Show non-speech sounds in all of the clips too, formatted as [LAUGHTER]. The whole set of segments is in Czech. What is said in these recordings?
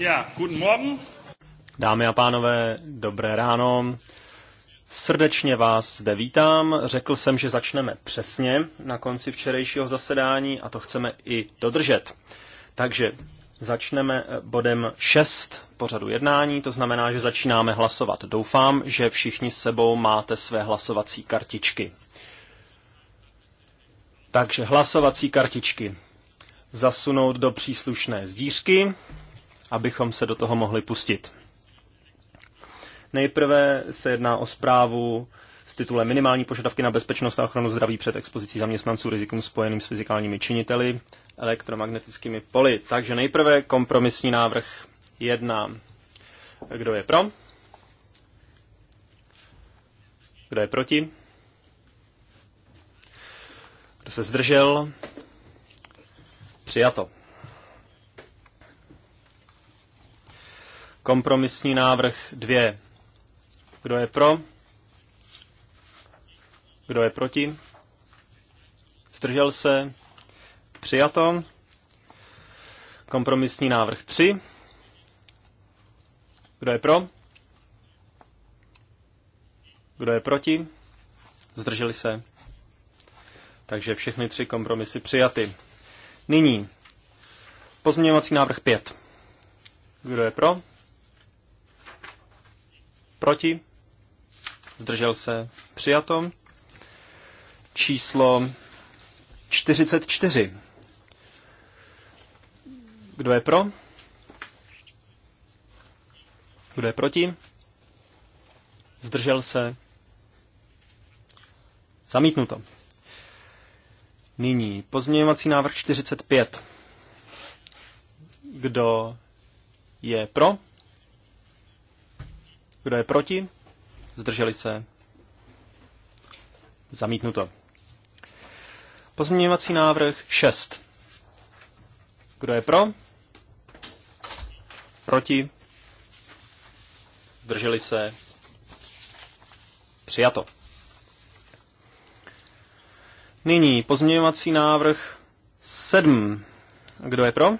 Ja, guten Morgen. Dámy a pánové, dobré ráno. Srdečně vás zde vítám. Řekl jsem, že začneme přesně na konci včerejšího zasedání a to chceme i dodržet. Takže začneme eh, bodem 6 pořadu jednání, to znamená, že začínáme hlasovat. Doufám, že všichni s sebou máte své hlasovací kartičky. Takže hlasovací kartičky zasunout do příslušné zdířky abychom se do toho mohli pustit. Nejprve se jedná o zprávu s titulem Minimální požadavky na bezpečnost a ochranu zdraví před expozicí zaměstnanců rizikům spojeným s fyzikálními činiteli elektromagnetickými poli. Takže nejprve kompromisní návrh 1. Kdo je pro? Kdo je proti? Kdo se zdržel? Přijato. Kompromisní návrh 2. Kdo je pro? Kdo je proti? Zdržel se? Přijato. Kompromisní návrh 3. Kdo je pro? Kdo je proti? Zdrželi se? Takže všechny tři kompromisy přijaty. Nyní pozměňovací návrh 5. Kdo je pro? Proti? Zdržel se? Přijato. Číslo 44. Kdo je pro? Kdo je proti? Zdržel se? Zamítnuto. Nyní pozměňovací návrh 45. Kdo je pro? Kdo je proti? Zdrželi se? Zamítnuto. Pozměňovací návrh 6. Kdo je pro? Proti? Zdrželi se? Přijato. Nyní pozměňovací návrh 7. Kdo je pro?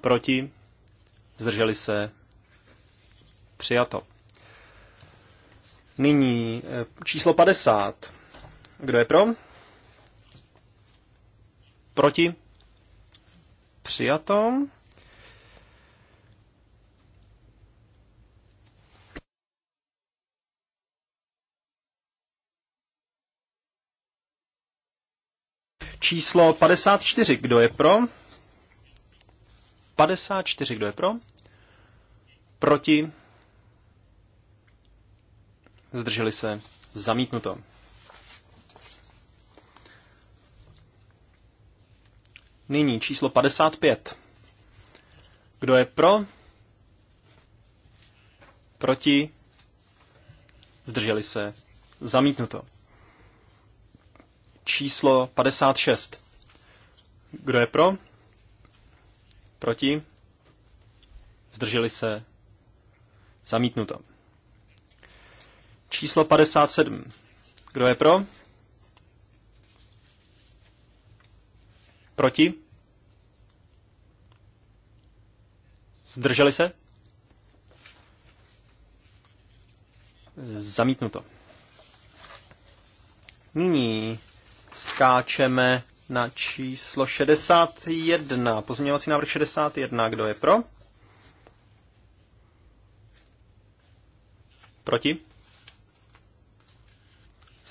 Proti? Zdrželi se? Přijato. Nyní eh, číslo 50. Kdo je pro? Proti? Přijato. Číslo 54. Kdo je pro? 54. Kdo je pro? Proti? zdrželi se, zamítnuto. Nyní číslo 55. Kdo je pro? Proti? Zdrželi se. Zamítnuto. Číslo 56. Kdo je pro? Proti? Zdrželi se. Zamítnuto. Číslo 57. Kdo je pro? Proti? Zdrželi se? Zamítnuto. Nyní skáčeme na číslo 61. Pozměňovací návrh 61. Kdo je pro? Proti?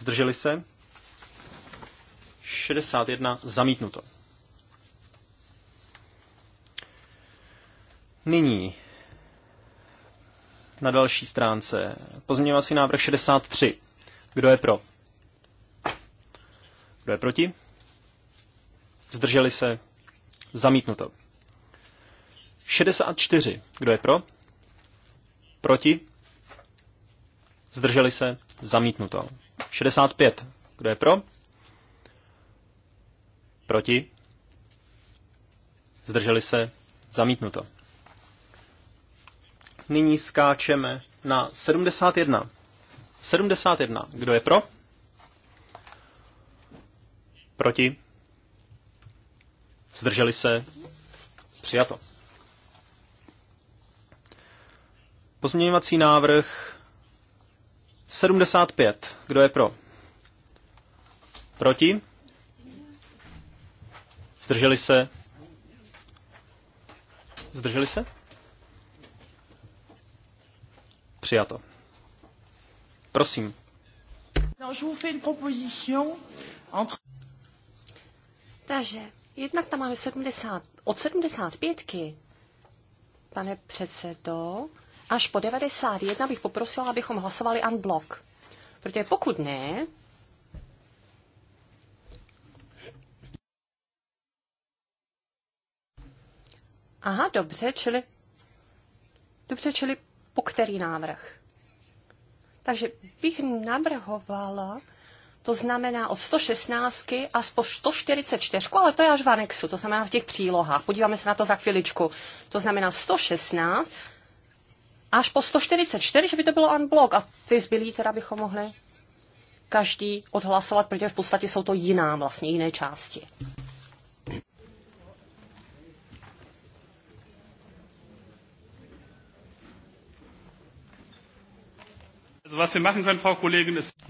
zdrželi se, 61 zamítnuto. Nyní na další stránce pozměňovací návrh 63. Kdo je pro? Kdo je proti? Zdrželi se? Zamítnuto. 64. Kdo je pro? Proti? Zdrželi se? Zamítnuto. 65. Kdo je pro? Proti? Zdrželi se? Zamítnuto. Nyní skáčeme na 71. 71. Kdo je pro? Proti? Zdrželi se? Přijato. Pozměňovací návrh 75. Kdo je pro? Proti? Zdrželi se? Zdrželi se? Přijato. Prosím. Takže, jednak tam máme 70, od 75, pane předsedo, až po 91 bych poprosila, abychom hlasovali unblock. Protože pokud ne, Aha, dobře, čili... Dobře, čili po který návrh? Takže bych navrhovala, to znamená od 116 až po 144, ale to je až v anexu, to znamená v těch přílohách. Podíváme se na to za chviličku. To znamená 116 až po 144, že by to bylo unblock a ty zbylí teda bychom mohli každý odhlasovat, protože v podstatě jsou to jiná, vlastně jiné části.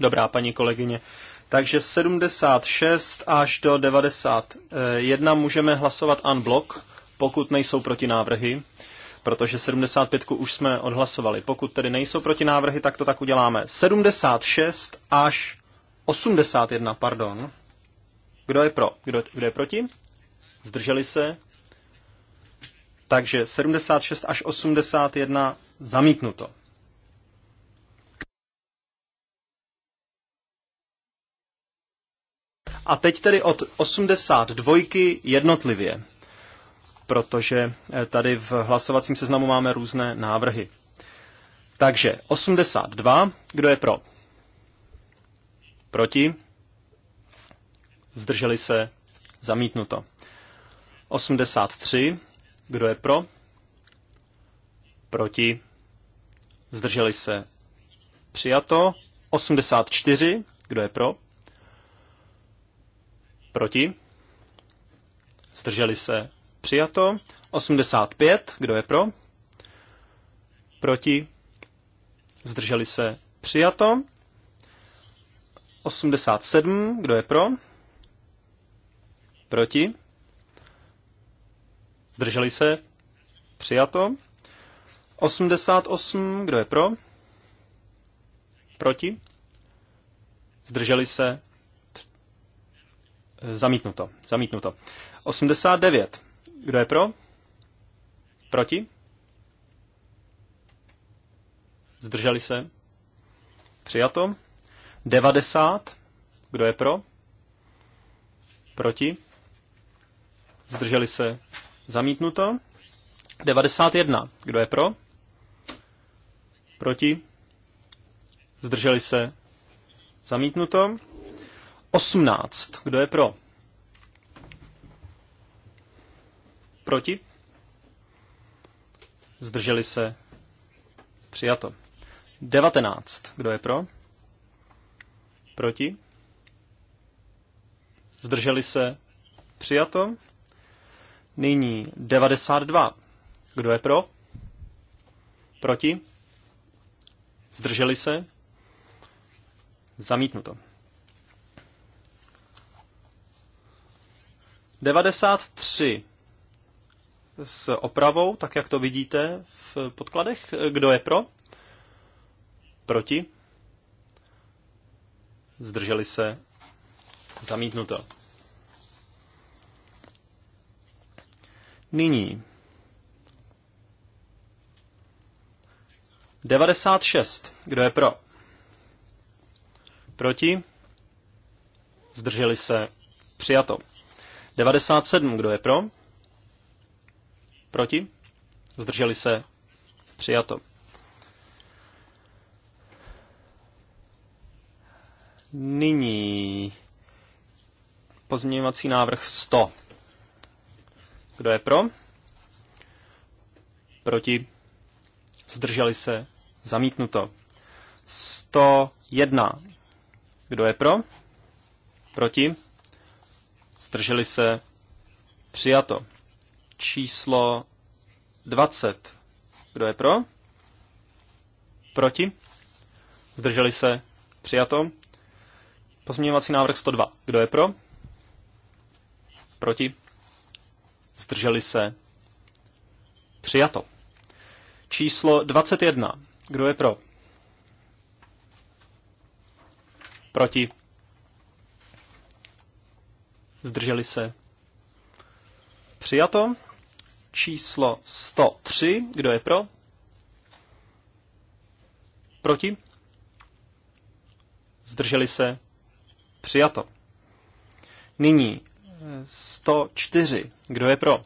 Dobrá, paní kolegyně. Takže 76 až do 91 můžeme hlasovat unblock, pokud nejsou proti návrhy protože 75 už jsme odhlasovali. Pokud tedy nejsou proti návrhy, tak to tak uděláme. 76 až 81, pardon. Kdo je pro? Kdo, kdo je proti? Zdrželi se? Takže 76 až 81 zamítnuto. A teď tedy od 82 jednotlivě protože eh, tady v hlasovacím seznamu máme různé návrhy. Takže 82, kdo je pro? Proti? Zdrželi se? Zamítnuto. 83, kdo je pro? Proti? Zdrželi se? Přijato. 84, kdo je pro? Proti? Zdrželi se? Přijato. 85. Kdo je pro? Proti? Zdrželi se? Přijato. 87. Kdo je pro? Proti? Zdrželi se? Přijato. 88. Kdo je pro? Proti? Zdrželi se? Zamítnuto. Zamítnuto. 89. Kdo je pro? Proti? Zdrželi se? Přijato. 90. Kdo je pro? Proti? Zdrželi se? Zamítnuto. 91. Kdo je pro? Proti? Zdrželi se? Zamítnuto. 18. Kdo je pro? Proti? Zdrželi se? Přijato. 19. Kdo je pro? Proti? Zdrželi se? Přijato. Nyní 92. Kdo je pro? Proti? Zdrželi se? Zamítnuto. 93 s opravou, tak jak to vidíte v podkladech. Kdo je pro? Proti? Zdrželi se? Zamítnuto. Nyní 96. Kdo je pro? Proti? Zdrželi se? Přijato. 97. Kdo je pro? Proti? Zdrželi se? Přijato. Nyní pozměňovací návrh 100. Kdo je pro? Proti? Zdrželi se? Zamítnuto. 101. Kdo je pro? Proti? Zdrželi se? Přijato číslo 20. Kdo je pro? Proti? Zdrželi se? Přijato. Pozměňovací návrh 102. Kdo je pro? Proti? Zdrželi se? Přijato. Číslo 21. Kdo je pro? Proti? Zdrželi se? Přijato číslo 103. Kdo je pro? Proti? Zdrželi se? Přijato. Nyní 104. Eh, Kdo je pro?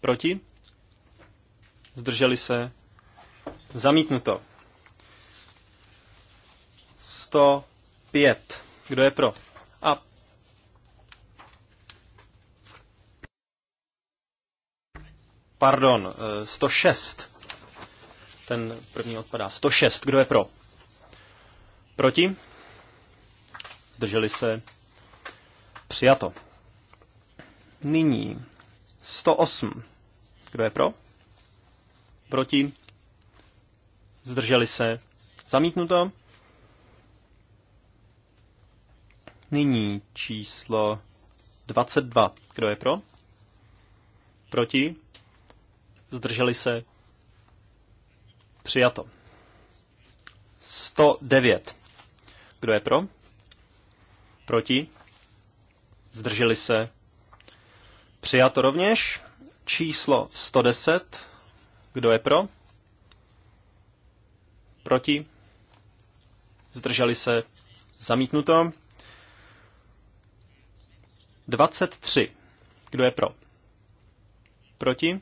Proti? Zdrželi se? Zamítnuto. 105. Kdo je pro? A Pardon, 106. Eh, Ten první odpadá. 106. Kdo je pro? Proti? Zdrželi se? Přijato. Nyní 108. Kdo je pro? Proti? Zdrželi se? Zamítnuto. Nyní číslo 22. Kdo je pro? Proti? zdrželi se, přijato. 109. Kdo je pro? Proti? Zdrželi se? Přijato rovněž. Číslo 110. Kdo je pro? Proti? Zdrželi se? Zamítnuto. 23. Kdo je pro? Proti?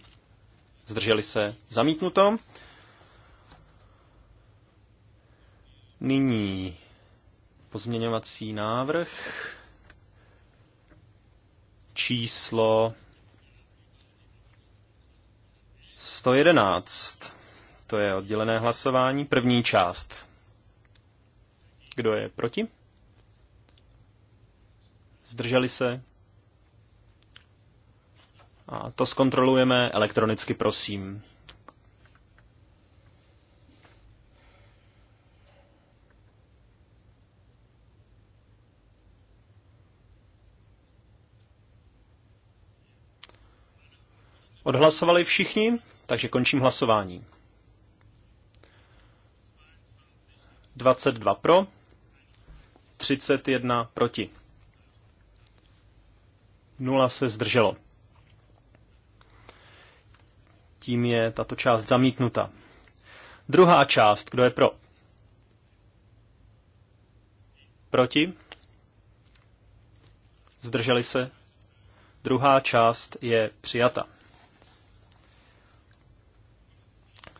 zdrželi se, zamítnuto. Nyní pozměňovací návrh číslo 111. To je oddělené hlasování, první část. Kdo je proti? Zdrželi se? A to zkontrolujeme elektronicky, prosím. Odhlasovali všichni, takže končím hlasování. 22 pro, 31 proti. Nula se zdrželo. Tím je tato část zamítnuta. Druhá část, kdo je pro? Proti? Zdrželi se? Druhá část je přijata.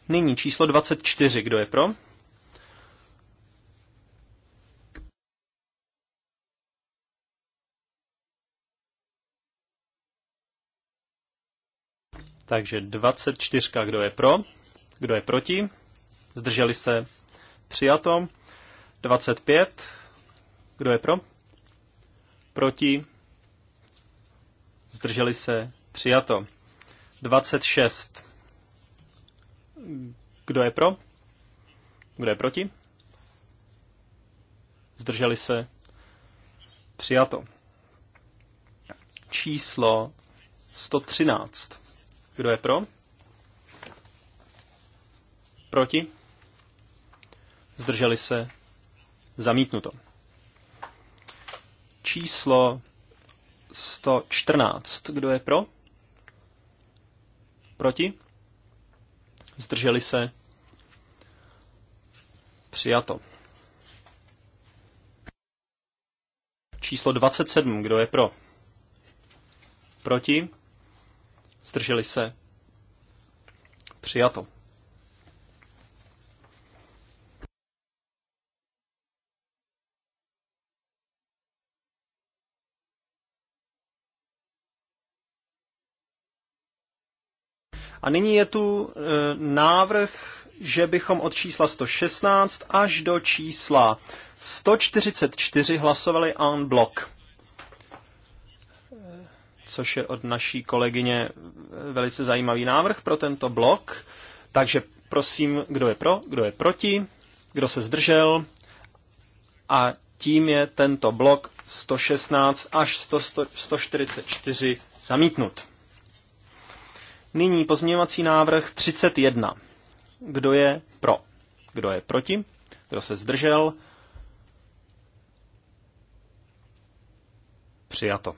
Nyní číslo 24, kdo je pro? Takže 24, kdo je pro, kdo je proti, zdrželi se, přijato. 25, kdo je pro, proti, zdrželi se, přijato. 26, kdo je pro, kdo je proti, zdrželi se, přijato. Číslo 113. Kdo je pro? Proti? Zdrželi se? Zamítnuto. Číslo 114. Kdo je pro? Proti? Zdrželi se? Přijato. Číslo 27. Kdo je pro? Proti? Zdrželi se? Přijato. A nyní je tu e, návrh, že bychom od čísla 116 až do čísla 144 hlasovali en bloc což je od naší kolegyně velice zajímavý návrh pro tento blok. Takže prosím, kdo je pro, kdo je proti, kdo se zdržel. A tím je tento blok 116 až 100, 144 zamítnut. Nyní pozměňovací návrh 31. Kdo je pro? Kdo je proti? Kdo se zdržel? Přijato.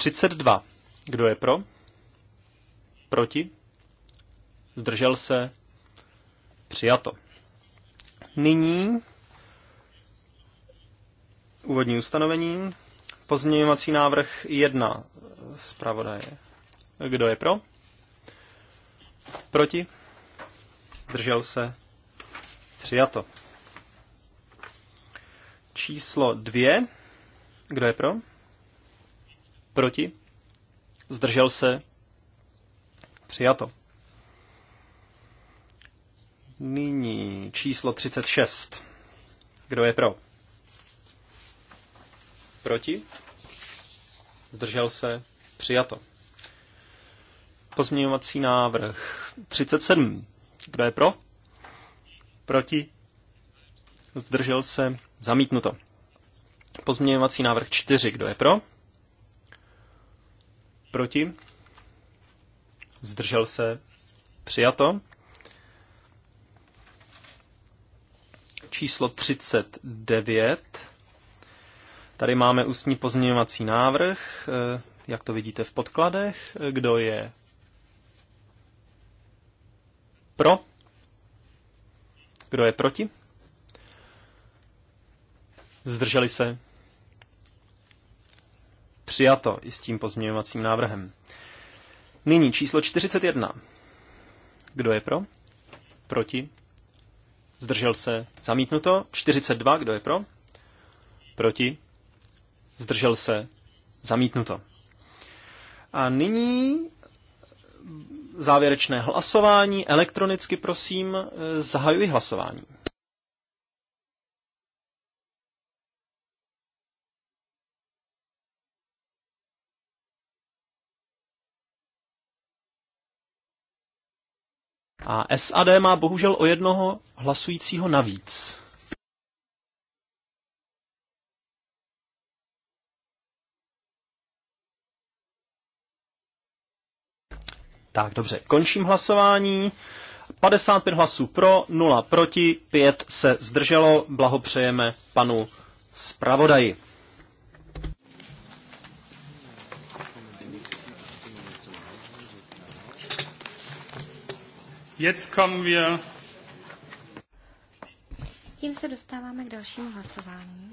32. Kdo je pro? Proti? Zdržel se? Přijato. Nyní úvodní ustanovení. Pozměňovací návrh 1 zpravodaje. Kdo je pro? Proti? Držel se? Přijato. Číslo 2. Kdo je pro? Proti? Zdržel se? Přijato. Nyní číslo 36. Kdo je pro? Proti? Zdržel se? Přijato. Pozměňovací návrh 37. Kdo je pro? Proti? Zdržel se? Zamítnuto. Pozměňovací návrh 4. Kdo je pro? Proti? Zdržel se? Přijato. Číslo 39. Tady máme ústní pozměňovací návrh, eh, jak to vidíte v podkladech. Eh, kdo je pro? Kdo je proti? Zdrželi se? Přijato i s tím pozměňovacím návrhem. Nyní číslo 41. Kdo je pro? Proti? Zdržel se? Zamítnuto. 42. Kdo je pro? Proti? Zdržel se? Zamítnuto. A nyní závěrečné hlasování. Elektronicky prosím, zahajuji hlasování. A SAD má bohužel o jednoho hlasujícího navíc. Tak, dobře, končím hlasování. 55 hlasů pro, 0 proti, 5 se zdrželo. Blahopřejeme panu zpravodaji. Jetzt kommen wir tím se dostáváme k dalšímu hlasování.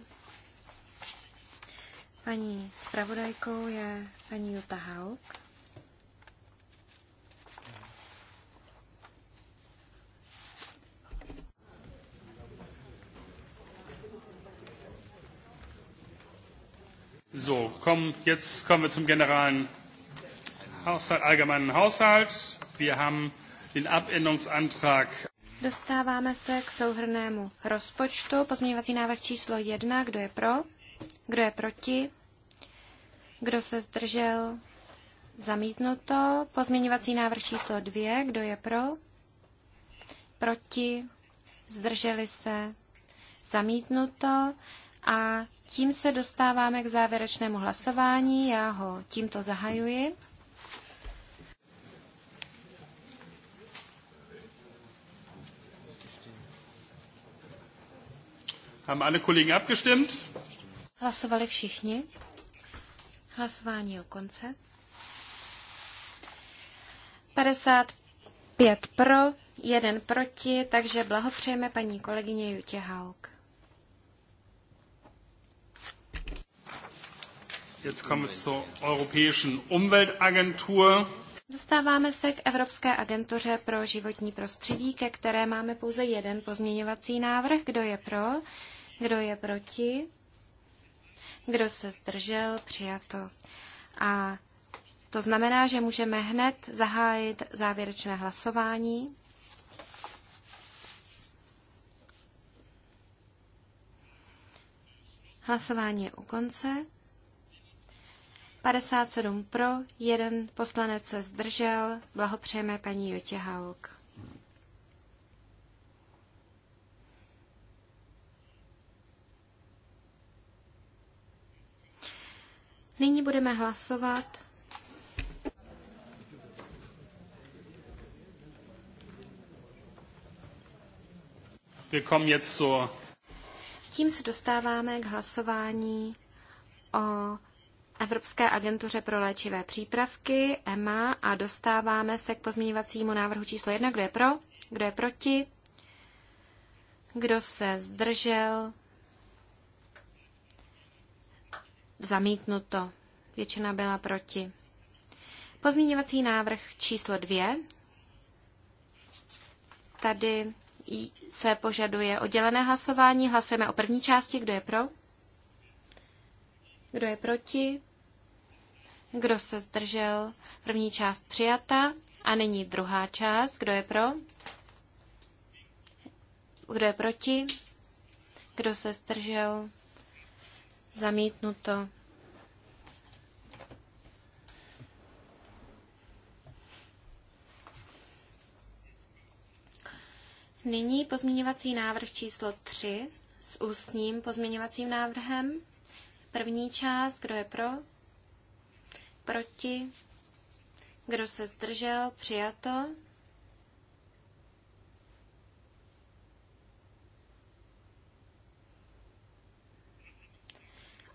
Paní zpravodajkou je paní Jutta Hauk. So, komm, jetzt kommen wir zum generalen Haushalt, allgemeinen Haushalt. Wir haben den Abänderungsantrag. Dostáváme se k souhrnému rozpočtu. Pozměňovací návrh číslo 1. Kdo je pro? Kdo je proti? Kdo se zdržel? Zamítnuto. Pozměňovací návrh číslo 2. Kdo je pro? Proti? Zdrželi se? Zamítnuto. A tím se dostáváme k závěrečnému hlasování. Já ho tímto zahajuji. Haben alle Kollegen abgestimmt? Hlasovali všichni. Hlasování o konce. 55 pro, 1 proti, takže blahopřejeme paní kolegyně Jutě Hauk. Jetzt kommen wir zur Europäischen Umweltagentur. Dostáváme se k Evropské agentuře pro životní prostředí, ke které máme pouze jeden pozměňovací návrh. Kdo je pro? Kdo je proti? Kdo se zdržel? Přijato. A to znamená, že můžeme hned zahájit závěrečné hlasování. Hlasování je u konce. 57 pro, jeden poslanec se zdržel. Blahopřejeme paní Jotě Hauk. Nyní budeme hlasovat Tím se dostáváme k hlasování o Evropské agentuře pro léčivé přípravky EMA a dostáváme se k pozměňovacímu návrhu číslo 1. Kdo je pro? Kdo je proti? Kdo se zdržel? zamítnuto. Většina byla proti. Pozměňovací návrh číslo dvě. Tady se požaduje oddělené hlasování. Hlasujeme o první části. Kdo je pro? Kdo je proti? Kdo se zdržel? První část přijata. A nyní druhá část. Kdo je pro? Kdo je proti? Kdo se zdržel? Zamítnuto. Nyní pozměňovací návrh číslo 3 s ústním pozměňovacím návrhem. První část, kdo je pro? Proti? Kdo se zdržel? Přijato.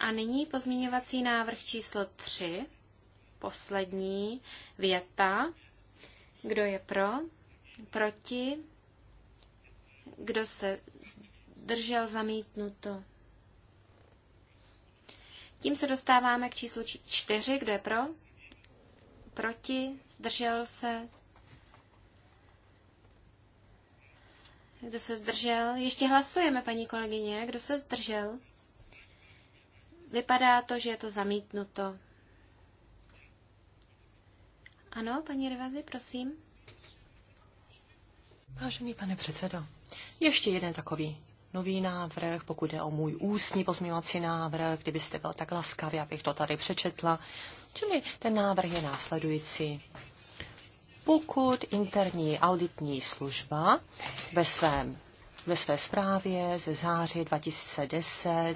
A nyní pozměňovací návrh číslo 3, poslední věta. Kdo je pro? Proti? Kdo se zdržel zamítnuto? Tím se dostáváme k číslu 4. Kdo je pro? Proti? Zdržel se? Kdo se zdržel? Ještě hlasujeme, paní kolegyně. Kdo se zdržel? Vypadá to, že je to zamítnuto. Ano, paní Rivazi, prosím. Vážený pane předsedo, ještě jeden takový nový návrh, pokud jde o můj ústní pozměňovací návrh, kdybyste byl tak laskavý, abych to tady přečetla. Čili ten návrh je následující. Pokud interní auditní služba ve, svém, ve své zprávě ze září 2010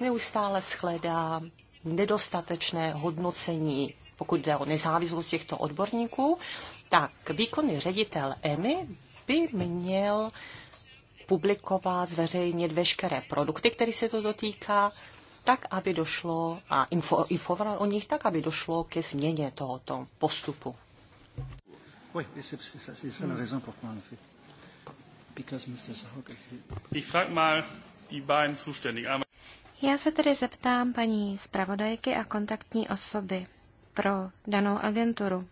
neustále shledá nedostatečné hodnocení, pokud jde o nezávislost těchto odborníků, tak výkonný ředitel EMI by měl publikovat, zveřejnit veškeré produkty, které se to dotýká, tak, aby došlo a info, informovat o nich tak, aby došlo ke změně tohoto postupu. Ich frage mal die beiden Zuständigen. Já se tedy zeptám paní zpravodajky a kontaktní osoby pro danou agenturu.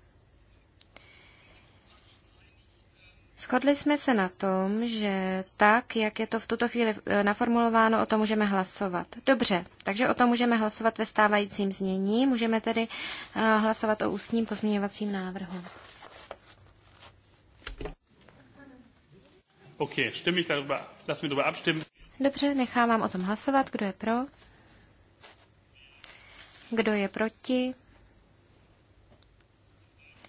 Shodli jsme se na tom, že tak, jak je to v tuto chvíli eh, naformulováno, o tom můžeme hlasovat. Dobře, takže o tom můžeme hlasovat ve stávajícím znění. Můžeme tedy eh, hlasovat o ústním pozměňovacím návrhu. Okay, stimme ich darüber, lass mich darüber abstimmen. Dobře, nechávám o tom hlasovat. Kdo je pro? Kdo je proti?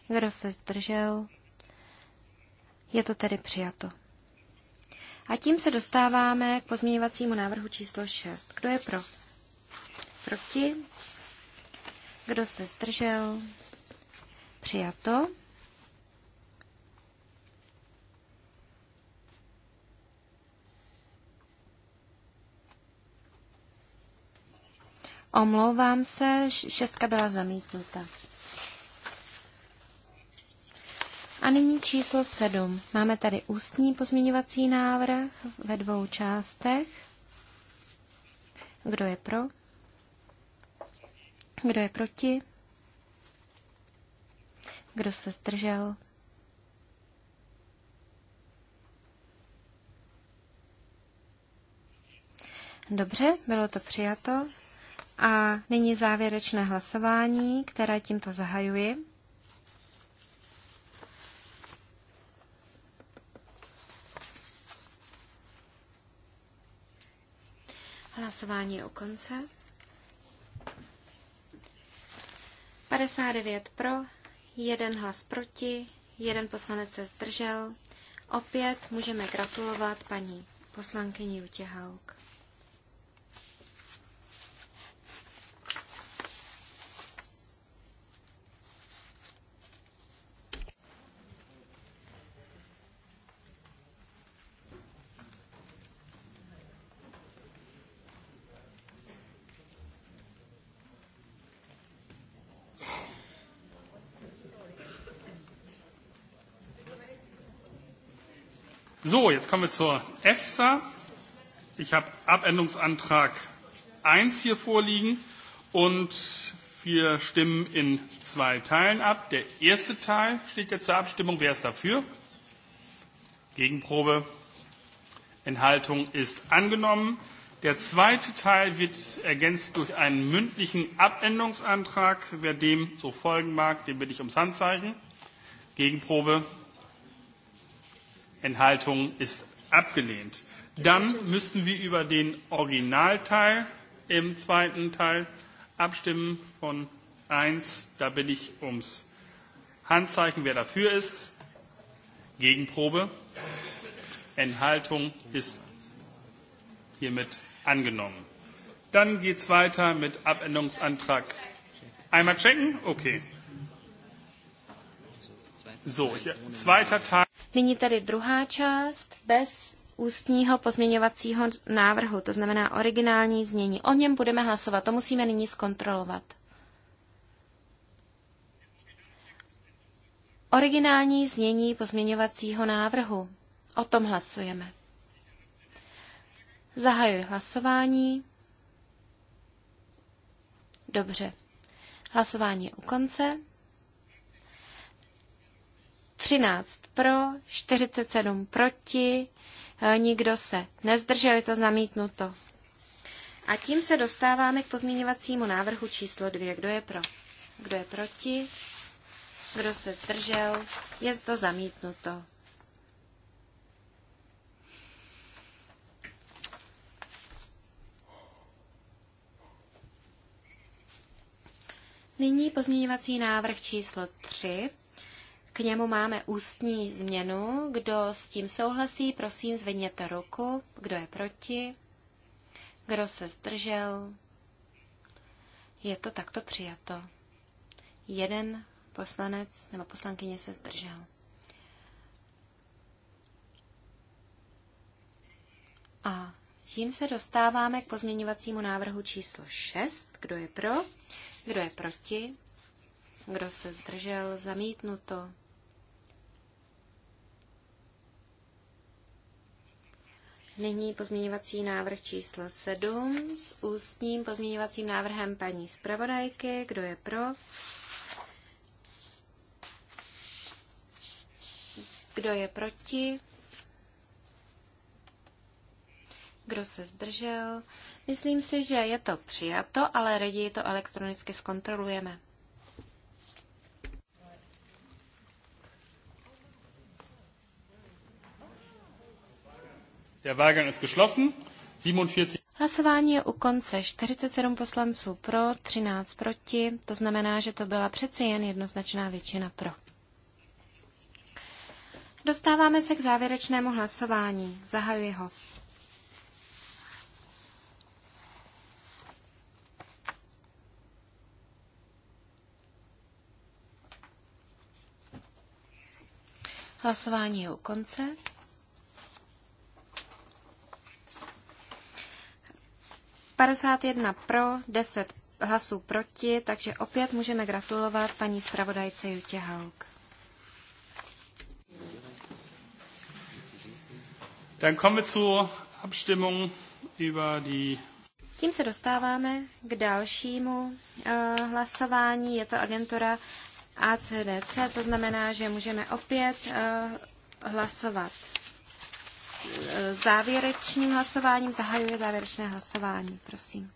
Kdo se zdržel? Je to tedy přijato. A tím se dostáváme k pozměňovacímu návrhu číslo 6. Kdo je pro? Proti? Kdo se zdržel? Přijato. Omlouvám se, šestka byla zamítnuta. A nyní číslo sedm. Máme tady ústní pozměňovací návrh ve dvou částech. Kdo je pro? Kdo je proti? Kdo se zdržel? Dobře, bylo to přijato. A nyní závěrečné hlasování, které tímto zahajuji. Hlasování je u konce. 59 pro, jeden hlas proti, jeden poslanec se zdržel. Opět můžeme gratulovat paní poslankyni Jutěhauk. So, jetzt kommen wir zur EFSA. Ich habe Abänderungsantrag 1 hier vorliegen und wir stimmen in zwei Teilen ab. Der erste Teil steht jetzt zur Abstimmung. Wer ist dafür? Gegenprobe. Enthaltung ist angenommen. Der zweite Teil wird ergänzt durch einen mündlichen Abänderungsantrag. Wer dem so folgen mag, den bitte ich ums Handzeichen. Gegenprobe. Enthaltung ist abgelehnt. Dann müssen wir über den Originalteil im zweiten Teil abstimmen von 1. Da bin ich ums Handzeichen, wer dafür ist. Gegenprobe. Enthaltung ist hiermit angenommen. Dann geht es weiter mit Abänderungsantrag. Einmal checken? Okay. So, ich, zweiter Teil. Nyní tedy druhá část bez ústního pozměňovacího návrhu, to znamená originální znění. O něm budeme hlasovat, to musíme nyní zkontrolovat. Originální znění pozměňovacího návrhu. O tom hlasujeme. Zahajuji hlasování. Dobře. Hlasování je u konce. 13 pro, 47 proti, e, nikdo se nezdržel, je to zamítnuto. A tím se dostáváme k pozměňovacímu návrhu číslo 2. Kdo je pro? Kdo je proti? Kdo se zdržel? Je to zamítnuto. Nyní pozměňovací návrh číslo 3. K němu máme ústní změnu. Kdo s tím souhlasí, prosím zvedněte ruku. Kdo je proti? Kdo se zdržel? Je to takto přijato. Jeden poslanec nebo poslankyně se zdržel. A tím se dostáváme k pozměňovacímu návrhu číslo 6. Kdo je pro? Kdo je proti? Kdo se zdržel? Zamítnuto. Nyní pozměňovací návrh číslo 7 s ústním pozměňovacím návrhem paní zpravodajky. Kdo je pro? Kdo je proti? Kdo se zdržel? Myslím si, že je to přijato, ale raději to elektronicky zkontrolujeme. Der Wahlgang ist geschlossen. 47. Hlasování je u konce. 47 poslanců pro, 13 proti. To znamená, že to byla přece jen jednoznačná většina pro. Dostáváme se k závěrečnému hlasování. Zahajuji ho. Hlasování je u konce. 51 pro, 10 hlasů proti, takže opět můžeme gratulovat paní zpravodajce Jutě Hauk. Dann kommen wir zur Abstimmung über die tím se dostáváme k dalšímu uh, hlasování. Je to agentura ACDC, to znamená, že můžeme opět uh, hlasovat závěrečným hlasováním. Zahajuje závěrečné hlasování, prosím.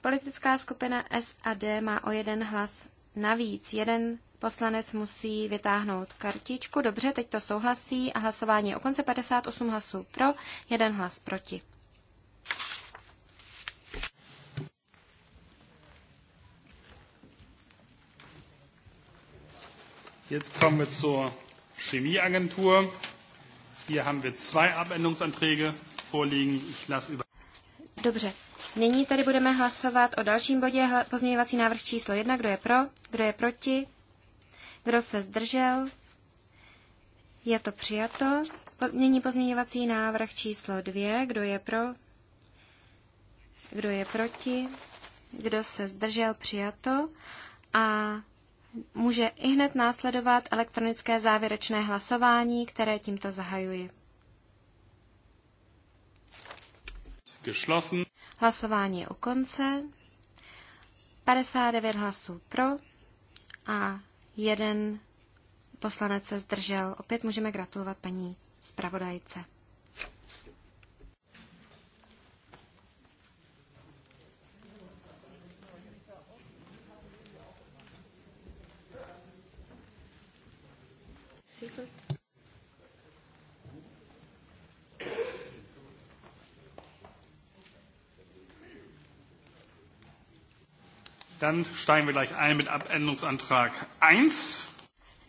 Politická skupina SAD má o jeden hlas navíc. Jeden poslanec musí vytáhnout kartičku. Dobře, teď to souhlasí a hlasování je o konce 58 hlasů pro, jeden hlas proti. Jetzt kommen wir zur Chemieagentur. Hier haben wir zwei Abänderungsanträge vorliegen. Ich lasse über. Dobře. Nyní tady budeme hlasovat o dalším bodě pozměňovací návrh číslo 1. Kdo je pro? Kdo je proti? Kdo se zdržel? Je to přijato. Nyní pozměňovací návrh číslo 2. Kdo je pro? Kdo je proti? Kdo se zdržel? Přijato. A může i hned následovat elektronické závěrečné hlasování, které tímto zahajuji. Geschlossen. Hlasování je u konce. 59 hlasů pro a jeden poslanec se zdržel. Opět můžeme gratulovat paní zpravodajce. entwickelt. Dann steigen wir gleich ein mit Abänderungsantrag 1.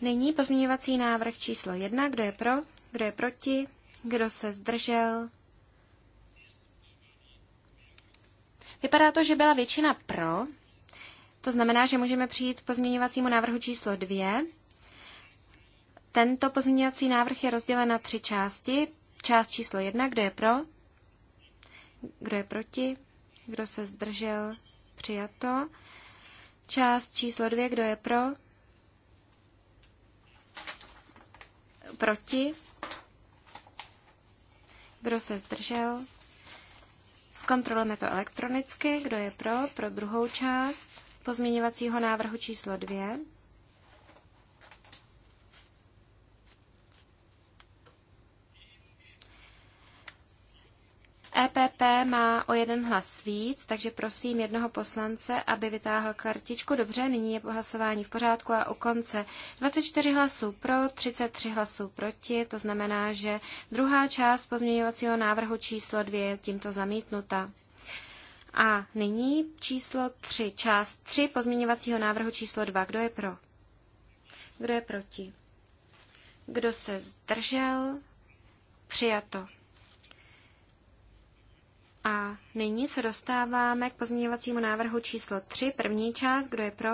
Nyní pozměňovací návrh číslo 1. Kdo je pro? Kdo je proti? Kdo se zdržel? Vypadá to, že byla většina pro. To znamená, že můžeme přijít k pozměňovacímu návrhu číslo 2. Tento pozměňovací návrh je rozdělen na tři části. Část číslo jedna, kdo je pro, kdo je proti, kdo se zdržel, přijato. Část číslo dvě, kdo je pro, proti, kdo se zdržel. Zkontrolujeme to elektronicky, kdo je pro, pro druhou část pozměňovacího návrhu číslo dvě. EPP má o jeden hlas víc, takže prosím jednoho poslance, aby vytáhl kartičku. Dobře, nyní je hlasování v pořádku a u konce 24 hlasů pro, 33 hlasů proti, to znamená, že druhá část pozměňovacího návrhu číslo 2 je tímto zamítnuta. A nyní číslo 3, část 3 pozměňovacího návrhu číslo 2. Kdo je pro? Kdo je proti? Kdo se zdržel? Přijato. A nyní se dostáváme k pozměňovacímu návrhu číslo 3, první část. Kdo je pro?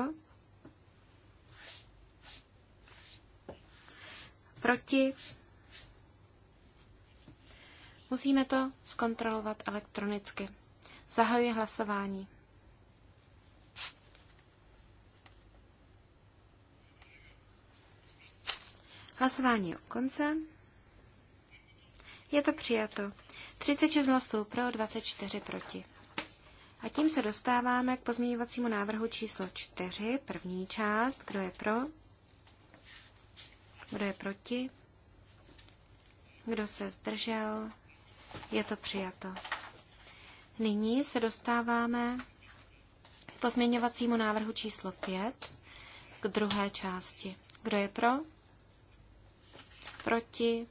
Proti? Musíme to zkontrolovat elektronicky. Zahajuji hlasování. Hlasování je u konce. Je to přijato. 36 hlasů pro, 24 proti. A tím se dostáváme k pozměňovacímu návrhu číslo 4, první část. Kdo je pro? Kdo je proti? Kdo se zdržel? Je to přijato. Nyní se dostáváme k pozměňovacímu návrhu číslo 5, k druhé části. Kdo je pro? Proti?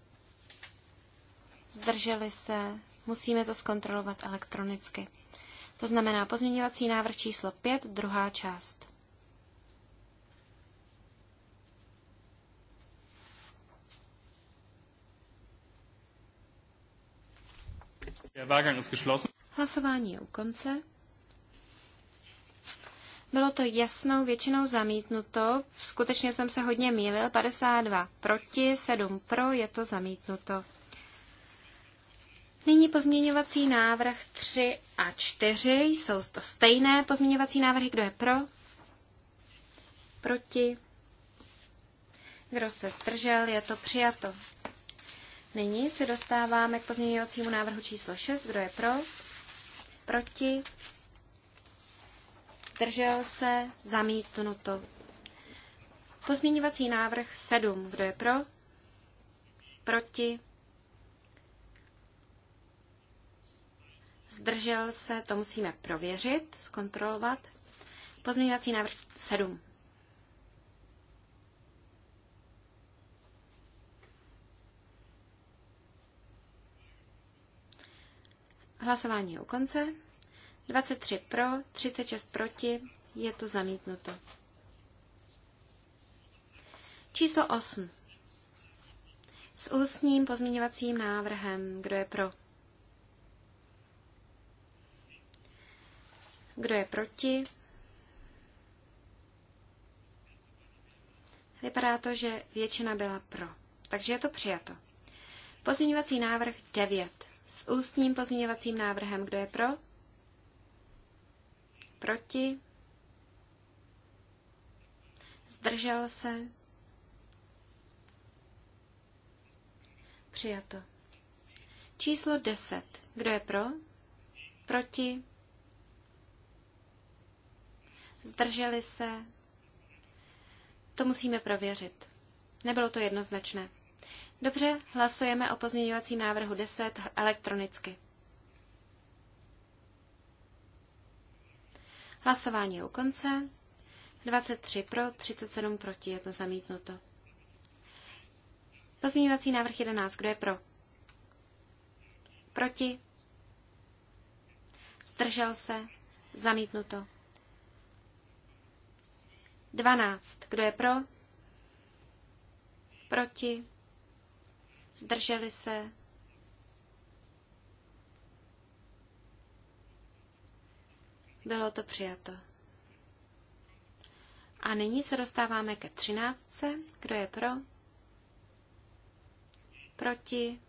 zdrželi se, musíme to zkontrolovat elektronicky. To znamená pozměňovací návrh číslo 5, druhá část. Hlasování je u konce. Bylo to jasnou většinou zamítnuto. Skutečně jsem se hodně mýlil. 52 proti, 7 pro, je to zamítnuto. Nyní pozměňovací návrh 3 a 4. Jsou to stejné pozměňovací návrhy. Kdo je pro? Proti? Kdo se zdržel? Je to přijato. Nyní se dostáváme k pozměňovacímu návrhu číslo 6. Kdo je pro? Proti? Zdržel se? Zamítnuto. Pozměňovací návrh 7. Kdo je pro? Proti? zdržel se, to musíme prověřit, zkontrolovat. Pozměňovací návrh 7. Hlasování je u konce. 23 pro, 36 proti, je to zamítnuto. Číslo 8. S ústním pozměňovacím návrhem. Kdo je pro? Kdo je proti? Vypadá to, že většina byla pro. Takže je to přijato. Pozměňovací návrh 9. S ústním pozměňovacím návrhem. Kdo je pro? Proti? Zdržel se? Přijato. Číslo 10. Kdo je pro? Proti? zdrželi se. To musíme prověřit. Nebylo to jednoznačné. Dobře, hlasujeme o pozměňovací návrhu 10 elektronicky. Hlasování je u konce. 23 pro, 37 proti, to zamítnuto. Pozměňovací návrh 11. Kdo je pro? Proti? Zdržel se? Zamítnuto. 12. Kdo je pro? Proti? Zdrželi se? Bylo to přijato. A nyní se dostáváme ke 13. Kdo je pro? Proti?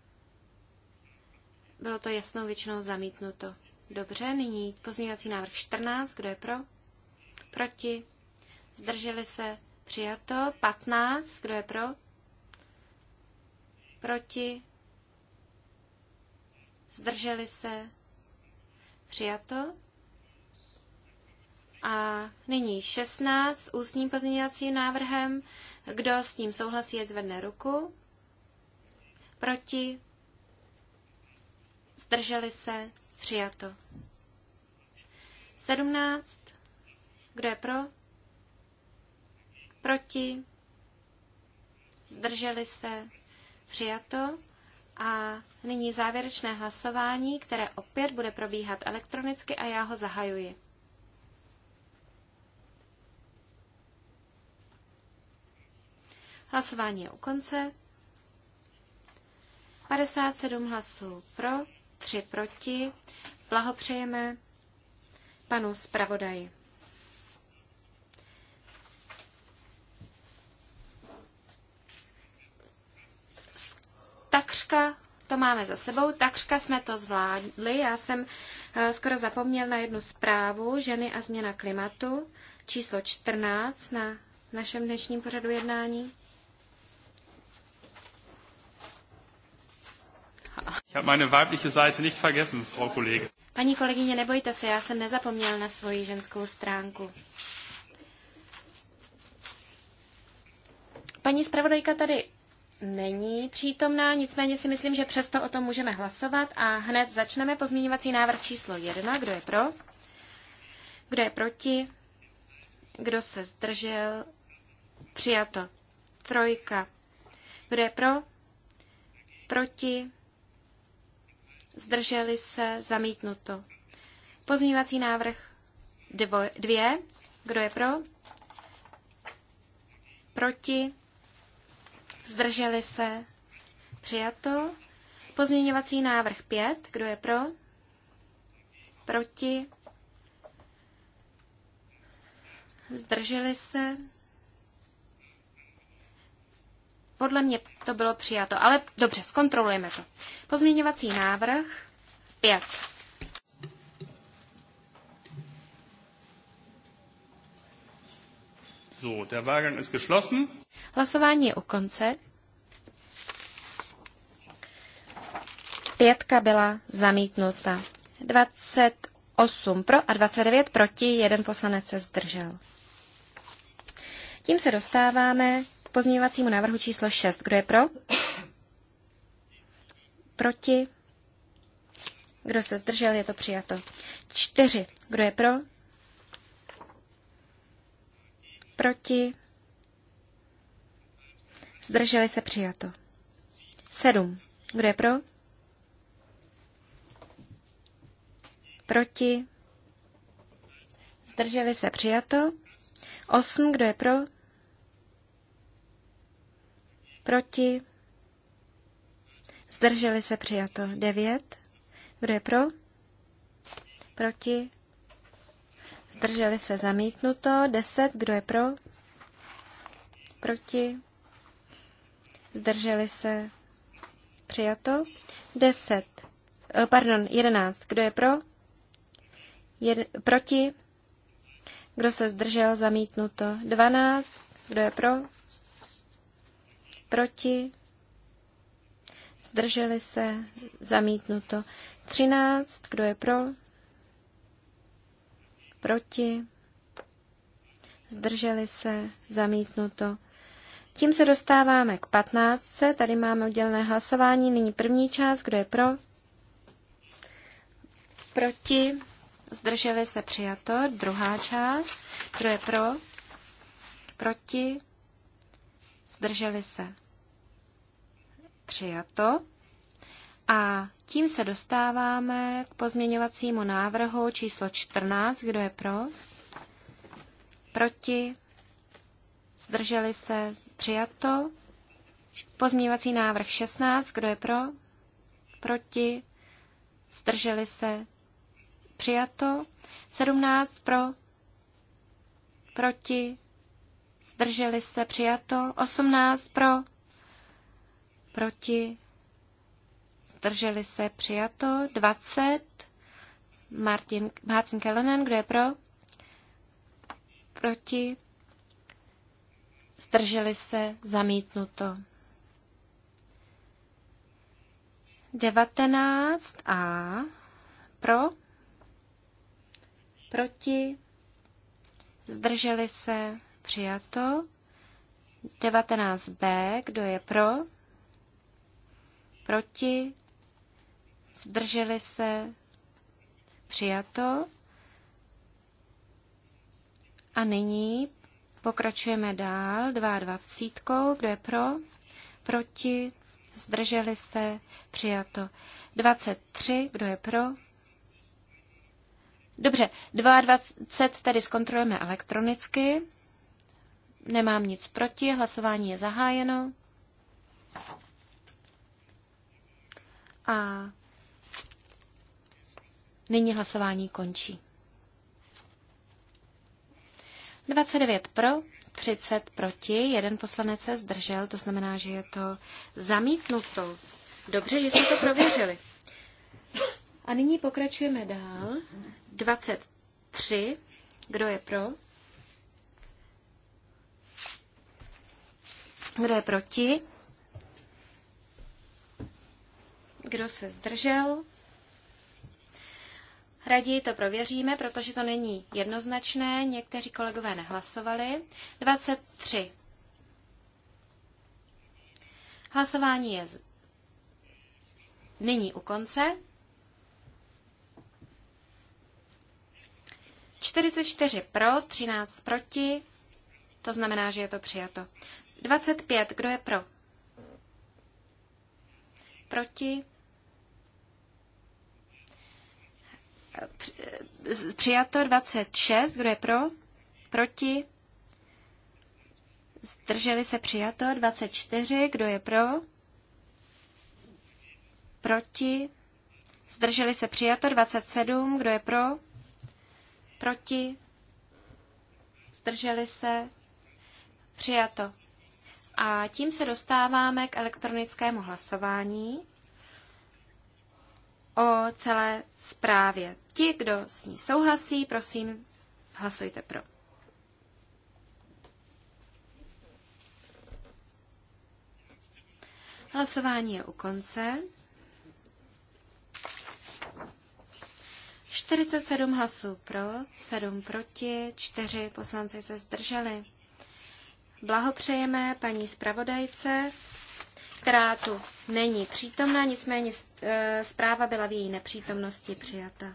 Bylo to jasnou většinou zamítnuto. Dobře, nyní pozměňovací návrh 14. Kdo je pro? Proti? zdrželi se, přijato. 15, kdo je pro, proti, zdrželi se, přijato. A nyní 16 s ústním pozměňovacím návrhem. Kdo s tím souhlasí, je zvedne ruku. Proti. Zdrželi se. Přijato. 17. Kdo je pro? proti, zdrželi se, přijato. A nyní závěrečné hlasování, které opět bude probíhat elektronicky a já ho zahajuji. Hlasování je u konce. 57 hlasů pro, 3 proti. Blahopřejeme panu zpravodaji. takřka to máme za sebou, takřka jsme to zvládli. Já jsem eh, skoro zapomněl na jednu zprávu Ženy a změna klimatu, číslo 14 na našem dnešním pořadu jednání. Ich habe meine weibliche Seite nicht vergessen, Frau Kollege. Paní kolegyně, nebojte se, já jsem nezapomněl na svoji ženskou stránku. Paní zpravodajka tady není přítomná, nicméně si myslím, že přesto o tom můžeme hlasovat a hned začneme pozměňovací návrh číslo 1. Kdo je pro? Kdo je proti? Kdo se zdržel? Přijato. Trojka. Kdo je pro? Proti? Zdrželi se? Zamítnuto. Pozměňovací návrh dvě. Kdo je pro? Proti? zdrželi se, přijato. Pozměňovací návrh 5, kdo je pro, proti, zdrželi se. Podle mě to bylo přijato, ale dobře, zkontrolujeme to. Pozměňovací návrh 5. So, der Wahlgang ist geschlossen. Hlasování je u konce. Pětka byla zamítnuta. 28 pro a 29 proti, jeden poslanec se zdržel. Tím se dostáváme k pozměňovacímu návrhu číslo 6. Kdo je pro? Proti? Kdo se zdržel, je to přijato. 4. Kdo je pro? Proti? Zdrželi se přijato. 7. Kdo je pro? Proti? Zdrželi se přijato. 8. Kdo je pro? Proti? Zdrželi se přijato. 9. Kdo je pro? Proti? Zdrželi se zamítnuto. 10. Kdo je pro? Proti? zdrželi se, přijato. 10, eh, pardon, 11, kdo je pro, Jed, proti, kdo se zdržel, zamítnuto. 12, kdo je pro, proti, zdrželi se, zamítnuto. 13, kdo je pro, proti, zdrželi se, zamítnuto. Tím se dostáváme k 15. Tady máme oddělené hlasování. Nyní první část. Kdo je pro? Proti? Zdrželi se přijato. Druhá část. Kdo je pro? Proti? Zdrželi se přijato. A tím se dostáváme k pozměňovacímu návrhu číslo 14. Kdo je pro? Proti? zdrželi se, přijato. Pozměňovací návrh 16, kdo je pro, proti, zdrželi se, přijato. 17 pro, proti, zdrželi se, přijato. 18 pro, proti, zdrželi se, přijato. 20, Martin, Martin Kellenen, kdo je pro, proti, zdrželi se, zamítnuto. 19a pro, proti, zdrželi se, přijato. 19b, kdo je pro, proti, zdrželi se, přijato. A nyní Pokračujeme dál 22. Kdo je pro? Proti? Zdrželi se? Přijato. 23. Kdo je pro? Dobře, 22 tedy zkontrolujeme elektronicky. Nemám nic proti, hlasování je zahájeno. A nyní hlasování končí. 29 pro, 30 proti, jeden poslanec se zdržel, to znamená, že je to zamítnuto. Dobře, že jsme to prověřili. A nyní pokračujeme dál. 23. Kdo je pro? Kdo je proti? Kdo se zdržel? Raději to prověříme, protože to není jednoznačné. Někteří kolegové nehlasovali. 23. Hlasování je nyní u konce. 44 pro, 13 proti. To znamená, že je to přijato. 25. Kdo je pro? Proti? Přijato 26, kdo je pro? Proti? Zdrželi se přijato 24, kdo je pro? Proti? Zdrželi se přijato 27, kdo je pro? Proti? Zdrželi se přijato. A tím se dostáváme k elektronickému hlasování o celé zprávě. Ti, kdo s ní souhlasí, prosím, hlasujte pro. Hlasování je u konce. 47 hlasů pro, 7 proti, 4 poslanci se zdrželi. Blahopřejeme paní zpravodajce která tu není přítomna, nicméně e, zpráva byla v její nepřítomnosti přijata.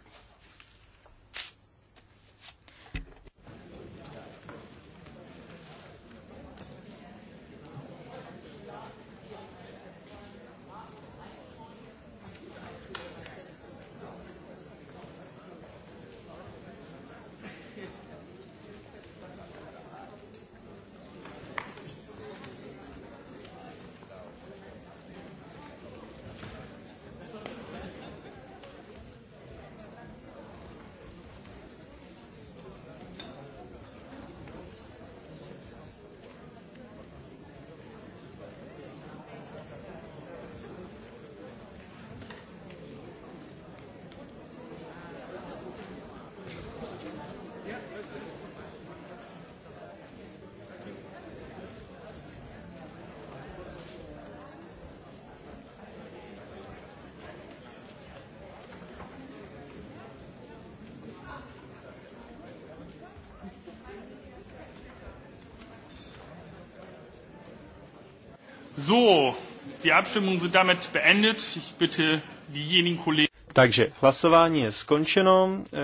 Takže hlasování je skončeno. Eh,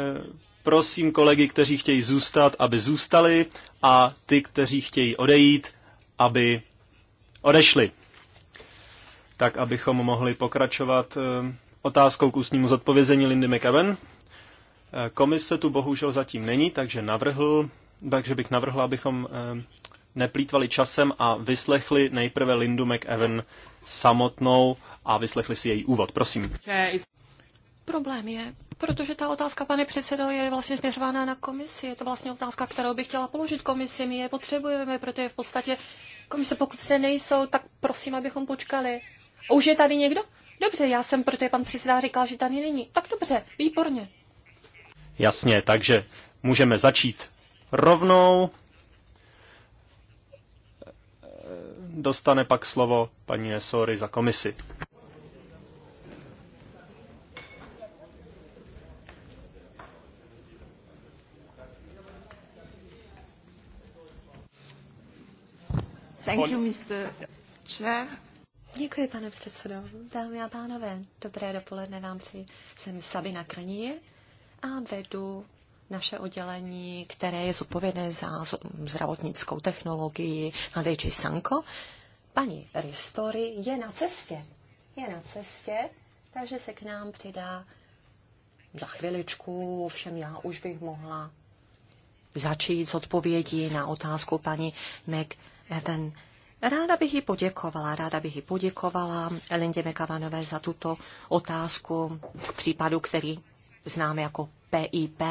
prosím kolegy, kteří chtějí zůstat, aby zůstali a ty, kteří chtějí odejít, aby odešli. Tak, abychom mohli pokračovat eh, otázkou k ústnímu zodpovězení Lindy McEwen. Eh, komise tu bohužel zatím není, takže navrhl, takže bych navrhl, abychom neplýtvali časem a vyslechli nejprve Lindu McEwen samotnou a vyslechli si její úvod. Prosím. Problém je, protože ta otázka, pane předsedo, je vlastně směřována na komisi. Je to vlastně otázka, kterou bych chtěla položit komisi. My je potřebujeme, protože v podstatě komise, pokud se nejsou, tak prosím, abychom počkali. A už je tady někdo? Dobře, já jsem, protože pan předseda říkal, že tady není. Tak dobře, výborně. Jasně, takže můžeme začít rovnou. Dostane pak slovo paní Nesory za komisi. Thank you, Mr. Chair. Děkuji, pane předsedo. Dámy a pánové, dobré dopoledne vám přeji. Jsem Sabina Krnije a vedu naše oddělení, které je zodpovědné za zdravotnickou technologii na DJ Sanko. Paní Ristory je na cestě. Je na cestě, takže se k nám přidá za chviličku, ovšem já už bych mohla začít s odpovědí na otázku paní Meg Evan. Ráda bych ji poděkovala, ráda bych ji poděkovala Elindě Mekavanové za tuto otázku k případu, který známe jako PIP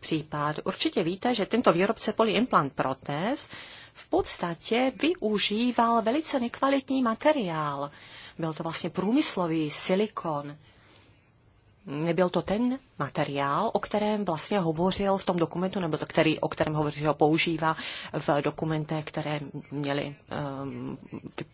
případ. Určitě víte, že tento výrobce polyimplant protéz v podstatě využíval velice nekvalitní materiál. Byl to vlastně průmyslový silikon nebyl to ten materiál, o kterém vlastně hovořil v tom dokumentu, nebo to, který, o kterém hovořil, používá v dokumentech, které měli um,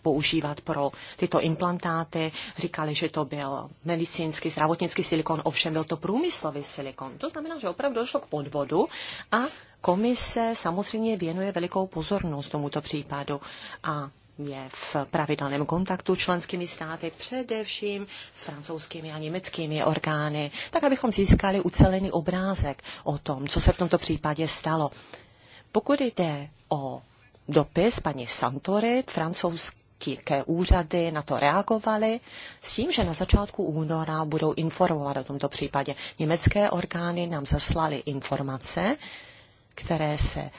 používat pro tyto implantáty. Říkali, že to byl medicínský, zdravotnický silikon, ovšem byl to průmyslový silikon. To znamená, že opravdu došlo k podvodu a komise samozřejmě věnuje velikou pozornost tomuto případu a je v pravidelném kontaktu členskými státy, především s francouzskými a německými orgány, tak abychom získali ucelený obrázek o tom, co se v tomto případě stalo. Pokud jde o dopis paní Santory, francouzské úřady na to reagovaly s tím, že na začátku února budou informovat o tomto případě. Německé orgány nám zaslaly informace, které se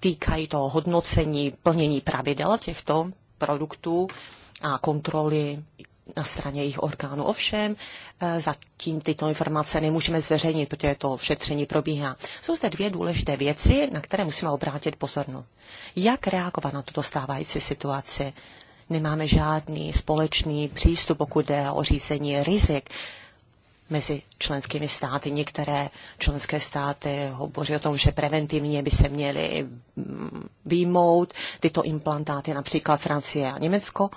týkají toho hodnocení plnění pravidel těchto produktů a kontroly na straně jejich orgánů. Ovšem, e, zatím tyto informace nemůžeme zveřejnit, protože to šetření probíhá. Jsou zde dvě důležité věci, na které musíme obrátit pozornost. Jak reagovat na tuto stávající situaci? Nemáme žádný společný přístup, pokud jde o řízení rizik mezi členskými státy. Některé členské státy hovoří o tom, že preventivně by se měly mm, výmout tyto implantáty, například Francie a Německo.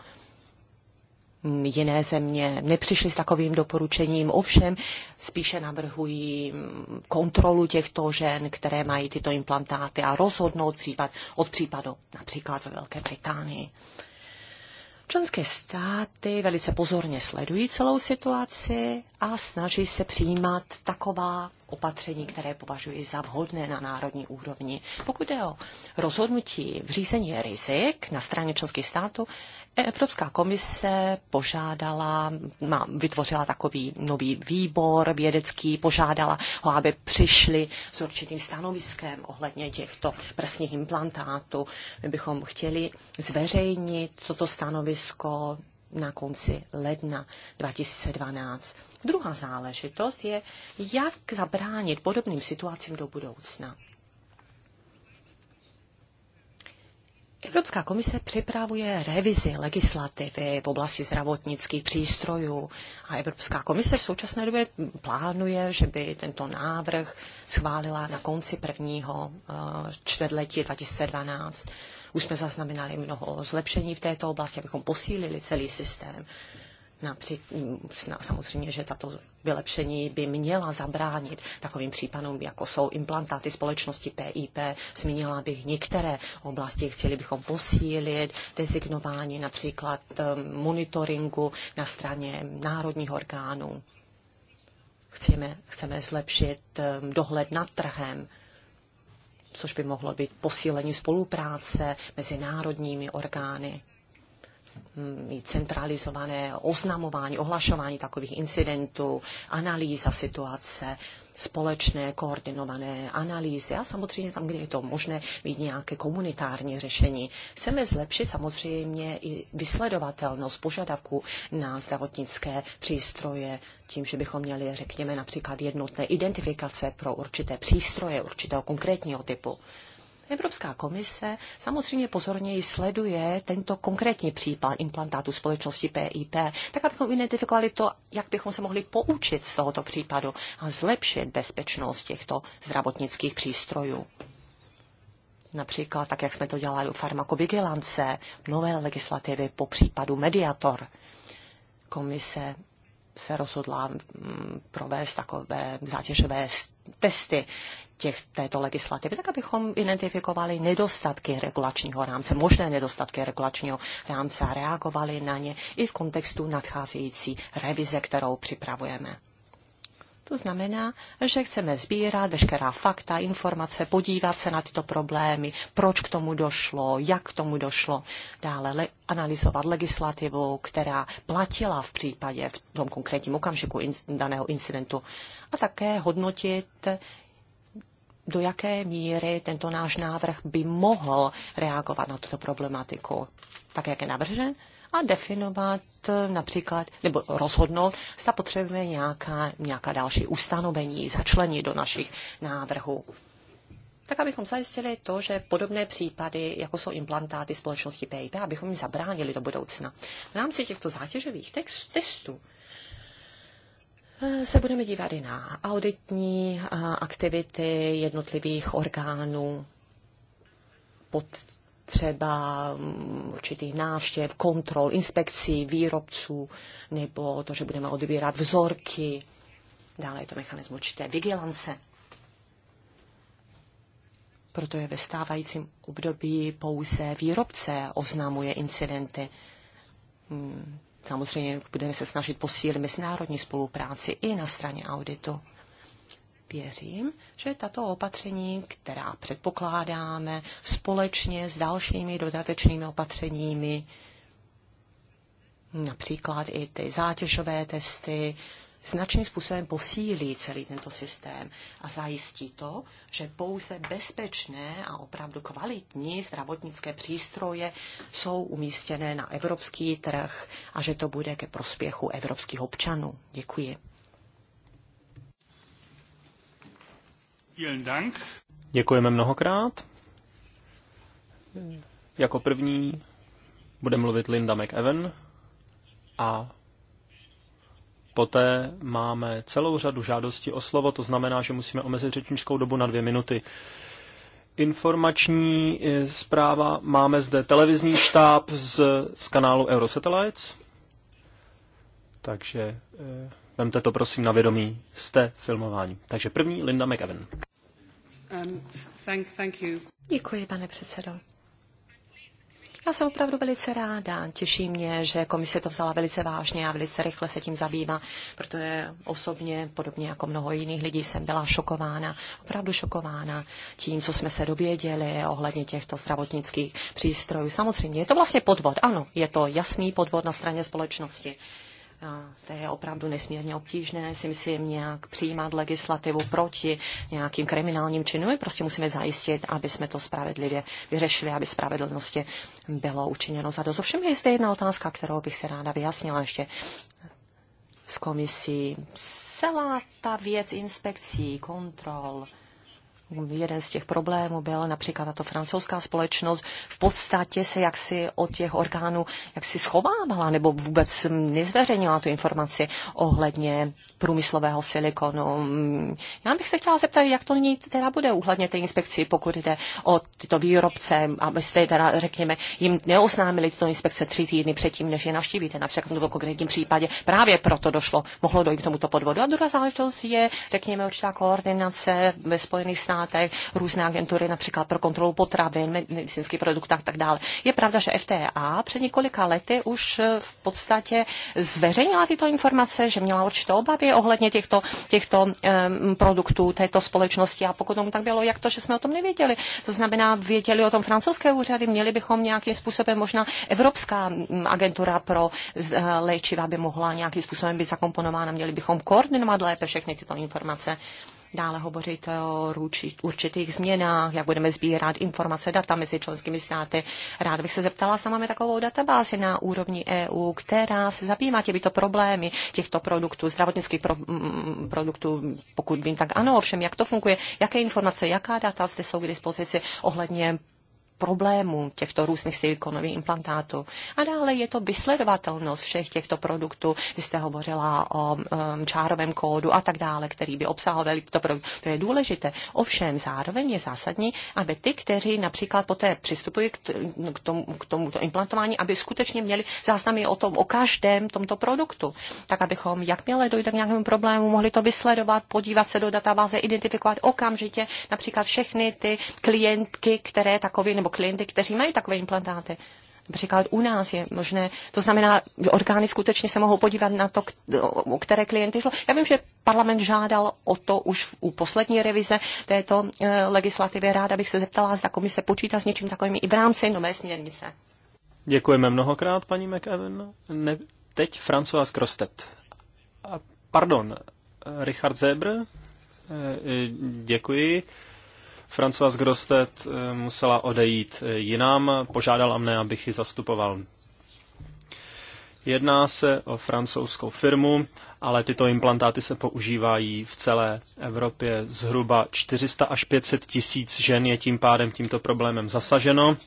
Jiné země nepřišly s takovým doporučením, ovšem spíše navrhují mm, kontrolu těchto žen, které mají tyto implantáty a rozhodnout případ od případu, například ve Velké Británii. Členské státy velice pozorně sledují celou situaci a snaží se přijímat taková opatření, které považují za vhodné na národní úrovni. Pokud jde o rozhodnutí v řízení rizik na straně členských států, Evropská komise požádala, má, vytvořila takový nový výbor vědecký, požádala ho, aby přišli s určitým stanoviskem ohledně těchto prsních implantátů. My bychom chtěli zveřejnit toto stanovisko na konci ledna 2012. Druhá záležitost je, jak zabránit podobným situacím do budoucna. Evropská komise připravuje revizi legislativy v oblasti zdravotnických přístrojů a Evropská komise v současné době plánuje, že by tento návrh schválila na konci prvního eh, čtvrtletí 2012. Už jsme zaznamenali mnoho zlepšení v této oblasti, abychom posílili celý systém například samozřejmě, že tato vylepšení by měla zabránit takovým případům, jako jsou implantáty společnosti PIP. Zmínila bych některé oblasti, chtěli bychom posílit designování například ehm, monitoringu na straně národních orgánů. Chceme, chceme zlepšit ehm, dohled nad trhem, což by mohlo být posílení spolupráce mezi národními orgány mít centralizované oznamování, ohlašování takových incidentů, analýza situace, společné koordinované analýzy a samozřejmě tam, kde je to možné, mít nějaké komunitární řešení. Chceme zlepšit samozřejmě i vysledovatelnost požadavků na zdravotnické přístroje tím, že bychom měli, řekněme, například jednotné identifikace pro určité přístroje, určitého konkrétního typu. Evropská komise samozřejmě pozorněji sleduje tento konkrétní případ implantátu společnosti PIP, tak abychom identifikovali to, jak bychom se mohli poučit z tohoto případu a zlepšit bezpečnost těchto zdravotnických přístrojů. Například tak, jak jsme to dělali u farmakovigilance, nové legislativy po případu mediator. Komise se rozhodla mm, provést takové zátěžové testy těch, této legislativy, tak abychom identifikovali nedostatky regulačního rámce, možné nedostatky regulačního rámce a reagovali na ně i v kontextu nadcházející revize, kterou připravujeme. To znamená, že chceme sbírat veškerá fakta, informace, podívat se na tyto problémy, proč k tomu došlo, jak k tomu došlo, dále le- analyzovat legislativu, která platila v případě v tom konkrétním okamžiku in- daného incidentu a také hodnotit, do jaké míry tento náš návrh by mohl reagovat na tuto problematiku, tak jak je navržen a definovat eh, například, nebo rozhodnout, zda potřebujeme nějaká, nějaká další ustanovení začlenit do našich návrhů tak abychom zajistili to, že podobné případy, jako jsou implantáty společnosti PIP, abychom jim zabránili do budoucna. V rámci těchto zátěžových text, testů eh, se budeme dívat i na auditní eh, aktivity jednotlivých orgánů pod třeba mm, určitých návštěv, kontrol, inspekcí výrobců, nebo to, že budeme odbírat vzorky. Dále je to mechanismus určité vigilance. Proto je ve stávajícím období pouze výrobce oznamuje incidenty. Mm, samozřejmě budeme se snažit posílit mezinárodní spolupráci i na straně auditu. Věřím, že tato opatření, která předpokládáme společně s dalšími dodatečnými opatřeními, například i ty zátěžové testy, značným způsobem posílí celý tento systém a zajistí to, že pouze bezpečné a opravdu kvalitní zdravotnické přístroje jsou umístěné na evropský trh a že to bude ke prospěchu evropských občanů. Děkuji. Děkujeme mnohokrát. Jako první bude mluvit Linda McEwen a poté máme celou řadu žádostí o slovo, to znamená, že musíme omezit řečnickou dobu na dvě minuty. Informační eh, zpráva. Máme zde televizní štáb z, z kanálu Eurosatellites. Takže eh, Vemte to prosím na vědomí. Jste filmování. Takže první Linda McEwen. Um, thank, thank you. Děkuji, pane předsedo. Já jsem opravdu velice ráda. Těší mě, že komise to vzala velice vážně a velice rychle se tím zabývá, protože osobně, podobně jako mnoho jiných lidí, jsem byla šokována, opravdu šokována tím, co jsme se dověděli ohledně těchto zdravotnických přístrojů. Samozřejmě je to vlastně podvod, ano, je to jasný podvod na straně společnosti zde je opravdu nesmírně obtížné si myslím nějak přijímat legislativu proti nějakým kriminálním činům. My prostě musíme zajistit, aby jsme to spravedlivě vyřešili, aby spravedlnosti bylo učiněno za dost. Ovšem je zde jedna otázka, kterou bych se ráda vyjasnila ještě s komisí. Celá ta věc inspekcí, kontrol, jeden z těch problémů byl například tato francouzská společnost v podstatě se jaksi od těch orgánů jaksi schovávala nebo vůbec nezveřejnila tu informaci ohledně průmyslového silikonu. Já bych se chtěla zeptat, jak to nyní teda bude uhledně té inspekci, pokud jde o tyto výrobce, abyste teda, řekněme, jim neoznámili tyto inspekce tři týdny předtím, než je navštívíte, například v tomto konkrétním případě. Právě proto došlo, mohlo dojít k tomuto podvodu. A druhá záležitost je, řekněme, určitá koordinace ve Spojených státech státech, různé agentury, například pro kontrolu potravin, medicínských produktů a tak dále. Je pravda, že FTA před několika lety už eh, v podstatě zveřejnila tyto informace, že měla určité obavy ohledně těchto, těchto um, produktů této společnosti a pokud tomu tak bylo, jak to, že jsme o tom nevěděli. To znamená, věděli o tom francouzské úřady, měli bychom nějakým způsobem možná Evropská agentura pro eh, léčiva by mohla nějakým způsobem být zakomponována, měli bychom koordinovat lépe všechny tyto informace dále hovořit o určitých změnách, jak budeme sbírat informace, data mezi členskými státy. Rád bych se zeptala, zda máme takovou databázi na úrovni EU, která se zabývá těmito problémy těchto produktů, zdravotnických pro, m, produktů, pokud vím, tak ano, ovšem, jak to funguje, jaké informace, jaká data zde jsou k dispozici ohledně problémů těchto různých silikonových implantátů. A dále je to vysledovatelnost všech těchto produktů. Vy jste hovořila o um, čárovém kódu a tak dále, který by obsahoval tyto produkty. To je důležité. Ovšem zároveň je zásadní, aby ty, kteří například poté přistupují k, k, tomu, k tomuto implantování, aby skutečně měli záznamy o tom, o každém tomto produktu. Tak abychom, jakmile dojde k nějakému problému, mohli to vysledovat, podívat se do databáze, identifikovat okamžitě například všechny ty klientky, které takový nebo klienty, kteří mají takové implantáty. Například u nás je možné, to znamená, orgány skutečně se mohou podívat na to, o které klienty šlo. Já vím, že parlament žádal o to už u poslední revize této eh, legislativy. Ráda bych se zeptala, zda komise počítá s něčím takovým i v rámci nové směrnice. Děkujeme mnohokrát, paní McEwen. Ne, teď François Krostet. Pardon, eh, Richard Zebr. Eh, děkuji. François Grostet eh, musela odejít eh, jinam, požádala mne, abych ji zastupoval. Jedná se o francouzskou firmu, ale tyto implantáty se používají v celé Evropě. Zhruba 400 až 500 tisíc žen je tím pádem tímto problémem zasaženo.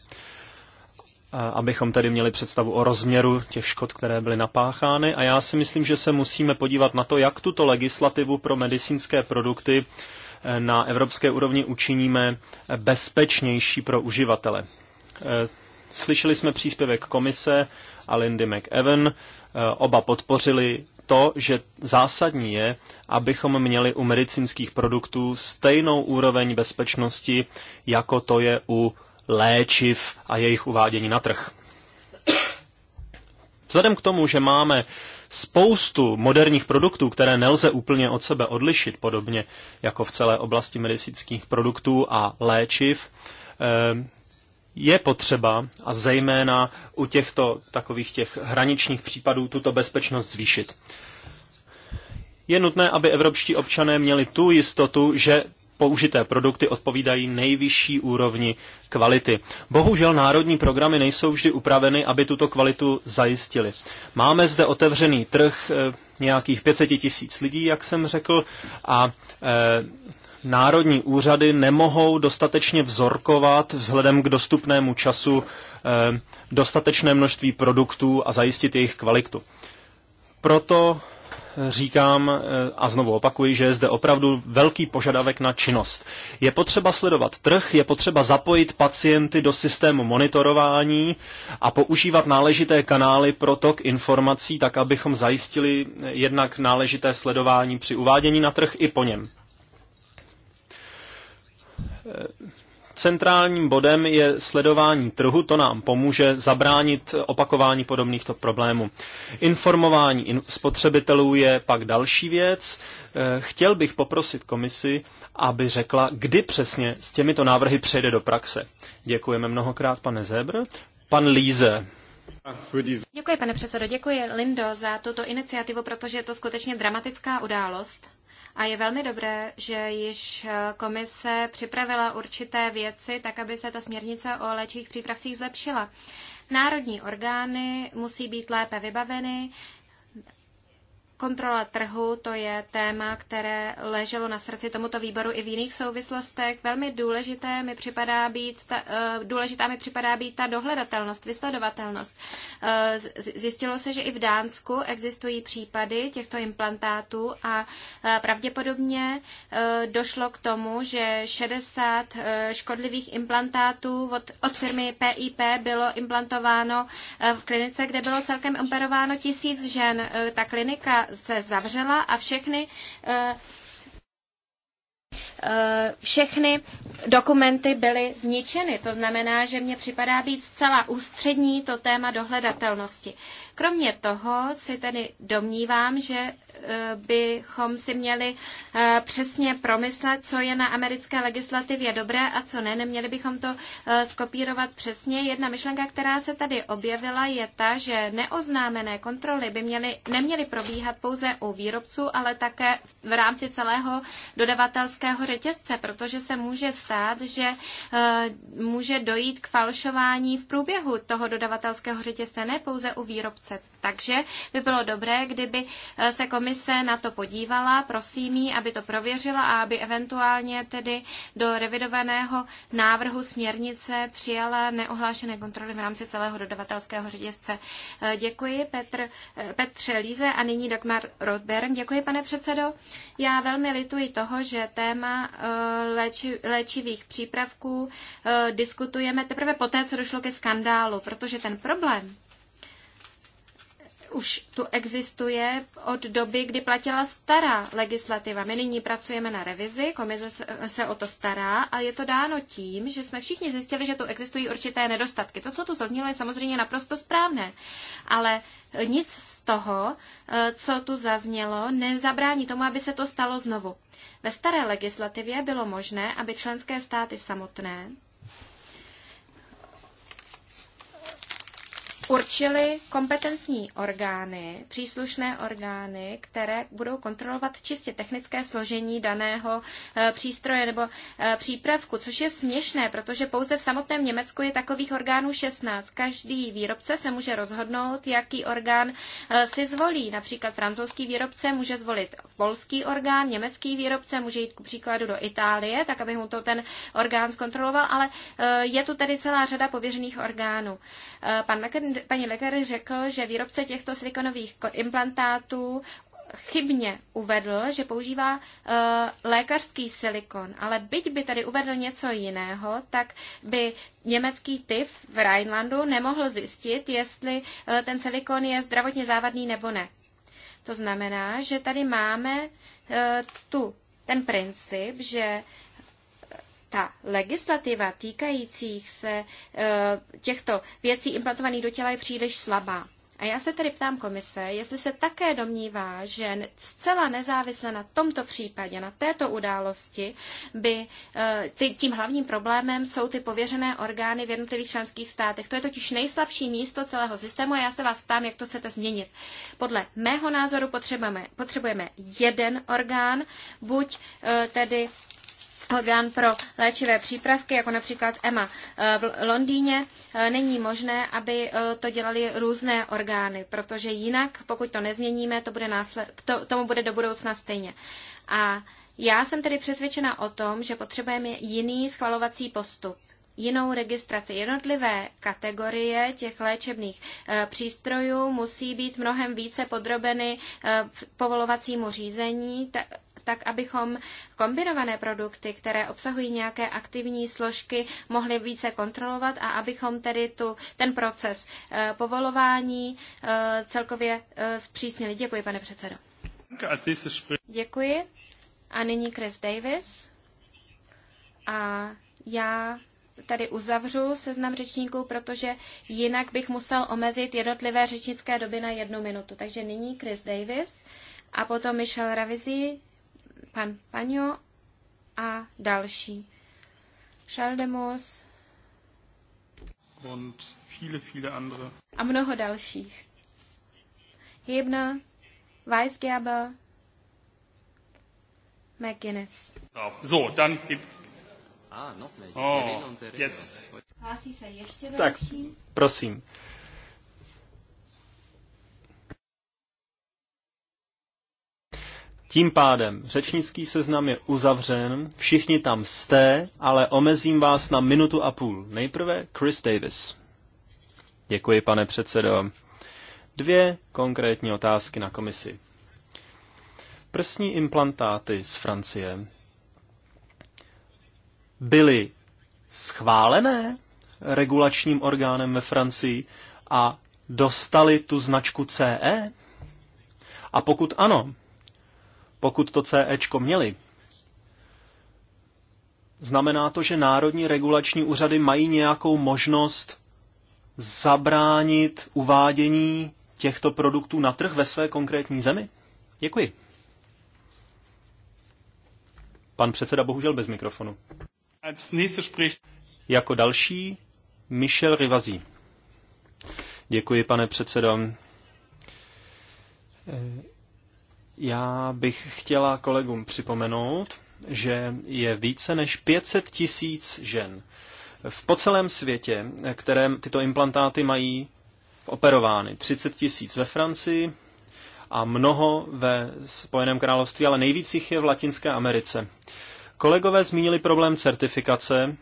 Abychom tedy měli představu o rozměru těch škod, které byly napáchány. A já si myslím, že se musíme podívat na to, jak tuto legislativu pro medicínské produkty na evropské úrovni učiníme bezpečnější pro uživatele. Eh, slyšeli jsme příspěvek komise a Lindy McEwen. Eh, oba podpořili to, že zásadní je, abychom měli u medicínských produktů stejnou úroveň bezpečnosti, jako to je u léčiv a jejich uvádění na trh. Vzhledem k tomu, že máme spoustu moderních produktů, které nelze úplně od sebe odlišit, podobně jako v celé oblasti medicínských produktů a léčiv, eh, je potřeba, a zejména u těchto takových těch hraničních případů, tuto bezpečnost zvýšit. Je nutné, aby evropští občané měli tu jistotu, že použité produkty odpovídají nejvyšší úrovni kvality. Bohužel národní programy nejsou vždy upraveny, aby tuto kvalitu zajistili. Máme zde otevřený trh eh, nějakých 500 tisíc lidí, jak jsem řekl, a eh, národní úřady nemohou dostatečně vzorkovat vzhledem k dostupnému času eh, dostatečné množství produktů a zajistit jejich kvalitu. Proto říkám eh, a znovu opakuji, že je zde opravdu velký požadavek na činnost. Je potřeba sledovat trh, je potřeba zapojit pacienty do systému monitorování a používat náležité kanály pro tok informací, tak abychom zajistili eh, jednak náležité sledování při uvádění na trh i po něm eh, Centrálním bodem je sledování trhu, to nám pomůže zabránit opakování podobnýchto problémů. Informování spotřebitelů je pak další věc. Eh, chtěl bych poprosit komisi, aby řekla, kdy přesně s těmito návrhy přejde do praxe. Děkujeme mnohokrát, pane Zebr. Pan Líze. Děkuji, pane předsedo, děkuji Lindo za tuto iniciativu, protože je to skutečně dramatická událost. A je velmi dobré, že již eh, komise připravila určité věci, tak aby se ta směrnice o léčivých přípravcích zlepšila. Národní orgány musí být lépe vybaveny, Kontrola trhu, to je téma, které leželo na srdci tomuto výboru i v jiných souvislostech. Velmi důležité mi připadá být ta, eh, důležitá mi připadá být ta dohledatelnost, vysledovatelnost. Eh, zjistilo se, že i v Dánsku existují případy těchto implantátů a eh, pravděpodobně došlo k tomu, že 60 škodlivých implantátů od, od firmy PIP bylo implantováno v klinice, kde bylo celkem operováno tisíc žen. Ta klinika se zavřela a všechny eh, eh, všechny dokumenty byly zničeny. To znamená, že mně připadá být zcela ústřední to téma dohledatelnosti. Kromě toho si tedy domnívám, že e, bychom si měli e, přesně promyslet, co je na americké legislativě dobré a co ne. Neměli bychom to e, skopírovat přesně. Jedna myšlenka, která se tady objevila, je ta, že neoznámené kontroly by měly, neměly probíhat pouze u výrobců, ale také v rámci celého dodavatelského řetězce, protože se může stát, že může dojít k falšování v průběhu toho dodavatelského řetězce, ne pouze u výrobců 2020. Takže by bylo dobré, kdyby eh, se komise na to podívala, prosím jí, aby to prověřila a aby eventuálně tedy do revidovaného návrhu směrnice přijala neohlášené kontroly v rámci celého dodavatelského řetězce. Eh, děkuji Petr, eh, Petře Líze a nyní Dagmar Rodbern. Děkuji, pane předsedo. Já velmi lituji toho, že téma léči, léčivých přípravků diskutujeme teprve poté, co došlo ke skandálu, protože ten problém už tu existuje od doby, kdy platila stará legislativa. My nyní pracujeme na revizi, komise se o to stará a je to dáno tím, že jsme všichni zjistili, že tu existují určité nedostatky. To, co tu zaznělo, je samozřejmě naprosto správné, ale nic z toho, eh, co tu zaznělo, nezabrání tomu, aby se to stalo znovu. Ve staré legislativě bylo možné, aby členské státy samotné určili kompetentní orgány, příslušné orgány, které budou kontrolovat čistě technické složení daného eh, přístroje nebo eh, přípravku, což je směšné, protože pouze v samotném Německu je takových orgánů 16. Každý výrobce se může rozhodnout, jaký orgán eh, si zvolí. Například francouzský výrobce může zvolit polský orgán, německý výrobce může jít ku příkladu do Itálie, tak aby mu to ten orgán zkontroloval, ale je tu tedy celá řada pověřených orgánů. Pan Lecker paní lékař řekl, že výrobce těchto silikonových implantátů chybně uvedl, že používá uh, lékařský silikon, ale byť by tady uvedl něco jiného, tak by německý TIF v Rheinlandu nemohl zjistit, jestli uh, ten silikon je zdravotně závadný nebo ne. To znamená, že tady máme uh, tu ten princip, že ta legislativa týkajících se eh, těchto věcí implantovaných do těla je příliš slabá. A já se tedy ptám komise, jestli se také domnívá, že zcela nezávisle na tomto případě, na této události, by eh, tím hlavním problémem jsou ty pověřené orgány v jednotlivých členských státech. To je totiž nejslabší místo celého systému a já se vás ptám, jak to chcete změnit. Podle mého názoru potřebujeme, potřebujeme jeden orgán, buď eh, tedy orgán pro léčivé přípravky, jako například EMA e, v Londýně, e, není možné, aby e, to dělali různé orgány, protože jinak, pokud to nezměníme, to bude násled, to, tomu bude do budoucna stejně. A já jsem tedy přesvědčena o tom, že potřebujeme jiný schvalovací postup jinou registraci. Jednotlivé kategorie těch léčebných přístrojů musí být mnohem více podrobeny povolovacímu řízení, tak abychom kombinované produkty, které obsahují nějaké aktivní složky, mohli více kontrolovat a abychom tedy tu, ten proces eh, povolování eh, celkově eh, zpřísnili. Děkuji, pane předsedo. Děkuji. A nyní Chris Davis. A já tady uzavřu seznam řečníků, protože jinak bych musel omezit jednotlivé řečnické doby na jednu minutu. Takže nyní Chris Davis a potom Michelle Ravizi, pan Paňo a další. Šaldemos und viele, viele andere. A mnoho dalších. Hebner, Weisgerber, McGuinness. So, dann gibt Ah, oh, jetzt. Tak, prosím. Tím pádem řečnický seznam je uzavřen, všichni tam jste, ale omezím vás na minutu a půl. Nejprve Chris Davis. Děkuji, pane předsedo. Dvě konkrétní otázky na komisi. Prsní implantáty z Francie byly schválené regulačním orgánem ve Francii a dostali tu značku CE? A pokud ano, pokud to CEčko měli, znamená to, že národní regulační úřady mají nějakou možnost zabránit uvádění těchto produktů na trh ve své konkrétní zemi? Děkuji. Pan předseda bohužel bez mikrofonu. Jako další Michel Rivazí. Děkuji, pane předsedo. Já bych chtěla kolegům připomenout, že je více než 500 tisíc žen v po celém světě, které tyto implantáty mají operovány. 30 tisíc ve Francii a mnoho ve Spojeném království, ale nejvíc jich je v Latinské Americe. Kolegové zmínili problém certifikace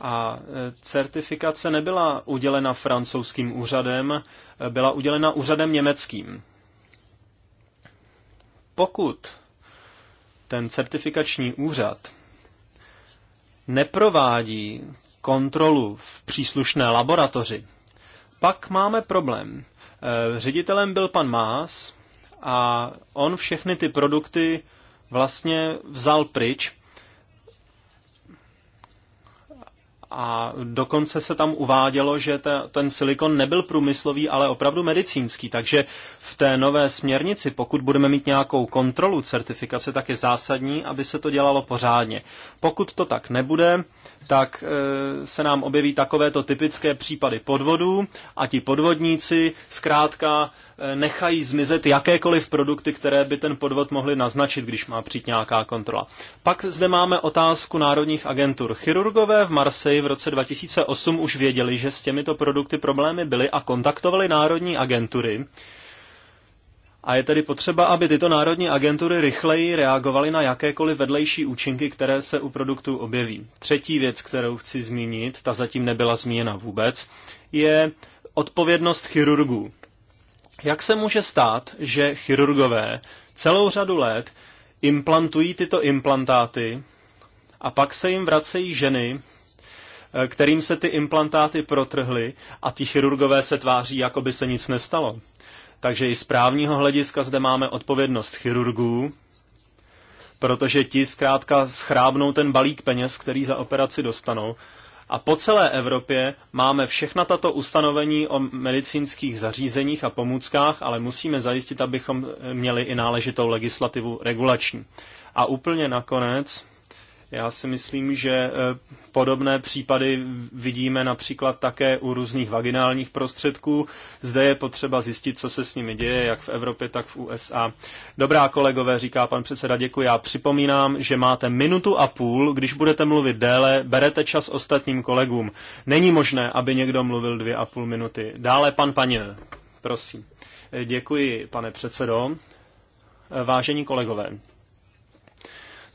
a e, certifikace nebyla udělena francouzským úřadem, e, byla udělena úřadem německým pokud ten certifikační úřad neprovádí kontrolu v příslušné laboratoři, pak máme problém. Eh, ředitelem byl pan Más a on všechny ty produkty vlastně vzal pryč, A dokonce se tam uvádělo, že ta, ten silikon nebyl průmyslový, ale opravdu medicínský. Takže v té nové směrnici, pokud budeme mít nějakou kontrolu certifikace, tak je zásadní, aby se to dělalo pořádně. Pokud to tak nebude, tak e, se nám objeví takovéto typické případy podvodů a ti podvodníci zkrátka Eh, nechají zmizet jakékoliv produkty, které by ten podvod mohly naznačit, když má přijít nějaká kontrola. Pak zde máme otázku národních agentur. Chirurgové v Marseji v roce 2008 už věděli, že s těmito produkty problémy byly a kontaktovali národní agentury. A je tedy potřeba, aby tyto národní agentury rychleji reagovaly na jakékoliv vedlejší účinky, které se u produktů objeví. Třetí věc, kterou chci zmínit, ta zatím nebyla zmíněna vůbec, je odpovědnost chirurgů. Jak se může stát, že chirurgové celou řadu let implantují tyto implantáty a pak se jim vracejí ženy, eh, kterým se ty implantáty protrhly a ti chirurgové se tváří, jako by se nic nestalo. Takže i z právního hlediska zde máme odpovědnost chirurgů, protože ti zkrátka schrábnou ten balík peněz, který za operaci dostanou a po celé Evropě máme všechna tato ustanovení o medicínských zařízeních a pomůckách, ale musíme zajistit, abychom měli i náležitou legislativu regulační. A úplně nakonec já si myslím, že eh, podobné případy vidíme například také u různých vaginálních prostředků. Zde je potřeba zjistit, co se s nimi děje, jak v Evropě, tak v USA. Dobrá kolegové, říká pan předseda, děkuji. Já připomínám, že máte minutu a půl, když budete mluvit déle, berete čas ostatním kolegům. Není možné, aby někdo mluvil dvě a půl minuty. Dále pan paně, prosím. Eh, děkuji, pane předsedo. Eh, vážení kolegové,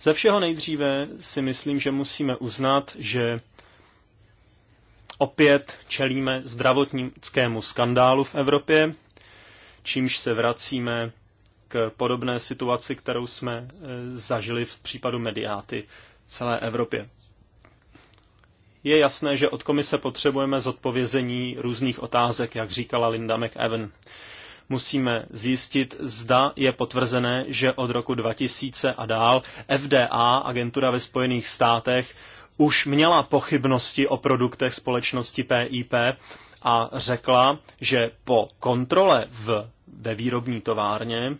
ze všeho nejdříve si myslím, že musíme uznat, že opět čelíme zdravotnickému skandálu v Evropě, čímž se vracíme k podobné situaci, kterou jsme e, zažili v případu mediáty v celé Evropě. Je jasné, že od komise potřebujeme zodpovězení různých otázek, jak říkala Linda McEwen musíme zjistit, zda je potvrzené, že od roku 2000 a dál FDA, agentura ve Spojených státech, už měla pochybnosti o produktech společnosti PIP a řekla, že po kontrole v, ve výrobní továrně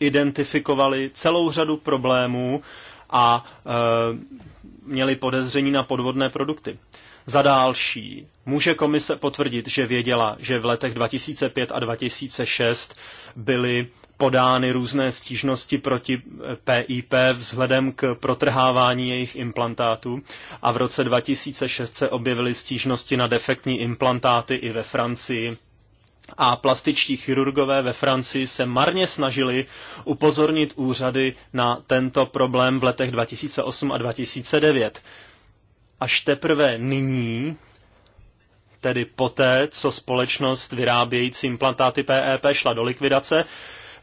identifikovali celou řadu problémů a e, měli podezření na podvodné produkty. Za další, může komise potvrdit, že věděla, že v letech 2005 a 2006 byly podány různé stížnosti proti PIP eh, vzhledem k protrhávání jejich implantátů a v roce 2006 se objevily stížnosti na defektní implantáty i ve Francii. A plastičtí chirurgové ve Francii se marně snažili upozornit úřady na tento problém v letech 2008 a 2009 až teprve nyní, tedy poté, co společnost vyrábějící implantáty PEP e šla do likvidace,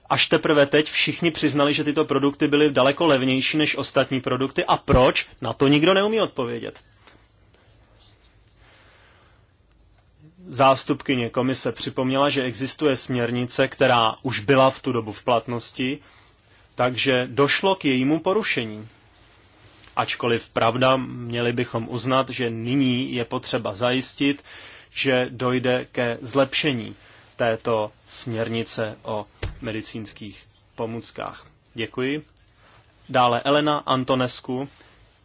až teprve teď všichni přiznali, že tyto produkty byly daleko levnější než ostatní produkty. A proč? Na to nikdo neumí odpovědět. Zástupkyně komise připomněla, že existuje směrnice, která už byla v tu dobu v platnosti, takže došlo k jejímu porušení. Ačkoliv pravda, měli bychom uznat, že nyní je potřeba zajistit, že dojde ke zlepšení této směrnice o medicínských pomůckách. Děkuji. Dále Elena Antonesku.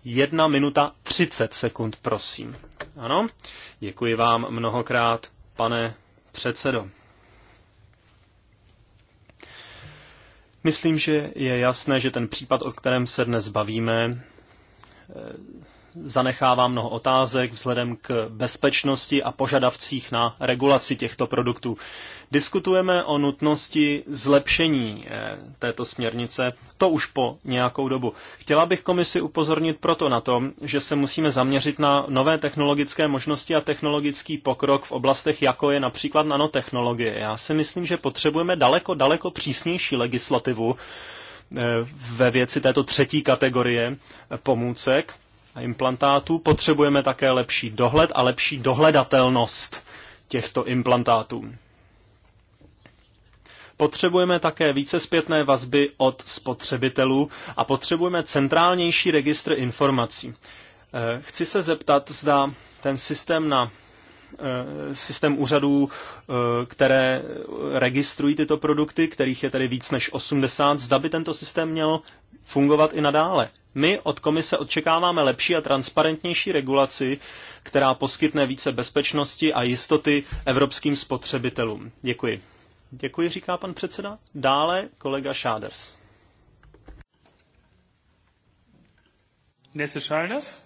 Jedna minuta 30 sekund, prosím. Ano, děkuji vám mnohokrát, pane předsedo. Myslím, že je jasné, že ten případ, o kterém se dnes bavíme, Eh, zanechává mnoho otázek vzhledem k bezpečnosti a požadavcích na regulaci těchto produktů. Diskutujeme o nutnosti zlepšení eh, této směrnice, to už po nějakou dobu. Chtěla bych komisi upozornit proto na to, že se musíme zaměřit na nové technologické možnosti a technologický pokrok v oblastech, jako je například nanotechnologie. Já si myslím, že potřebujeme daleko, daleko přísnější legislativu, Eh, ve věci této třetí kategorie pomůcek a implantátů. Potřebujeme také lepší dohled a lepší dohledatelnost těchto implantátů. Potřebujeme také více zpětné vazby od spotřebitelů a potřebujeme centrálnější registr informací. Eh, chci se zeptat, zda ten systém na Eh, systém úřadů, eh, které registrují tyto produkty, kterých je tedy víc než 80, zda by tento systém měl fungovat i nadále. My od komise očekáváme lepší a transparentnější regulaci, která poskytne více bezpečnosti a jistoty evropským spotřebitelům. Děkuji. Děkuji, říká pan předseda. Dále kolega Šáders. Nesse Šáders?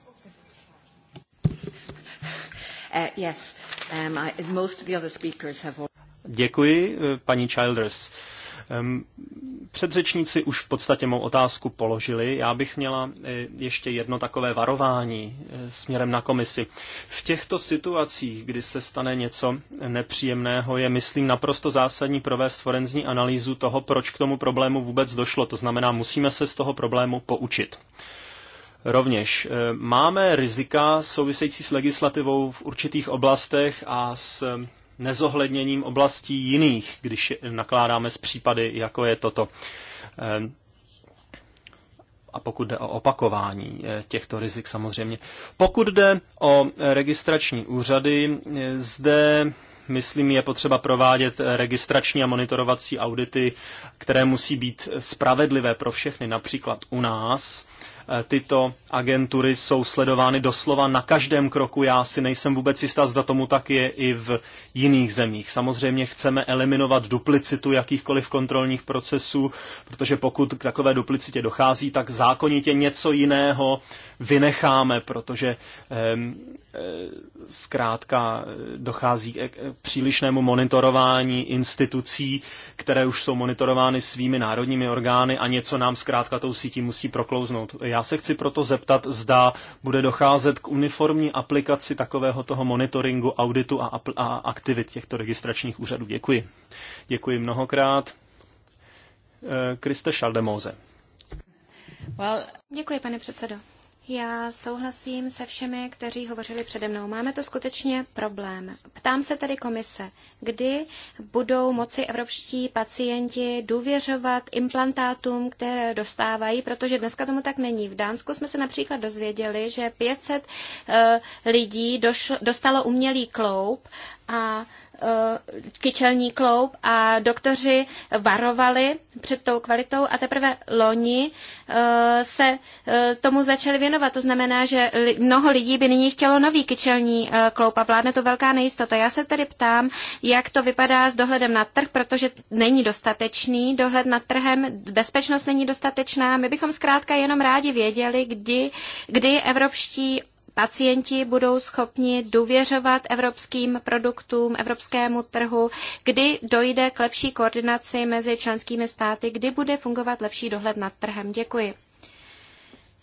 Děkuji, paní Childers. Předřečníci už v podstatě mou otázku položili. Já bych měla eh, ještě jedno takové varování eh, směrem na komisi. V těchto situacích, kdy se stane něco nepříjemného, je, myslím, naprosto zásadní provést forenzní analýzu toho, proč k tomu problému vůbec došlo. To znamená, musíme se z toho problému poučit. Rovněž eh, máme rizika související s legislativou v určitých oblastech a s eh, nezohledněním oblastí jiných, když nakládáme s případy, jako je toto. Eh, a pokud jde o opakování těchto rizik samozřejmě. Pokud jde o registrační úřady, zde myslím, je potřeba provádět registrační a monitorovací audity, které musí být spravedlivé pro všechny. Například u nás Eh, tyto agentury jsou sledovány doslova na každém kroku. Já si nejsem vůbec jistá, zda tomu tak je i v jiných zemích. Samozřejmě chceme eliminovat duplicitu jakýchkoliv kontrolních procesů, protože pokud k takové duplicitě dochází, tak zákonitě něco jiného vynecháme, protože e, zkrátka dochází k e, přílišnému monitorování institucí, které už jsou monitorovány svými národními orgány a něco nám zkrátka tou sítí musí proklouznout. Já se chci proto zeptat, zda bude docházet k uniformní aplikaci takového toho monitoringu, auditu a, a aktivit těchto registračních úřadů. Děkuji. Děkuji mnohokrát. E, Kriste Šaldemóze. Well, děkuji, pane předsedo. Já souhlasím se všemi, kteří hovořili přede mnou. Máme to skutečně problém. Ptám se tedy komise, kdy budou moci evropští pacienti důvěřovat implantátům, které dostávají, protože dneska tomu tak není. V Dánsku jsme se například dozvěděli, že 500 uh, eh, lidí došlo, dostalo umělý kloup a e, kyčelní kloub a doktoři varovali před tou kvalitou a teprve loni e, se e, tomu začali věnovat. To znamená, že mnoho lidí by nyní chtělo nový kyčelní kloub a vládne to velká nejistota. Já se tedy ptám, jak to vypadá s dohledem na trh, protože není dostatečný dohled nad trhem, bezpečnost není dostatečná. My bychom zkrátka jenom rádi věděli, kdy, kdy evropští pacienti budou schopni důvěřovat evropským produktům, evropskému trhu, kdy dojde k lepší koordinaci mezi členskými státy, kdy bude fungovat lepší dohled nad trhem. Děkuji.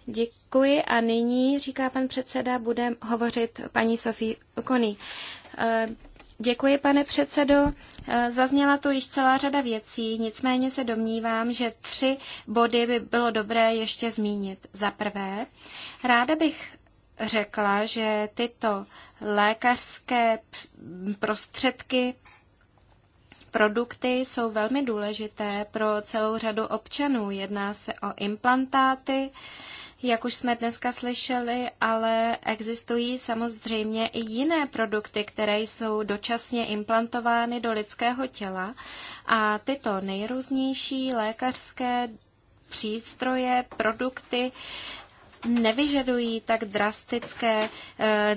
Děkuji a nyní, říká pan předseda, bude hovořit paní Sofie Okony. Eh, děkuji, pane předsedo. Eh, zazněla tu již celá řada věcí, nicméně se domnívám, že tři body by bylo dobré ještě zmínit. Za prvé, ráda bych řekla, že tyto lékařské prostředky, produkty jsou velmi důležité pro celou řadu občanů. Jedná se o implantáty, jak už jsme dneska slyšeli, ale existují samozřejmě i jiné produkty, které jsou dočasně implantovány do lidského těla a tyto nejrůznější lékařské přístroje, produkty nevyžadují tak drastické, eh,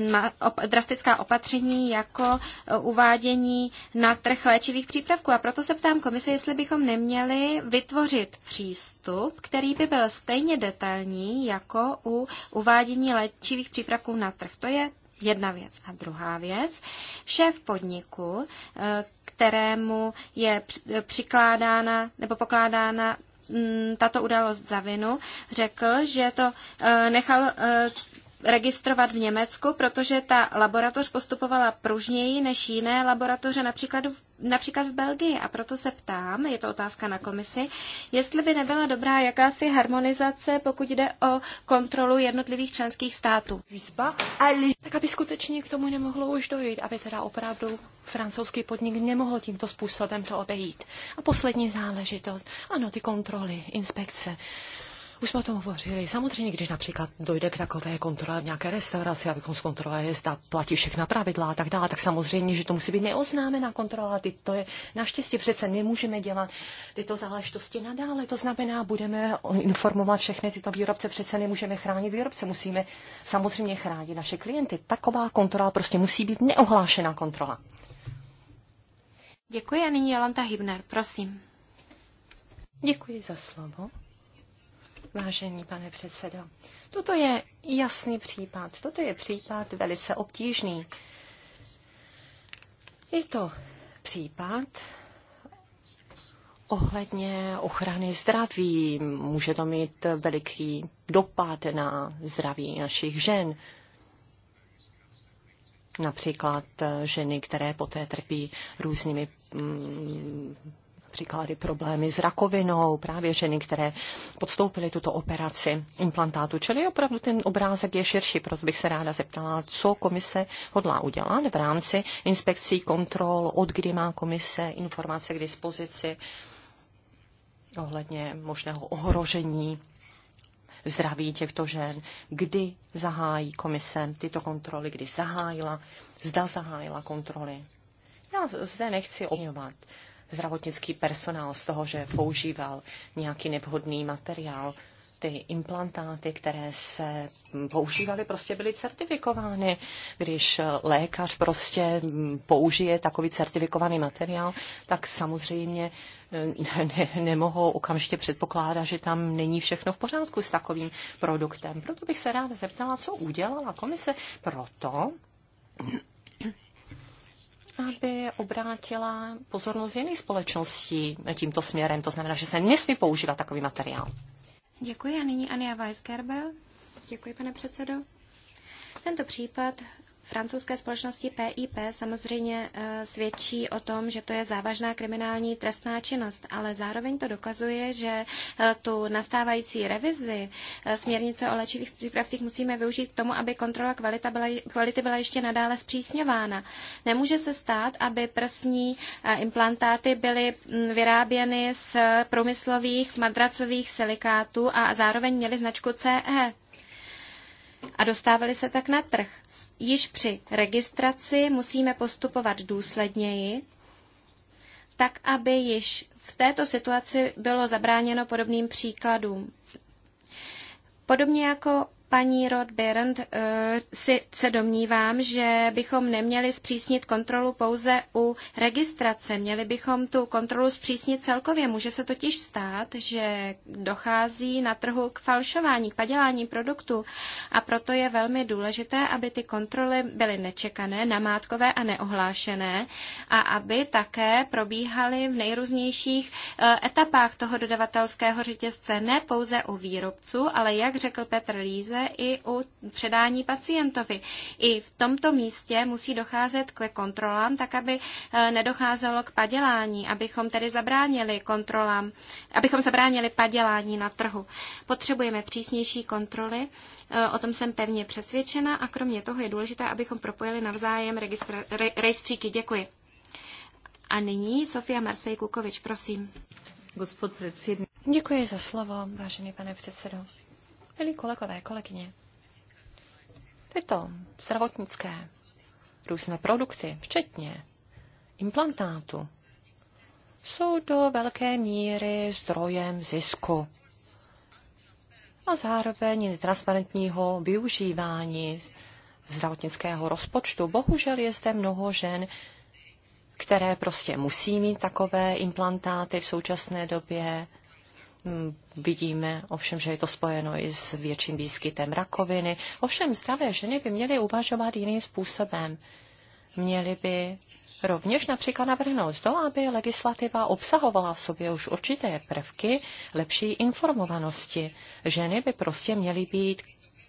drastická opatření jako eh, uvádění na trh léčivých přípravků. A proto se ptám komise, jestli bychom neměli vytvořit přístup, který by byl stejně detailní jako u uvádění léčivých přípravků na trh. To je jedna věc. A druhá věc, šéf podniku, eh, kterému je přikládána nebo pokládána Mm, tato událost za vinu, řekl, že to eh, nechal eh, registrovat v Německu, protože ta laboratoř postupovala pružněji než jiné laboratoře, například v, například v Belgii. A proto se ptám, je to otázka na komisi, jestli by nebyla dobrá jakási harmonizace, pokud jde o kontrolu jednotlivých členských států. Tak aby skutečně k tomu nemohlo už dojít, aby teda opravdu francouzský podnik nemohl tímto způsobem to obejít. A poslední záležitost, ano, ty kontroly, inspekce. Už jsme o tom hovořili. Samozřejmě, když například dojde k takové kontrole v nějaké restauraci, abychom zkontrolovali, zda platí všechna pravidla a tak dále, tak samozřejmě, že to musí být neoznámená kontrola. Ty, to je naštěstí přece nemůžeme dělat tyto záležitosti nadále. To znamená, budeme informovat všechny tyto výrobce, přece nemůžeme chránit výrobce, musíme samozřejmě chránit naše klienty. Taková kontrola prostě musí být neohlášená kontrola. Děkuji a nyní Jolanta Hybner, prosím. Děkuji za slovo. Vážený pane předsedo, toto je jasný případ, toto je případ velice obtížný. Je to případ ohledně ochrany zdraví. Může to mít veliký dopad na zdraví našich žen. Například ženy, které poté trpí různými mm, příklady problémy s rakovinou, právě ženy, které podstoupily tuto operaci implantátu. Čili opravdu ten obrázek je širší, proto bych se ráda zeptala, co komise hodlá udělat v rámci inspekcí, kontrol, od kdy má komise informace k dispozici ohledně možného ohrožení zdraví těchto žen, kdy zahájí komise tyto kontroly, kdy zahájila, zda zahájila kontroly. Já zde nechci obňovat zdravotnický personál z toho, že používal nějaký nevhodný materiál. Ty implantáty, které se používaly, prostě byly certifikovány. Když lékař prostě použije takový certifikovaný materiál, tak samozřejmě eh, ne, nemohou okamžitě předpokládat, že tam není všechno v pořádku s takovým produktem. Proto bych se ráda zeptala, co udělala komise proto, aby obrátila pozornost jiných společností tímto směrem. To znamená, že se nesmí používat takový materiál. Děkuji a nyní Ania Weisgerber. Děkuji, pane předsedo. Tento případ francouzské společnosti PIP samozřejmě eh, svědčí o tom, že to je závažná kriminální trestná činnost, ale zároveň to dokazuje, že eh, tu nastávající revizi eh, směrnice o léčivých přípravcích musíme využít k tomu, aby kontrola kvalita byla, kvality byla ještě nadále zpřísňována. Nemůže se stát, aby prsní implantáty byly mm, vyráběny z průmyslových madracových silikátů a zároveň měly značku CE a dostávali se tak na trh. Již při registraci musíme postupovat důsledněji, tak aby již v této situaci bylo zabráněno podobným příkladům. Podobně jako paní Rothbirnd, eh, si, se domnívám, že bychom neměli zpřísnit kontrolu pouze u registrace. Měli bychom tu kontrolu zpřísnit celkově. Může se totiž stát, že dochází na trhu k falšování, k padělání produktů a proto je velmi důležité, aby ty kontroly byly nečekané, namátkové a neohlášené a aby také probíhaly v nejrůznějších eh, etapách toho dodavatelského řetězce, ne pouze u výrobců, ale jak řekl Petr Líze, pouze i u předání pacientovi. I v tomto místě musí docházet k kontrolám, tak aby eh, nedocházelo k padělání, abychom tedy zabránili kontrolám, abychom zabránili padělání na trhu. Potřebujeme přísnější kontroly, eh, o tom jsem pevně přesvědčena a kromě toho je důležité, abychom propojili navzájem registr, rejstříky. Děkuji. A nyní Sofia Marsej Kukovič, prosím. Gospod Děkuji za slovo, vážený pane předsedo. Milí kolegové, kolegyně, tyto zdravotnické různé produkty, včetně implantátů, jsou do velké míry zdrojem zisku a zároveň transparentního využívání zdravotnického rozpočtu. Bohužel je zde mnoho žen, které prostě musí mít takové implantáty v současné době Mm, vidíme ovšem, že je to spojeno i s větším výskytem rakoviny. Ovšem zdravé ženy by měly uvažovat jiným způsobem. Měly by rovněž například navrhnout to, aby legislativa obsahovala v sobě už určité prvky lepší informovanosti. Ženy by prostě měly být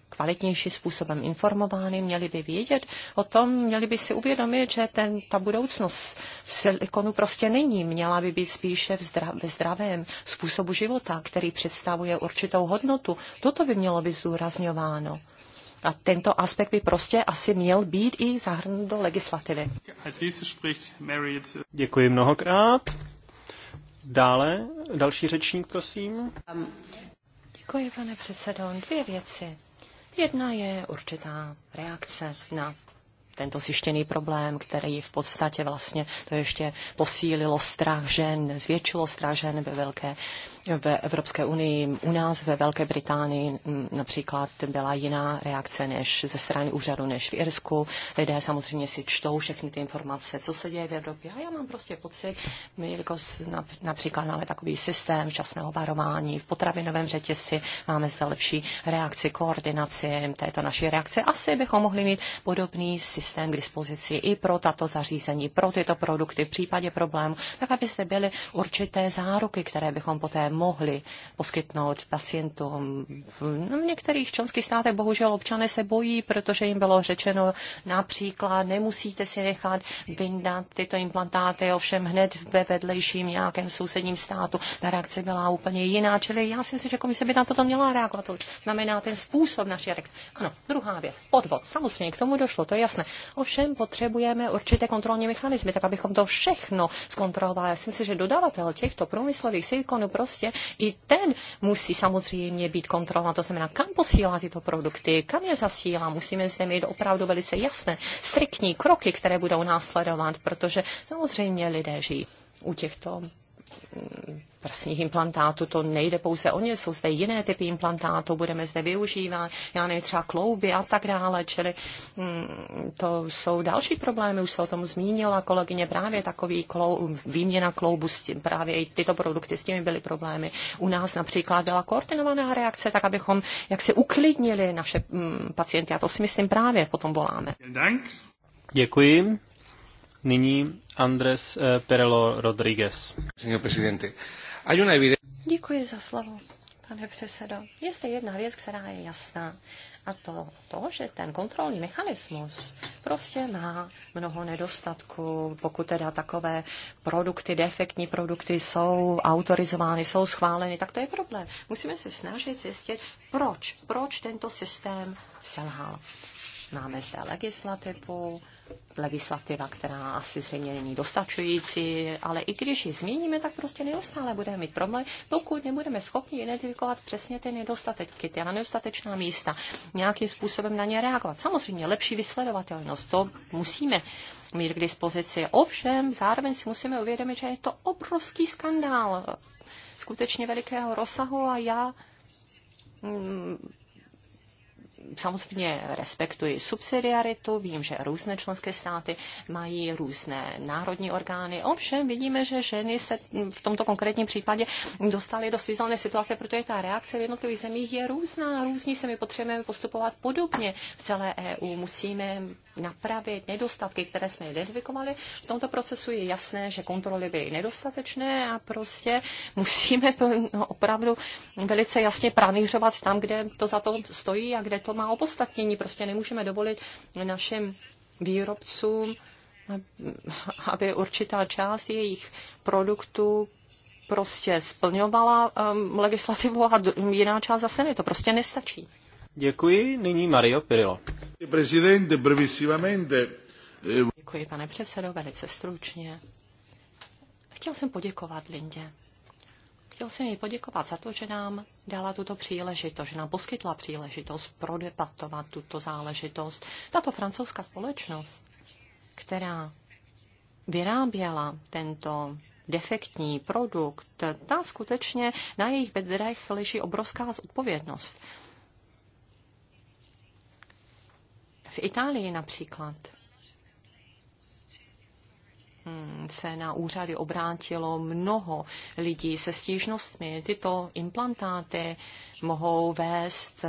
kvalitnější způsobem informovány, měli by vědět o tom, měli by si uvědomit, že ten, ta budoucnost v silikonu prostě není. Měla by být spíše v zdra, v zdravém způsobu života, který představuje určitou hodnotu. Toto by mělo být zdůrazňováno. A tento aspekt by prostě asi měl být i zahrnut do legislativy. Děkuji mnohokrát. Dále, další řečník, prosím. Um, děkuji, pane předsedo. Dvě věci. Jedna je určitá reakce na tento zjištěný problém, který v podstatě vlastně to ještě posílilo strach žen, zvětšilo strach žen ve velké ve Evropské unii. U nás ve Velké Británii například byla jiná reakce než ze strany úřadu než v Irsku. Lidé samozřejmě si čtou všechny ty informace, co se děje v Evropě. A já mám prostě pocit, my jelikož například máme takový systém včasného varování v potravinovém řetězci, máme zde lepší reakci, koordinaci této naší reakce. Asi bychom mohli mít podobný systém k dispozici i pro tato zařízení, pro tyto produkty v případě problému, tak abyste byly určité záruky, které bychom poté mohli poskytnout pacientům. V některých členských státech bohužel občané se bojí, protože jim bylo řečeno například nemusíte si nechat vyndat tyto implantáty, ovšem hned ve vedlejším nějakém sousedním státu. Ta reakce byla úplně jiná, čili já si myslím, že komise by na toto měla reagovat. To znamená ten způsob naší reakce. Ano, druhá věc, podvod. Samozřejmě k tomu došlo, to je jasné. Ovšem potřebujeme určité kontrolní mechanizmy, tak abychom to všechno zkontrolovali. Já si myslím, že dodavatel těchto průmyslových silikonů prostě prostě i ten musí samozřejmě být kontrolován. To znamená, kam posílá tyto produkty, kam je zasílá. Musíme zde mít opravdu velice jasné, striktní kroky, které budou následovat, protože samozřejmě lidé žijí u těchto prsních implantátů, to nejde pouze o ně, jsou zde jiné typy implantátů, budeme zde využívat, já nevím, třeba klouby a tak dále, čili mm, to jsou další problémy, už se o tom zmínila kolegyně, právě takový klou, výměna kloubu, s tím právě i tyto produkty, s těmi byly problémy. U nás například byla koordinovaná reakce, tak abychom jak se uklidnili naše mm, pacienty a to si myslím právě potom voláme. Děkuji. Nyní Andres eh, Perelo Rodriguez. Děkuji za slovo, pane předsedo. Je zde jedna věc, která je jasná. A to, to, že ten kontrolní mechanismus prostě má mnoho nedostatků, pokud teda takové produkty, defektní produkty jsou autorizovány, jsou schváleny, tak to je problém. Musíme se snažit zjistit, proč, proč tento systém selhal. Máme zde legislativu, legislativa, která asi zřejmě není dostačující, ale i když ji změníme, tak prostě neustále budeme mít problém, pokud nebudeme schopni identifikovat přesně ty nedostatečky, ty nedostatečná místa, nějakým způsobem na ně reagovat. Samozřejmě lepší vysledovatelnost, to musíme mít k dispozici. Ovšem, zároveň si musíme uvědomit, že je to obrovský skandál skutečně velikého rozsahu a já mm, samozřejmě respektuji subsidiaritu, vím, že různé členské státy mají různé národní orgány, ovšem vidíme, že ženy se v tomto konkrétním případě dostaly do svízelné situace, protože ta reakce v jednotlivých zemích je různá, různí se my potřebujeme postupovat podobně v celé EU, musíme napravit nedostatky, které jsme identifikovali. V tomto procesu je jasné, že kontroly byly nedostatečné a prostě musíme [LAUGHS] opravdu velice jasně pranířovat tam, kde to za to stojí a kde to to má opodstatnění. Prostě nemůžeme dovolit našim výrobcům, aby určitá část jejich produktů prostě splňovala um, legislativu a jiná část zase ne. To prostě nestačí. Děkuji. Nyní Mario Pirillo. Eh, Děkuji, pane předsedo, velice stručně. Chtěl jsem poděkovat Lindě chtěl jsem jí poděkovat za to, že nám dala tuto příležitost, že nám poskytla příležitost prodebatovat tuto záležitost. Tato francouzská společnost, která vyráběla tento defektní produkt, ta skutečně na jejich bedrech leží obrovská odpovědnost. V Itálii například Hmm, se na úřady obrátilo mnoho lidí se stížnostmi. Tyto implantáty mohou vést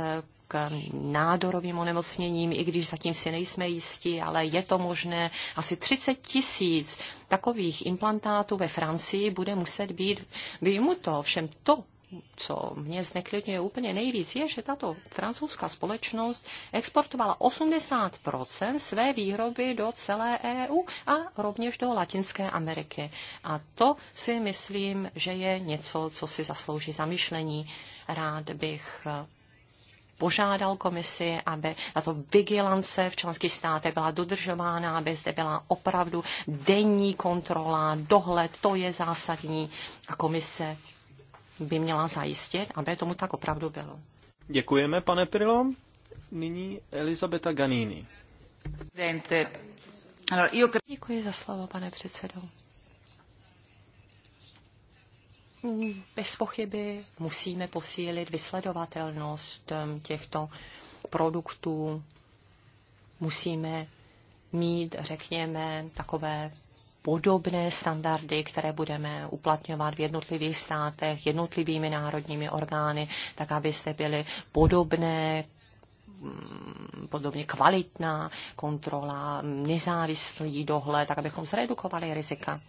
k nádorovým onemocněním, i když zatím si nejsme jistí, ale je to možné. Asi 30 tisíc takových implantátů ve Francii bude muset být vyjmuto. Všem to co mě zneklidňuje úplně nejvíc, je, že tato francouzská společnost exportovala 80 své výroby do celé EU a rovněž do Latinské Ameriky. A to si myslím, že je něco, co si zaslouží zamyšlení. Rád bych eh, požádal komisi, aby tato vigilance v členských státech byla dodržována, aby zde byla opravdu denní kontrola, dohled, to je zásadní. A komise by měla zajistit, aby tomu tak opravdu bylo. Děkujeme, pane Pirlo. Nyní Elizabeta Ganini. Děkuji za slovo, pane předsedo. Bez pochyby musíme posílit vysledovatelnost um, těchto produktů. Musíme mít, řekněme, takové podobné standardy, které budeme uplatňovat v jednotlivých státech, jednotlivými národními orgány, tak abyste byli podobné mm, podobně kvalitná kontrola, nezávislý dohled, tak abychom zredukovali rizika.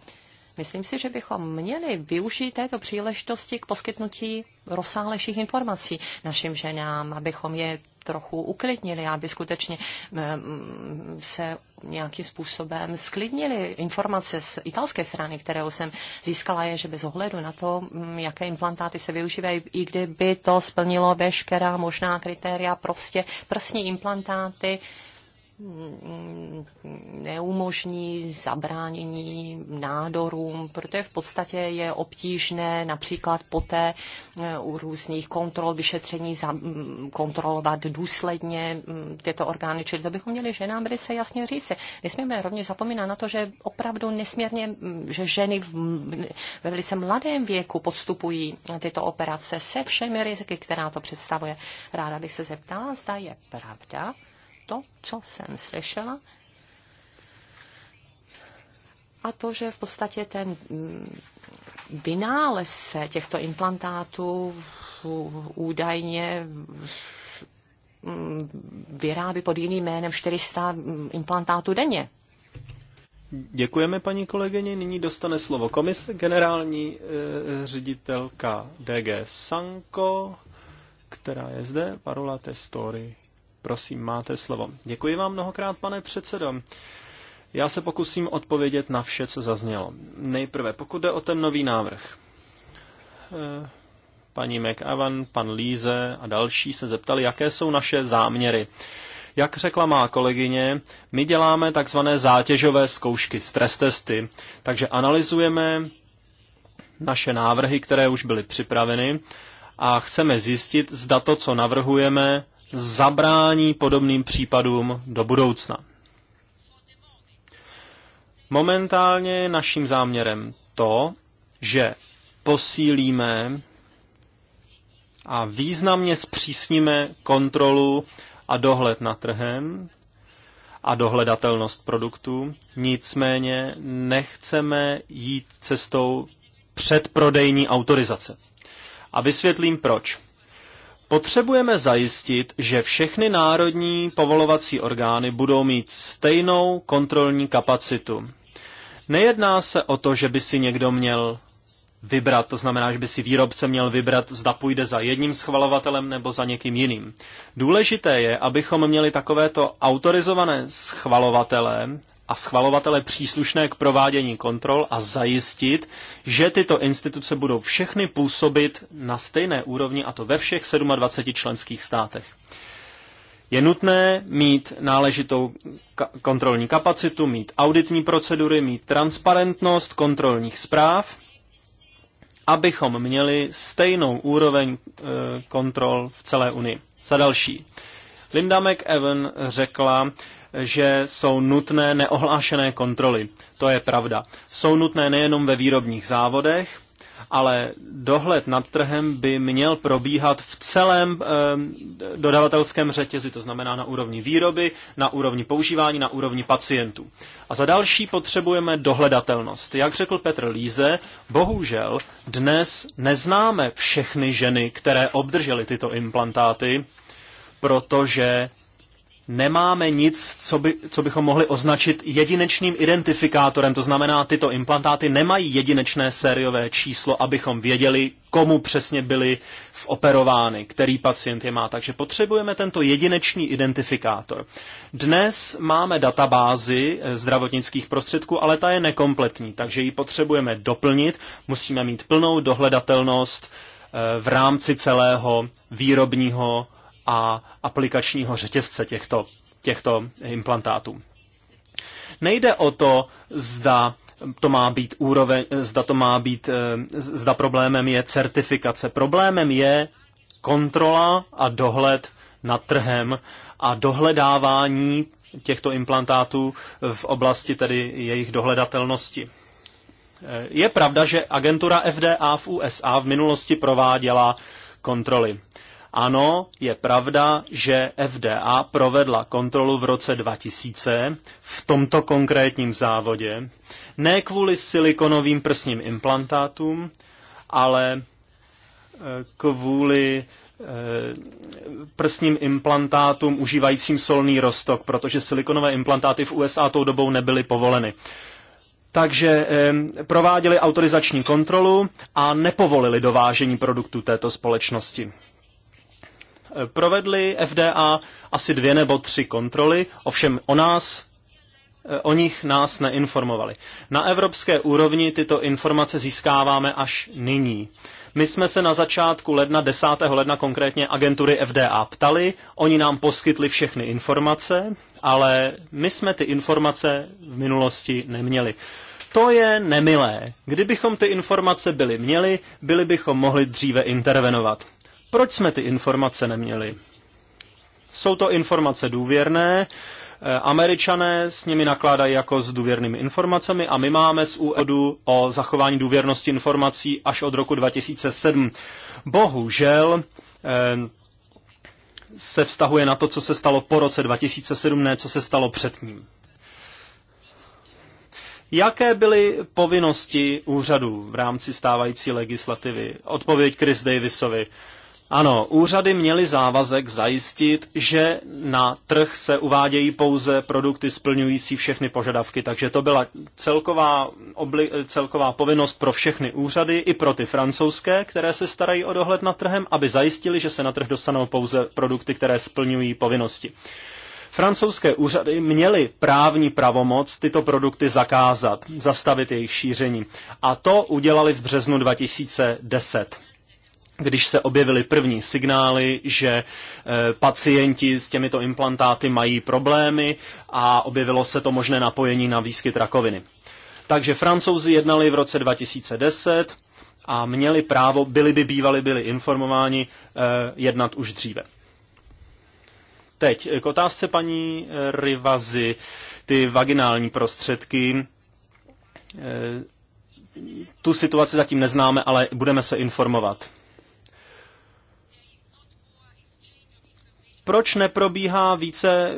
Myslím si, že bychom měli využít této příležitosti k poskytnutí rozsáhlejších informací našim ženám, abychom je trochu uklidnili, aby skutečně mm, se nějakým způsobem sklidnili. Informace z italské strany, kterou jsem získala, je, že bez ohledu na to, mm, jaké implantáty se využívají, i kdyby to splnilo veškerá možná kritéria, prostě prsní implantáty, neumožní zabránění nádorům, protože v podstatě je obtížné například poté eh, u různých kontrol, vyšetření mm, kontrolovat důsledně mm, tyto orgány. Čili to bychom měli ženám velice jasně říci. Nesmíme rovněž zapomínat na to, že opravdu nesmírně, mm, že ženy ve velice mladém věku podstupují tyto operace se všemi riziky, která to představuje. Ráda bych se zeptala, zda je pravda, to, co jsem slyšela, a to, že v podstatě ten mm, vynález těchto implantátů údajně mm, vyrábí pod jiným jménem 400 mm, implantátů denně. Děkujeme, paní kolegyně. Nyní dostane slovo komise generální e, ředitelka DG Sanko, která je zde, Parola Testory. Prosím, máte slovo. Děkuji vám mnohokrát, pane předsedo. Já se pokusím odpovědět na vše, co zaznělo. Nejprve, pokud jde o ten nový návrh. Eh, paní McAvan, pan Líze a další se zeptali, jaké jsou naše záměry. Jak řekla má kolegyně, my děláme takzvané zátěžové zkoušky, stres testy, takže analyzujeme naše návrhy, které už byly připraveny a chceme zjistit, zda to, co navrhujeme, zabrání podobným případům do budoucna. Momentálně je naším záměrem to, že posílíme a významně zpřísníme kontrolu a dohled nad trhem a dohledatelnost produktů. Nicméně nechceme jít cestou předprodejní autorizace. A vysvětlím proč. Potřebujeme zajistit, že všechny národní povolovací orgány budou mít stejnou kontrolní kapacitu. Nejedná se o to, že by si někdo měl vybrat, to znamená, že by si výrobce měl vybrat, zda půjde za jedním schvalovatelem nebo za někým jiným. Důležité je, abychom měli takovéto autorizované schvalovatele a schvalovatele příslušné k provádění kontrol a zajistit, že tyto instituce budou všechny působit na stejné úrovni a to ve všech 27 členských státech. Je nutné mít náležitou ka- kontrolní kapacitu, mít auditní procedury, mít transparentnost kontrolních zpráv, abychom měli stejnou úroveň e, kontrol v celé Unii. Za další. Linda McEwen řekla, že jsou nutné neohlášené kontroly. To je pravda. Jsou nutné nejenom ve výrobních závodech, ale dohled nad trhem by měl probíhat v celém e, dodavatelském řetězi, to znamená na úrovni výroby, na úrovni používání, na úrovni pacientů. A za další potřebujeme dohledatelnost. Jak řekl Petr Líze, bohužel dnes neznáme všechny ženy, které obdržely tyto implantáty, protože nemáme nic, co, by, co bychom mohli označit jedinečným identifikátorem. To znamená, tyto implantáty nemají jedinečné sériové číslo, abychom věděli, komu přesně byly operovány, který pacient je má. Takže potřebujeme tento jedinečný identifikátor. Dnes máme databázi eh, zdravotnických prostředků, ale ta je nekompletní, takže ji potřebujeme doplnit. Musíme mít plnou dohledatelnost eh, v rámci celého výrobního a aplikačního řetězce těchto, těchto implantátů. Nejde o to, zda to má být úroveň, zda to má být, eh, zda problémem je certifikace. Problémem je kontrola a dohled nad trhem a dohledávání těchto implantátů v oblasti tedy jejich dohledatelnosti. Eh, je pravda, že agentura FDA v USA v minulosti prováděla kontroly. Ano, je pravda, že FDA provedla kontrolu v roce 2000 v tomto konkrétním závodě, ne kvůli silikonovým prsním implantátům, ale e, kvůli e, prsním implantátům užívajícím solný rostok, protože silikonové implantáty v USA tou dobou nebyly povoleny. Takže e, prováděli autorizační kontrolu a nepovolili dovážení produktů této společnosti provedli FDA asi dvě nebo tři kontroly, ovšem o nás, eh, o nich nás neinformovali. Na evropské úrovni tyto informace získáváme až nyní. My jsme se na začátku ledna, 10. ledna konkrétně agentury FDA ptali, oni nám poskytli všechny informace, ale my jsme ty informace v minulosti neměli. To je nemilé. Kdybychom ty informace byli měli, byli bychom mohli dříve intervenovat. Proč jsme ty informace neměli? Jsou to informace důvěrné, eh, Američané s nimi nakládají jako s důvěrnými informacemi a my máme z úvodu o zachování důvěrnosti informací až od roku 2007. Bohužel eh, se vztahuje na to, co se stalo po roce 2007, ne co se stalo před ním. Jaké byly povinnosti úřadu v rámci stávající legislativy? Odpověď Chris Davisovi. Ano, úřady měly závazek zajistit, že na trh se uvádějí pouze produkty splňující všechny požadavky, takže to byla celková, obli- celková povinnost pro všechny úřady, i pro ty francouzské, které se starají o dohled nad trhem, aby zajistili, že se na trh dostanou pouze produkty, které splňují povinnosti. Francouzské úřady měly právní pravomoc tyto produkty zakázat, zastavit jejich šíření. A to udělali v březnu 2010 když se objevily první signály, že eh, pacienti s těmito implantáty mají problémy a objevilo se to možné napojení na výskyt rakoviny. Takže francouzi jednali v roce 2010 a měli právo, byli by bývali, byli informováni eh, jednat už dříve. Teď eh, k otázce paní Rivazy, ty vaginální prostředky tu situaci zatím neznáme, ale budeme se informovat. proč neprobíhá více e,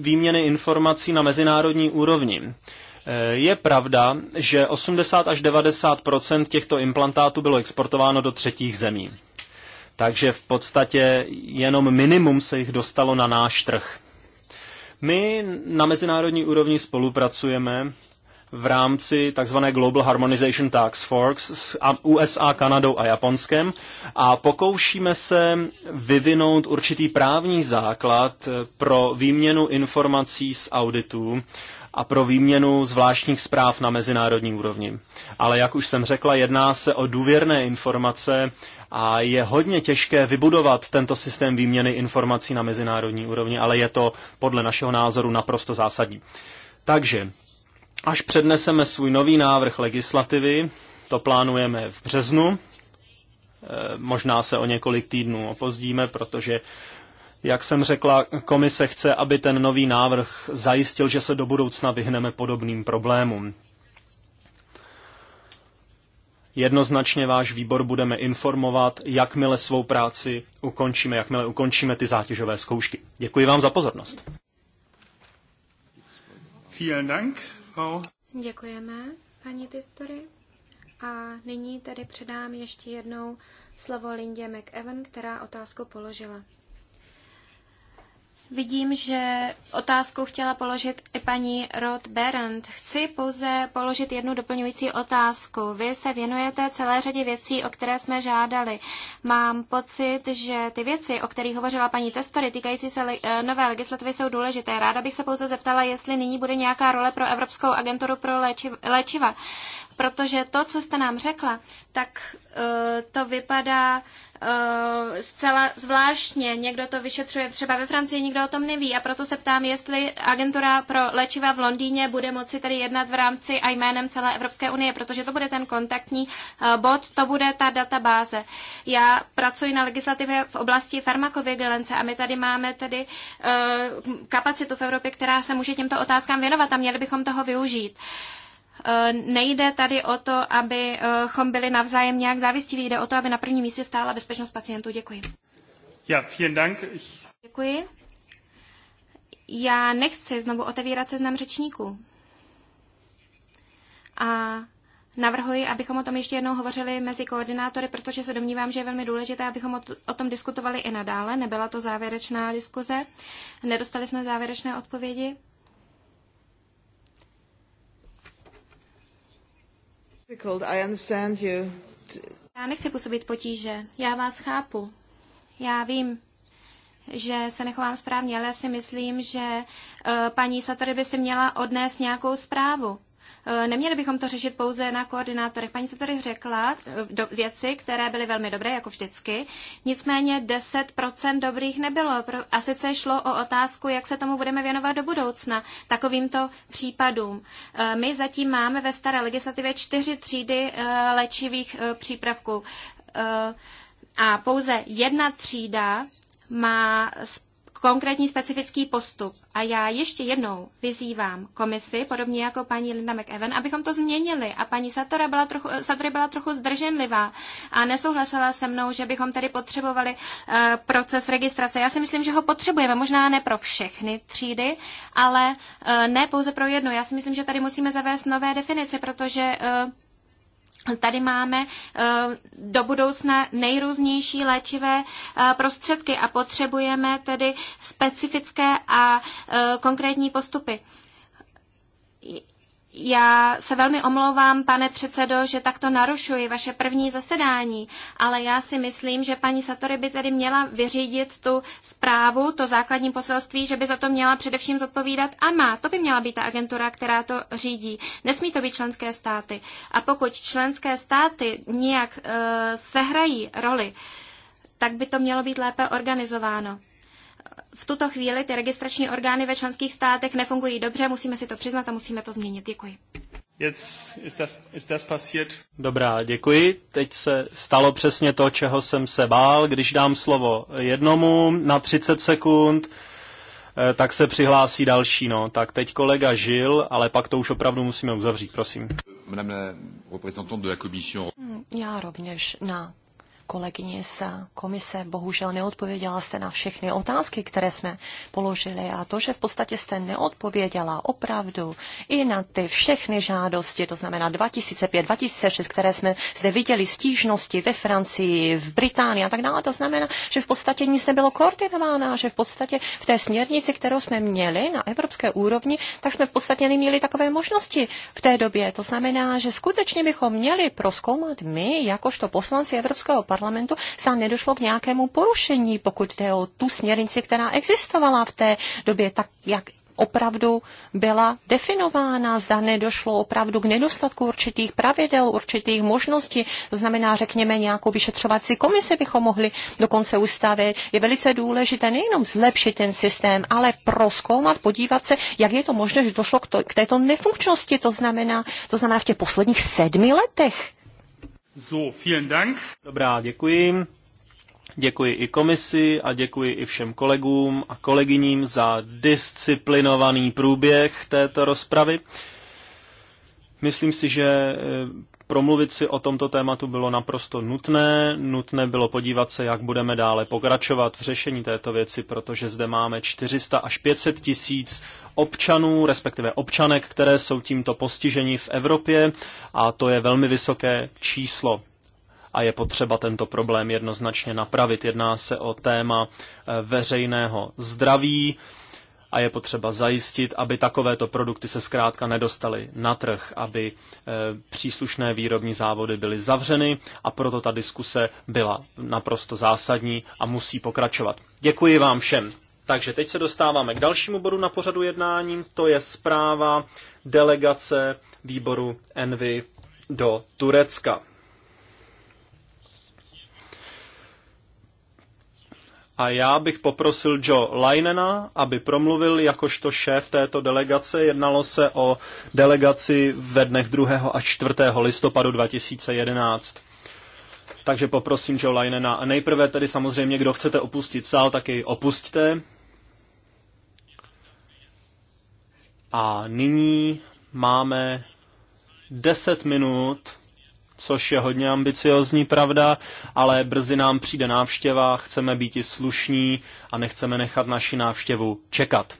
výměny informací na mezinárodní úrovni? E, je pravda, že 80 až 90 těchto implantátů bylo exportováno do třetích zemí. Takže v podstatě jenom minimum se jich dostalo na náš trh. My na mezinárodní úrovni spolupracujeme v rámci tzv. Global Harmonization Tax Force s USA, Kanadou a Japonskem a pokoušíme se vyvinout určitý právní základ eh, pro výměnu informací z auditů a pro výměnu zvláštních zpráv na mezinárodní úrovni. Ale jak už jsem řekla, jedná se o důvěrné informace a je hodně těžké vybudovat tento systém výměny informací na mezinárodní úrovni, ale je to podle našeho názoru naprosto zásadní. Takže Až předneseme svůj nový návrh legislativy, to plánujeme v březnu, e, možná se o několik týdnů opozdíme, protože jak jsem řekla, komise chce, aby ten nový návrh zajistil, že se do budoucna vyhneme podobným problémům. Jednoznačně váš výbor budeme informovat, jakmile svou práci ukončíme, jakmile ukončíme ty zátěžové zkoušky. Děkuji vám za pozornost. Vielen Dank. Děkujeme, paní Tistory. A nyní tedy předám ještě jednou slovo Lindě McEvan, která otázku položila. Vidím, že otázku chtěla položit i paní Roth Berend. Chci pouze položit jednu doplňující otázku. Vy se věnujete celé řadě věcí, o které jsme žádali. Mám pocit, že ty věci, o kterých hovořila paní Testory, týkající se eh, nové legislativy, jsou důležité. Ráda bych se pouze zeptala, jestli nyní bude nějaká role pro Evropskou agenturu pro léčiva. Protože to, co jste nám řekla, tak eh, to vypadá uh, zcela zvláštně. Někdo to vyšetřuje třeba ve Francii, nikdo o tom neví. A proto se ptám, jestli agentura pro léčiva v Londýně bude moci tady jednat v rámci a jménem celé Evropské unie, protože to bude ten kontaktní uh, bod, to bude ta databáze. Já pracuji na legislativě v oblasti farmakovigilance a my tady máme tedy uh, kapacitu v Evropě, která se může těmto otázkám věnovat a měli bychom toho využít. Uh, Eh, nejde tady o to, abychom byli navzájem nějak závistiví, jde o to, aby na prvním místě stála bezpečnost pacientů. Děkuji. Ja, vielen Dank. Ich... Děkuji. Já nechci znovu otevírat seznam řečníků. A Navrhuji, abychom o tom ještě jednou hovořili mezi koordinátory, protože se domnívám, že je velmi důležité, abychom o tom diskutovali i nadále. Nebyla to závěrečná diskuze, nedostali jsme závěrečné odpovědi. Já nechci působit potíže, já vás chápu. Já vím, že se nechovám správně, ale já si myslím, že eh, paní Satory by si měla odnést nějakou zprávu. Eh, neměli bychom to řešit pouze na koordinátorech. Paní se tady řekla eh, do, věci, které byly velmi dobré, jako vždycky. Nicméně 10% dobrých nebylo. A sice šlo o otázku, jak se tomu budeme věnovat do budoucna takovýmto případům. Eh, my zatím máme ve staré legislativě čtyři třídy léčivých přípravků. A pouze jedna třída má konkrétní specifický postup. A já ještě jednou vyzývám komisi, podobně jako paní Linda McEwen, abychom to změnili. A paní Satora byla trochu, Satory byla trochu zdrženlivá a nesouhlasila se mnou, že bychom tady potřebovali uh, proces registrace. Já si myslím, že ho potřebujeme, možná ne pro všechny třídy, ale uh, ne pouze pro jednu. Já si myslím, že tady musíme zavést nové definice, protože uh, Tady máme eh, do budoucna nejrůznější léčivé eh, prostředky a potřebujeme tedy specifické a eh, konkrétní postupy. Já se velmi omlouvám, pane předsedo, že takto narušuji vaše první zasedání, ale já si myslím, že paní Satory by tedy měla vyřídit tu zprávu, to základní poselství, že by za to měla především zodpovídat AMA. To by měla být ta agentura, která to řídí. Nesmí to být členské státy. A pokud členské státy nějak e, sehrají roli, tak by to mělo být lépe organizováno v tuto chvíli ty registrační orgány ve členských státech nefungují dobře, musíme si to přiznat a musíme to změnit. Děkuji. Dobrá, děkuji. Teď se stalo přesně to, čeho jsem se bál. Když dám slovo jednomu na 30 sekund, eh, tak se přihlásí další. No. Tak teď kolega Žil, ale pak to už opravdu musíme uzavřít, prosím. Hmm, já rovněž na kolegyně z komise. Bohužel neodpověděla jste na všechny otázky, které jsme položili a to, že v podstatě jste neodpověděla opravdu i na ty všechny žádosti, to znamená 2005, 2006, které jsme zde viděli, stížnosti ve Francii, v Británii a tak dále. To znamená, že v podstatě nic nebylo koordinováno, že v podstatě v té směrnici, kterou jsme měli na evropské úrovni, tak jsme v podstatě neměli takové možnosti v té době. To znamená, že skutečně bychom měli proskoumat my, jakožto poslanci Evropského parlamentu, parlamentu, tam nedošlo k nějakému porušení, pokud jde o tu směrnici, která existovala v té době, tak jak opravdu byla definována, zda nedošlo opravdu k nedostatku určitých pravidel, určitých možností, to znamená, řekněme, nějakou vyšetřovací komisi bychom mohli dokonce ustavit. Je velice důležité nejenom zlepšit ten systém, ale proskoumat, podívat se, jak je to možné, že došlo k, to, k této nefunkčnosti, to znamená, to znamená v těch posledních sedmi letech So, vielen Dank. Dobrá, děkuji. Děkuji i komisi a děkuji i všem kolegům a kolegyním za disciplinovaný průběh této rozpravy. Myslím si, že eh, promluvit si o tomto tématu bylo naprosto nutné. Nutné bylo podívat se, jak budeme dále pokračovat v řešení této věci, protože zde máme 400 až 500 tisíc občanů, respektive občanek, které jsou tímto postiženi v Evropě a to je velmi vysoké číslo a je potřeba tento problém jednoznačně napravit. Jedná se o téma eh, veřejného zdraví a je potřeba zajistit, aby takovéto produkty se zkrátka nedostaly na trh, aby eh, příslušné výrobní závody byly zavřeny a proto ta diskuse byla naprosto zásadní a musí pokračovat. Děkuji vám všem. Takže teď se dostáváme k dalšímu bodu na pořadu jednání, to je zpráva delegace výboru Envy do Turecka. A já bych poprosil Joe Linena, aby promluvil jakožto šéf této delegace. Jednalo se o delegaci ve dnech 2. a 4. listopadu 2011 takže poprosím Joe Linena. A nejprve tedy samozřejmě, kdo chcete opustit sál, tak jej opustte. A nyní máme 10 minut, což je hodně ambiciozní, pravda, ale brzy nám přijde návštěva, chceme být i slušní a nechceme nechat naši návštěvu čekat.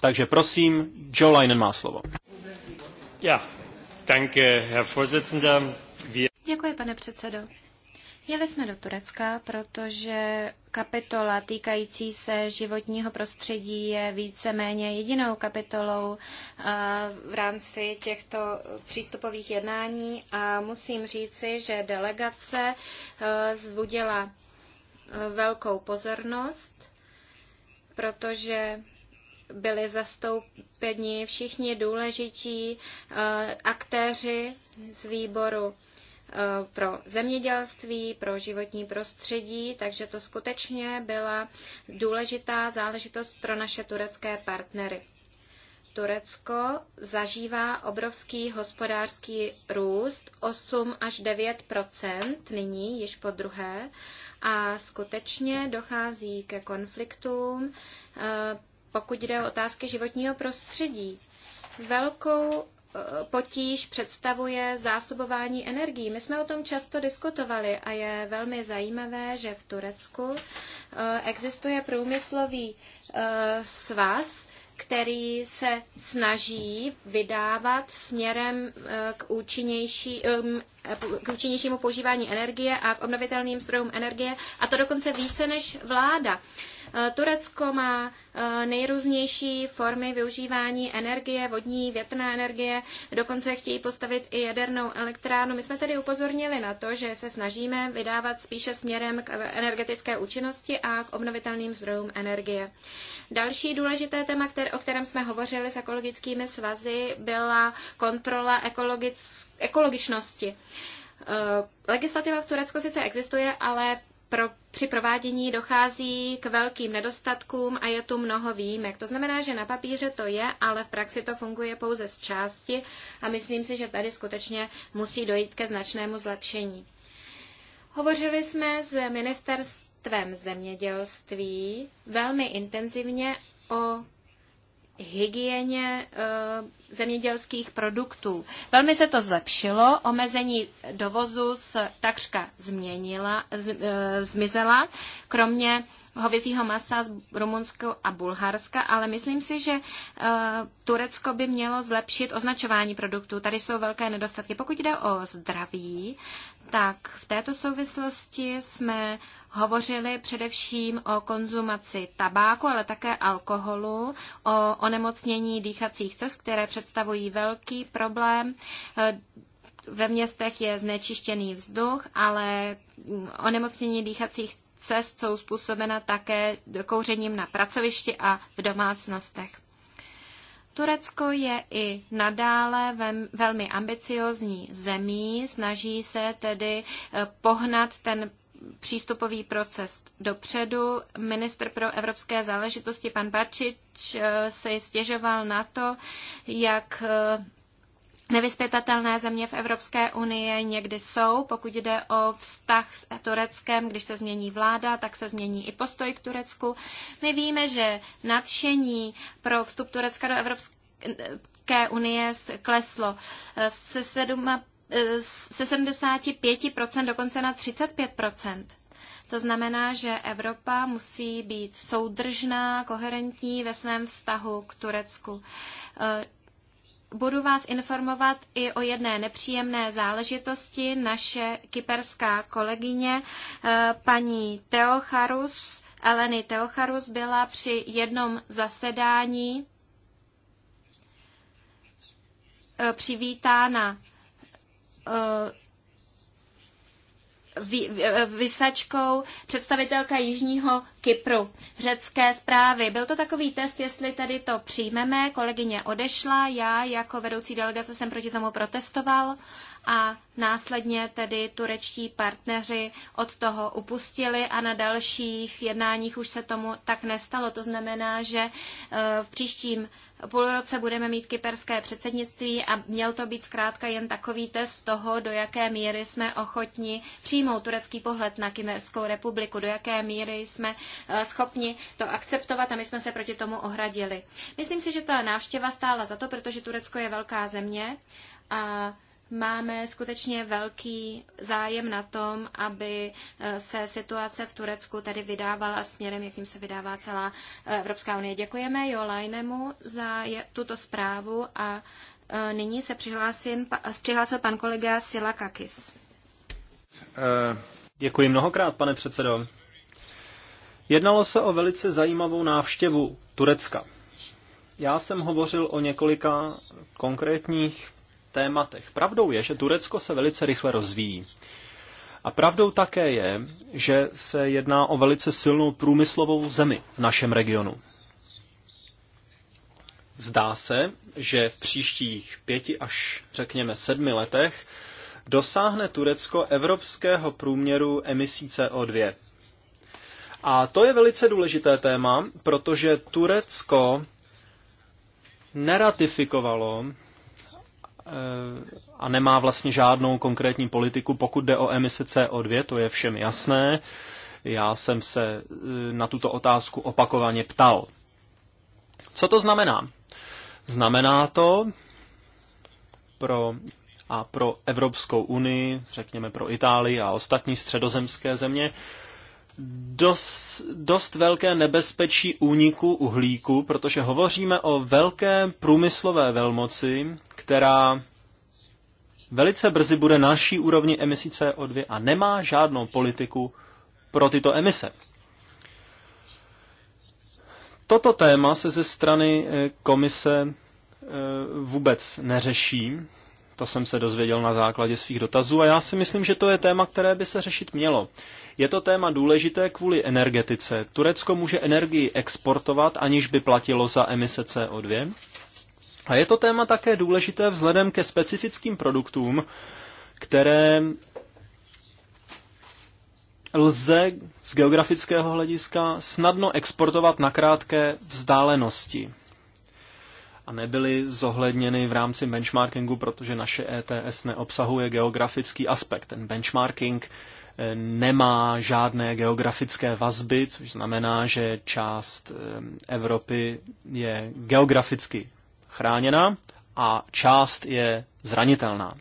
Takže prosím, Joe Leinen má slovo. Ja, danke, Herr Vorsitzender. Děkuji, pane předsedo. Jeli jsme do Turecka, protože kapitola týkající se životního prostředí je víceméně jedinou kapitolou eh, v rámci těchto přístupových jednání a musím říci, že delegace eh, zbudila eh, velkou pozornost, protože byli zastoupeni všichni důležití aktéři z výboru Eh, pro zemědělství, pro životní prostředí, takže to skutečně byla důležitá záležitost pro naše turecké partnery. Turecko zažívá obrovský hospodářský růst 8 až 9 nyní již po druhé a skutečně dochází ke konfliktům, eh, pokud jde o otázky životního prostředí. Velkou potíž představuje zásobování energií. My jsme o tom často diskutovali a je velmi zajímavé, že v Turecku eh, existuje průmyslový eh, svaz, který se snaží vydávat směrem eh, k, účinnější, k účinnějšímu používání energie a k obnovitelným zdrojům energie, a to dokonce více než vláda. Eh, Turecko má eh, nejrůznější formy využívání energie, vodní, větrné energie, dokonce chtějí postavit i jadernou elektrárnu. My jsme tedy upozornili na to, že se snažíme vydávat spíše směrem k energetické účinnosti a k obnovitelným zdrojům energie. Další důležité téma, které, o kterém jsme hovořili s ekologickými svazy, byla kontrola ekologic, ekologičnosti. Eh, legislativa v Turecku sice existuje, ale pro, při provádění dochází k velkým nedostatkům a je tu mnoho výjimek. To znamená, že na papíře to je, ale v praxi to funguje pouze z části a myslím si, že tady skutečně musí dojít ke značnému zlepšení. Hovořili jsme s ministerstvem zemědělství velmi intenzivně o hygieně eh, zemědělských produktů. Velmi se to zlepšilo, omezení dovozu z, takřka změnila, z, eh, zmizela, kromě hovězího masa z Rumunska a Bulharska, ale myslím si, že eh, Turecko by mělo zlepšit označování produktů. Tady jsou velké nedostatky. Pokud jde o zdraví, tak v této souvislosti jsme hovořili především o konzumaci tabáku, ale také alkoholu, o onemocnění dýchacích cest, které představují velký problém. Eh, ve městech je znečištěný vzduch, ale hm, onemocnění dýchacích cest jsou způsobena také kouřením na pracovišti a v domácnostech. Turecko je i nadále velmi ambiciozní zemí, snaží se tedy eh, pohnat ten přístupový proces dopředu. Minister pro evropské záležitosti pan Bačič eh, se stěžoval na to, jak eh, Nevyspětatelné země v Evropské unii někdy jsou, pokud jde o vztah s Tureckem, když se změní vláda, tak se změní i postoj k Turecku. My víme, že nadšení pro vstup Turecka do Evropské unie kleslo se, sedma, se 75% dokonce na 35%. To znamená, že Evropa musí být soudržná, koherentní ve svém vztahu k Turecku budu vás informovat i o jedné nepříjemné záležitosti. Naše kyperská kolegyně, eh, paní Teocharus, Eleny Teocharus, byla při jednom zasedání eh, přivítána eh, Eh, vysačkou představitelka Jižního Kypru v řecké zprávy. Byl to takový test, jestli tady to přijmeme. Kolegyně odešla, já jako vedoucí delegace jsem proti tomu protestoval a následně tedy turečtí partneři od toho upustili a na dalších jednáních už se tomu tak nestalo. To znamená, že eh, v příštím roce budeme mít kyperské předsednictví a měl to být zkrátka jen takový test toho, do jaké míry jsme ochotni přijmout turecký pohled na Kymerskou republiku, do jaké míry jsme eh, schopni to akceptovat a my jsme se proti tomu ohradili. Myslím si, že ta návštěva stála za to, protože Turecko je velká země a máme skutečně velký zájem na tom, aby eh, se situace v Turecku tedy vydávala směrem, jakým se vydává celá eh, Evropská unie. Děkujeme Jo Lajnemu za tuto zprávu a eh, nyní se přihlásil, přihlásil pan kolega Sila Kakis. Děkuji mnohokrát, pane předsedo. Jednalo se o velice zajímavou návštěvu Turecka. Já jsem hovořil o několika konkrétních tématech. Pravdou je, že Turecko se velice rychle rozvíjí. A pravdou také je, že se jedná o velice silnou průmyslovou zemi v našem regionu. Zdá se, že v příštích pěti až řekněme sedmi letech dosáhne Turecko evropského průměru emisí CO2. A to je velice důležité téma, protože Turecko neratifikovalo Eh, a nemá vlastně žádnou konkrétní politiku, pokud jde o emise CO2, to je všem jasné. Já jsem se eh, na tuto otázku opakovaně ptal. Co to znamená? Znamená to pro a pro Evropskou unii, řekněme pro Itálii a ostatní středozemské země, dost, dost velké nebezpečí úniku uhlíku, protože hovoříme o velké průmyslové velmoci, která velice brzy bude naší úrovni emisí CO2 a nemá žádnou politiku pro tyto emise. Toto téma se ze strany eh, komise eh, vůbec neřeší. To jsem se dozvěděl na základě svých dotazů a já si myslím, že to je téma, které by se řešit mělo. Je to téma důležité kvůli energetice. Turecko může energii exportovat, aniž by platilo za emise CO2. A je to téma také důležité vzhledem ke specifickým produktům, které lze z geografického hlediska snadno exportovat na krátké vzdálenosti a nebyly zohledněny v rámci benchmarkingu, protože naše ETS neobsahuje geografický aspekt. Ten benchmarking eh, nemá žádné geografické vazby, což znamená, že část eh, Evropy je geograficky chráněna a část je zranitelná.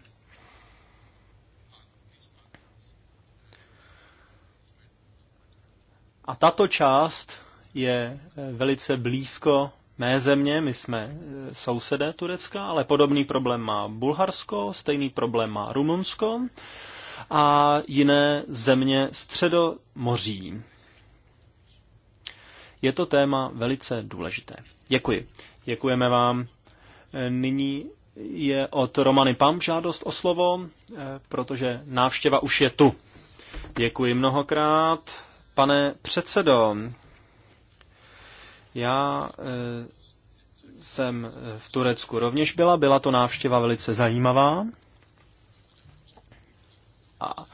A tato část je eh, velice blízko mé země, my jsme e, sousedé Turecka, ale podobný problém má Bulharsko, stejný problém má Rumunsko a jiné země středomoří. Je to téma velice důležité. Děkuji. Děkujeme vám. E, nyní je od Romany Pam žádost o slovo, e, protože návštěva už je tu. Děkuji mnohokrát. Pane předsedo, já eh, jsem eh, v Turecku rovněž byla, byla to návštěva velice zajímavá a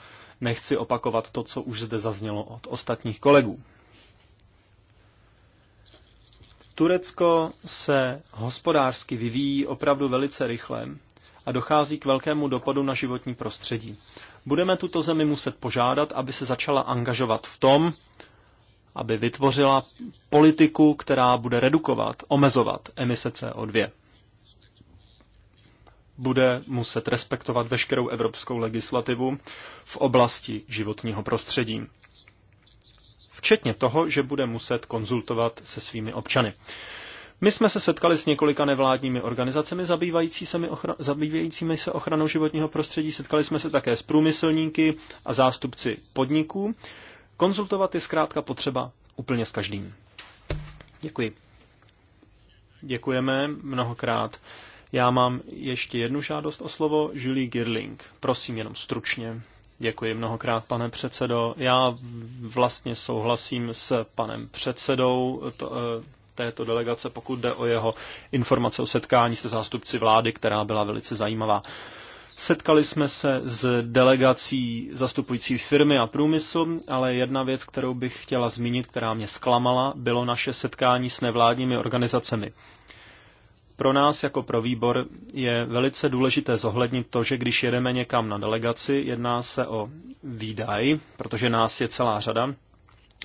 nechci opakovat to, co už zde zaznělo od ostatních kolegů. Turecko se hospodářsky vyvíjí opravdu velice rychle a dochází k velkému dopadu na životní prostředí. Budeme tuto zemi muset požádat, aby se začala angažovat v tom, aby vytvořila politiku, která bude redukovat, omezovat emise CO2. Bude muset respektovat veškerou evropskou legislativu v oblasti životního prostředí. Včetně toho, že bude muset konzultovat se svými občany. My jsme se setkali s několika nevládními organizacemi zabývající se ochra- zabývajícími se ochranou životního prostředí. Setkali jsme se také s průmyslníky a zástupci podniků. Konzultovat je zkrátka potřeba úplně s každým. Děkuji. Děkujeme mnohokrát. Já mám ještě jednu žádost o slovo, Julie Girling. Prosím, jenom stručně. Děkuji mnohokrát, pane předsedo. Já vlastně souhlasím s panem předsedou to, eh, této delegace, pokud jde o jeho informace o setkání se zástupci vlády, která byla velice zajímavá. Setkali jsme se s delegací zastupující firmy a průmysl, ale jedna věc, kterou bych chtěla zmínit, která mě zklamala, bylo naše setkání s nevládními organizacemi. Pro nás jako pro výbor je velice důležité zohlednit to, že když jedeme někam na delegaci, jedná se o výdaj, protože nás je celá řada,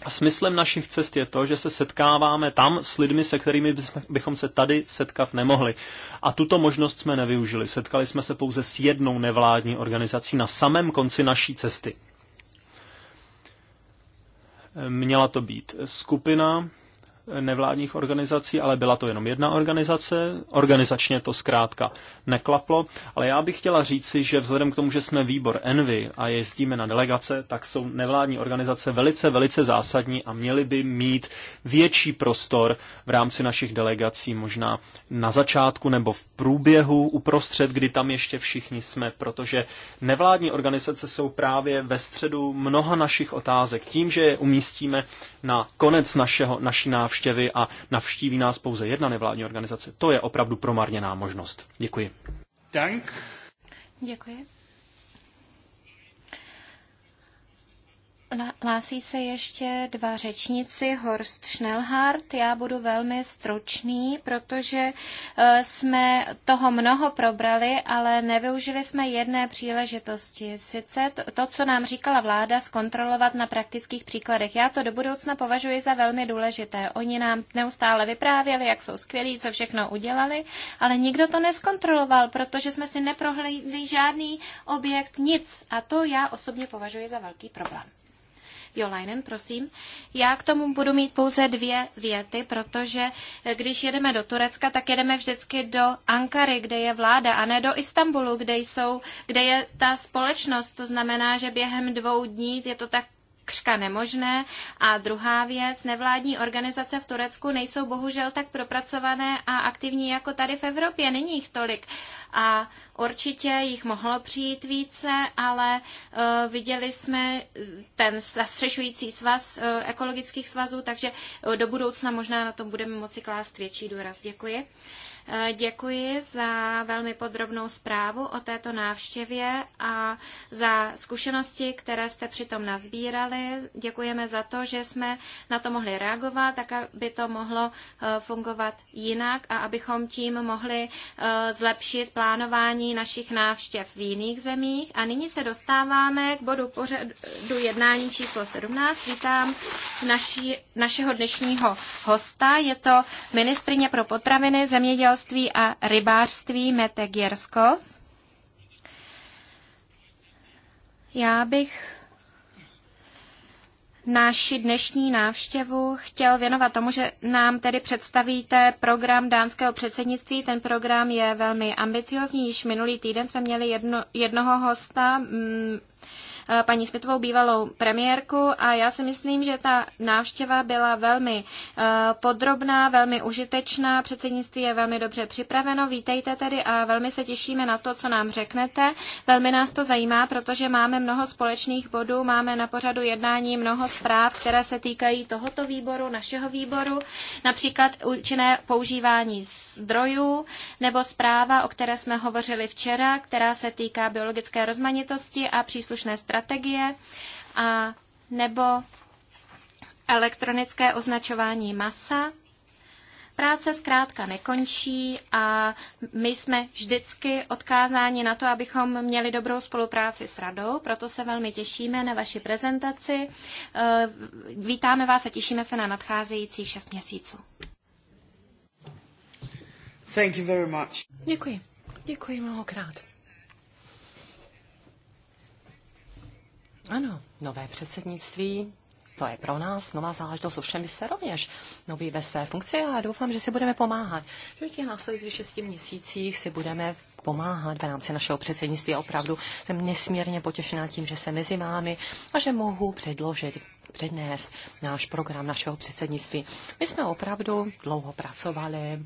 a smyslem našich cest je to, že se setkáváme tam s lidmi, se kterými bychom se tady setkat nemohli. A tuto možnost jsme nevyužili. Setkali jsme se pouze s jednou nevládní organizací na samém konci naší cesty. Měla to být skupina, nevládních organizací, ale byla to jenom jedna organizace. Organizačně to zkrátka neklaplo. Ale já bych chtěla říci, že vzhledem k tomu, že jsme výbor Envy a jezdíme na delegace, tak jsou nevládní organizace velice, velice zásadní a měly by mít větší prostor v rámci našich delegací, možná na začátku nebo v průběhu, uprostřed, kdy tam ještě všichni jsme, protože nevládní organizace jsou právě ve středu mnoha našich otázek. Tím, že je umístíme na konec našeho, naší návštěvy, návštěvy a navštíví nás pouze jedna nevládní organizace. To je opravdu promarněná možnost. Děkuji. Dank. Děkuji. hlásí se ještě dva řečníci, Horst Schnellhardt. Já budu velmi stručný, protože eh, jsme toho mnoho probrali, ale nevyužili jsme jedné příležitosti. Sice to, to, co nám říkala vláda, zkontrolovat na praktických příkladech. Já to do budoucna považuji za velmi důležité. Oni nám neustále vyprávěli, jak jsou skvělí, co všechno udělali, ale nikdo to neskontroloval, protože jsme si neprohlídli žádný objekt, nic. A to já osobně považuji za velký problém. Jolainen, prosím. Já k tomu budu mít pouze dvě věty, protože eh, když jedeme do Turecka, tak jedeme vždycky do Ankary, kde je vláda, a ne do Istanbulu, kde, jsou, kde je ta společnost. To znamená, že během dvou dní je to tak takřka nemožné. A druhá věc, nevládní organizace v Turecku nejsou bohužel tak propracované a aktivní jako tady v Evropě. Není jich tolik. A určitě jich mohlo přijít více, ale uh, viděli jsme ten zastřešující svaz uh, ekologických svazů, takže uh, do budoucna možná na tom budeme moci klást větší důraz. Děkuji. Děkuji za velmi podrobnou zprávu o této návštěvě a za zkušenosti, které jste přitom nazbírali. Děkujeme za to, že jsme na to mohli reagovat, tak aby to mohlo eh, fungovat jinak a abychom tím mohli eh, zlepšit plánování našich návštěv v jiných zemích. A nyní se dostáváme k bodu pořadu jednání číslo 17. Vítám naši, našeho dnešního hosta. Je to ministrině pro potraviny, zemědělství zemědělství a rybářství Mete Jersko. Já bych naši dnešní návštěvu chtěl věnovat tomu, že nám tedy představíte program dánského předsednictví. Ten program je velmi ambiciozní. Již minulý týden jsme měli jedno, jednoho hosta, mm, Eh, paní Smitovou, bývalou premiérku a já si myslím, že ta návštěva byla velmi eh, podrobná, velmi užitečná, předsednictví je velmi dobře připraveno, vítejte tedy a velmi se těšíme na to, co nám řeknete. Velmi nás to zajímá, protože máme mnoho společných bodů, máme na pořadu jednání mnoho zpráv, které se týkají tohoto výboru, našeho výboru, například účinné používání zdrojů nebo zpráva, o které jsme hovořili včera, která se týká biologické rozmanitosti a příslušné strategie strategie a nebo elektronické označování masa. Práce zkrátka nekončí a my jsme vždycky odkázáni na to, abychom měli dobrou spolupráci s radou, proto se velmi těšíme na vaši prezentaci. Eh, vítáme vás a těšíme se na nadcházejících šest měsíců. Thank you very much. Děkuji. Děkuji mnohokrát. Ano, nové předsednictví, to je pro nás nová záležitost, ovšem vy jste rovněž nový ve své funkci a doufám, že si budeme pomáhat. Že v těch následujících šesti měsících si budeme pomáhat v rámci našeho předsednictví a opravdu jsem nesmírně potěšená tím, že se mezi vámi a že mohu předložit přednést náš program našeho předsednictví. My jsme opravdu dlouho pracovali,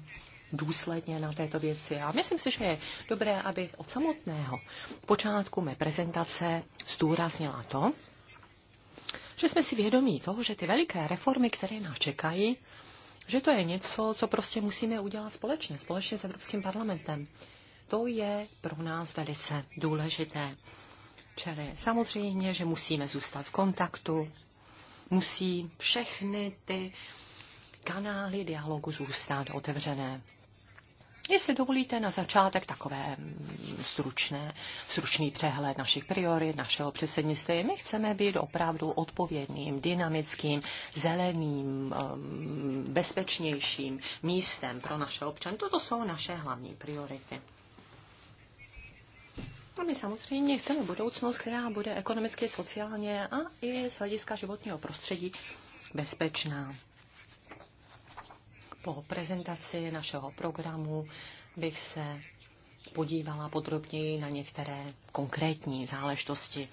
důsledně na této věci. A myslím si, že je dobré, aby od samotného počátku mé prezentace zdůraznila to, že jsme si vědomí toho, že ty veliké reformy, které nás čekají, že to je něco, co prostě musíme udělat společně, společně s Evropským parlamentem. To je pro nás velice důležité. Čili samozřejmě, že musíme zůstat v kontaktu, musí všechny ty kanály dialogu zůstat otevřené. Jestli dovolíte na začátek takové mm, stručné, stručný přehled našich priorit, našeho předsednictví. My chceme být opravdu odpovědným, dynamickým, zeleným, um, bezpečnějším místem pro naše občany. Toto jsou naše hlavní priority. A my samozřejmě chceme budoucnost, která bude ekonomicky, sociálně a i z hlediska životního prostředí bezpečná. Po prezentaci našeho programu bych se podívala podrobněji na některé konkrétní záležitosti.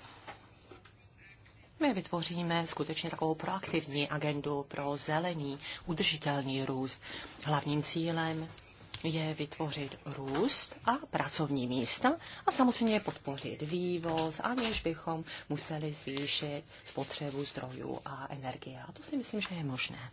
My vytvoříme skutečně takovou proaktivní agendu pro zelený, udržitelný růst. Hlavním cílem je vytvořit růst a pracovní místa a samozřejmě podpořit vývoz, aniž bychom museli zvýšit spotřebu zdrojů a energie. A to si myslím, že je možné.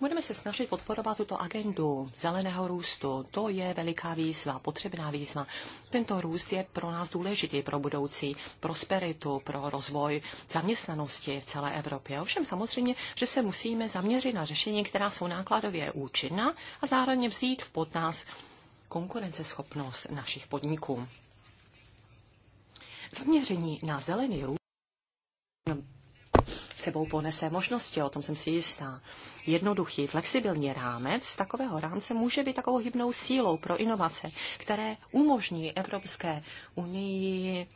Budeme se snažit podporovat tuto agendu zeleného růstu. To je veliká výzva, potřebná výzva. Tento růst je pro nás důležitý pro budoucí prosperitu, pro rozvoj zaměstnanosti v celé Evropě. Ovšem samozřejmě, že se musíme zaměřit na řešení, která jsou nákladově účinná a zároveň vzít v potaz konkurenceschopnost našich podniků. Zaměření na zelený růst sebou ponese možnosti, o tom jsem si jistá. Jednoduchý, flexibilní rámec z takového rámce může být takovou hybnou sílou pro inovace, které umožní Evropské unii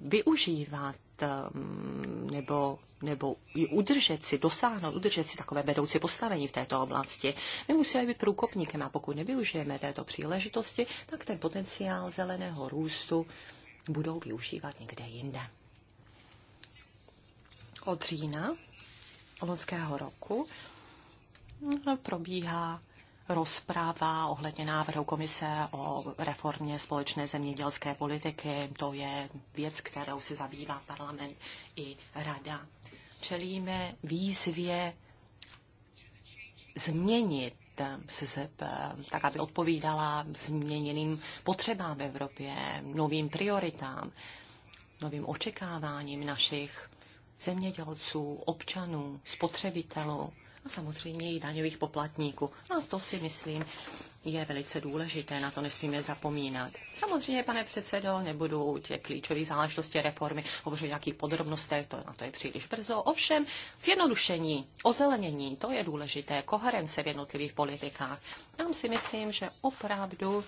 využívat mm, nebo, nebo i udržet si, dosáhnout, udržet si takové vedoucí postavení v této oblasti. My musíme být průkopníkem a pokud nevyužijeme této příležitosti, tak ten potenciál zeleného růstu budou využívat někde jinde od října loňského roku probíhá rozpráva ohledně návrhu komise o reformě společné zemědělské politiky. To je věc, kterou se zabývá parlament i rada. Čelíme výzvě změnit SZP, tak aby odpovídala změněným potřebám v Evropě, novým prioritám, novým očekáváním našich zemědělců, občanů, spotřebitelů a samozřejmě i daňových poplatníků. A to si myslím je velice důležité, na to nesmíme zapomínat. Samozřejmě, pane předsedo, nebudu těch klíčových záležitostí reformy hovořit o nějakých podrobnostech, to, na to je příliš brzo. Ovšem, zjednodušení, ozelenění, to je důležité, koherence v jednotlivých politikách. Tam si myslím, že opravdu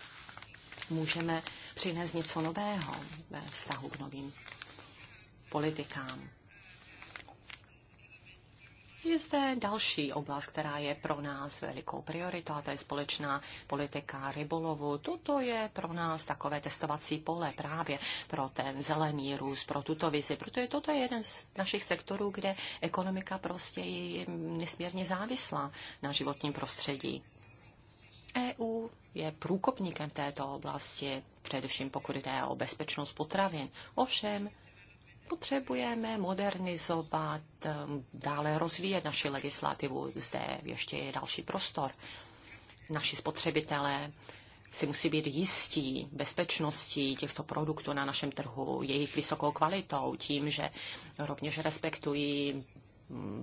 můžeme přinést něco nového ve vztahu k novým politikám. Je zde další oblast, která je pro nás velikou prioritou, a to je společná politika rybolovu. Toto je pro nás takové testovací pole právě pro ten zelený růst, pro tuto vizi, protože toto je jeden z našich sektorů, kde ekonomika prostě je nesmírně závislá na životním prostředí. EU je průkopníkem této oblasti, především pokud jde o bezpečnost potravin. Ovšem, potřebujeme modernizovat, um, dále rozvíjet naši legislativu. Zde ještě je další prostor. Naši spotřebitelé si musí být jistí bezpečností těchto produktů na našem trhu, jejich vysokou kvalitou, tím, že rovněž respektují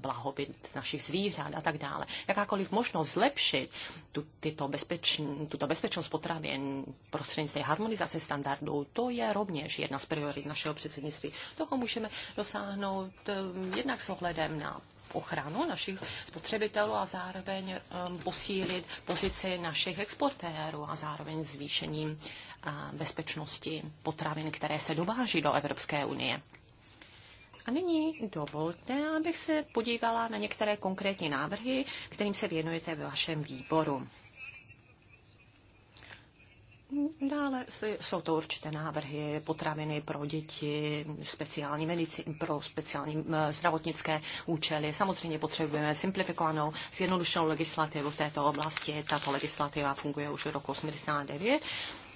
blahobyt našich zvířat a tak dále. Jakákoliv možnost zlepšit tu, tyto bezpečn, tuto bezpečnost potravin prostřednictvím harmonizace standardů, to je rovněž jedna z priorit našeho předsednictví. Toho můžeme dosáhnout eh, jednak s ohledem na ochranu našich spotřebitelů a zároveň um, posílit pozici našich exportérů a zároveň zvýšením uh, eh, bezpečnosti potravin, které se dováží do Evropské unie. A nyní dovolte, abych se podívala na některé konkrétní návrhy, kterým se věnujete ve vašem výboru. Dále jsou to určité návrhy potraviny pro děti, speciální medici, pro speciální zdravotnické účely. Samozřejmě potřebujeme simplifikovanou, zjednodušenou legislativu v této oblasti. Tato legislativa funguje už od roku 1989.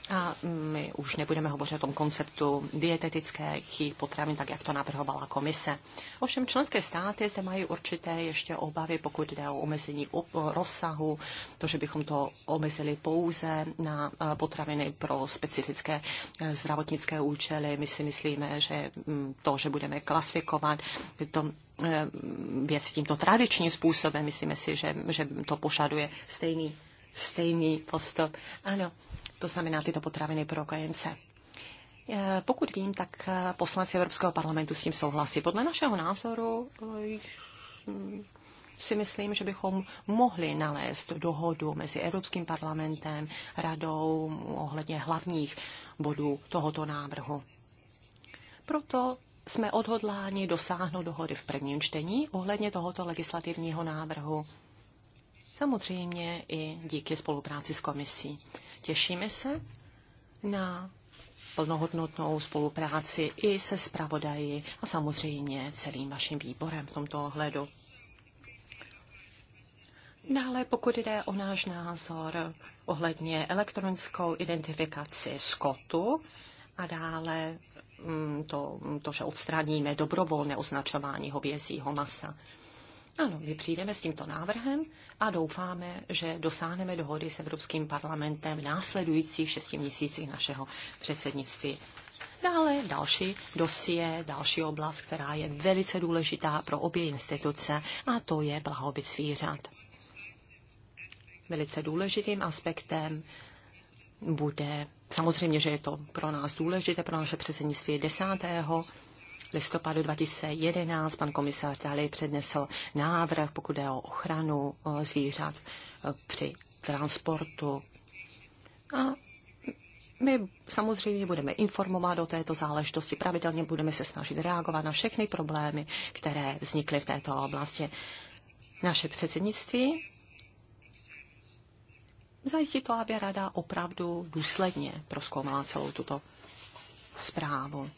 A my už nebudeme hovořit o tom konceptu chyb potravin, tak jak to navrhovala komise. Ovšem členské státy zde mají určité ještě obavy, pokud jde o omezení rozsahu, to, že bychom to omezili pouze na potraviny pro specifické e, zdravotnické účely. My si myslíme, že mm, to, že budeme klasifikovat, to e, věc tímto tradičním způsobem, myslíme si, že, že to požaduje stejný stejný postup. Ano, to znamená tyto potraviny pro kojence. E, pokud vím, tak poslanci Evropského parlamentu s tím souhlasí. Podle našeho názoru e, si myslím, že bychom mohli nalézt dohodu mezi Evropským parlamentem, radou ohledně hlavních bodů tohoto návrhu. Proto jsme odhodláni dosáhnout dohody v prvním čtení ohledně tohoto legislativního návrhu samozřejmě i díky spolupráci s komisí. Těšíme se na plnohodnotnou spolupráci i se zpravodaji a samozřejmě celým vaším výborem v tomto ohledu. Dále, pokud jde o náš názor ohledně elektronickou identifikaci skotu a dále mm, to, to že odstraníme dobrovolné označování hovězího masa. Ano, my přijdeme s tímto návrhem a doufáme, že dosáhneme dohody s Evropským parlamentem v následujících šesti měsících našeho předsednictví. Dále další dosie, další oblast, která je velice důležitá pro obě instituce, a to je blahobyt zvířat. Velice důležitým aspektem bude, samozřejmě, že je to pro nás důležité, pro naše předsednictví 10 listopadu 2011 pan komisář Dali přednesl návrh, pokud je o ochranu zvířat e, při transportu. A my samozřejmě budeme informovat o této záležitosti, pravidelně budeme se snažit reagovat na všechny problémy, které vznikly v této oblasti. Naše předsednictví zajistí to, aby rada opravdu důsledně proskoumala celou tuto zprávu.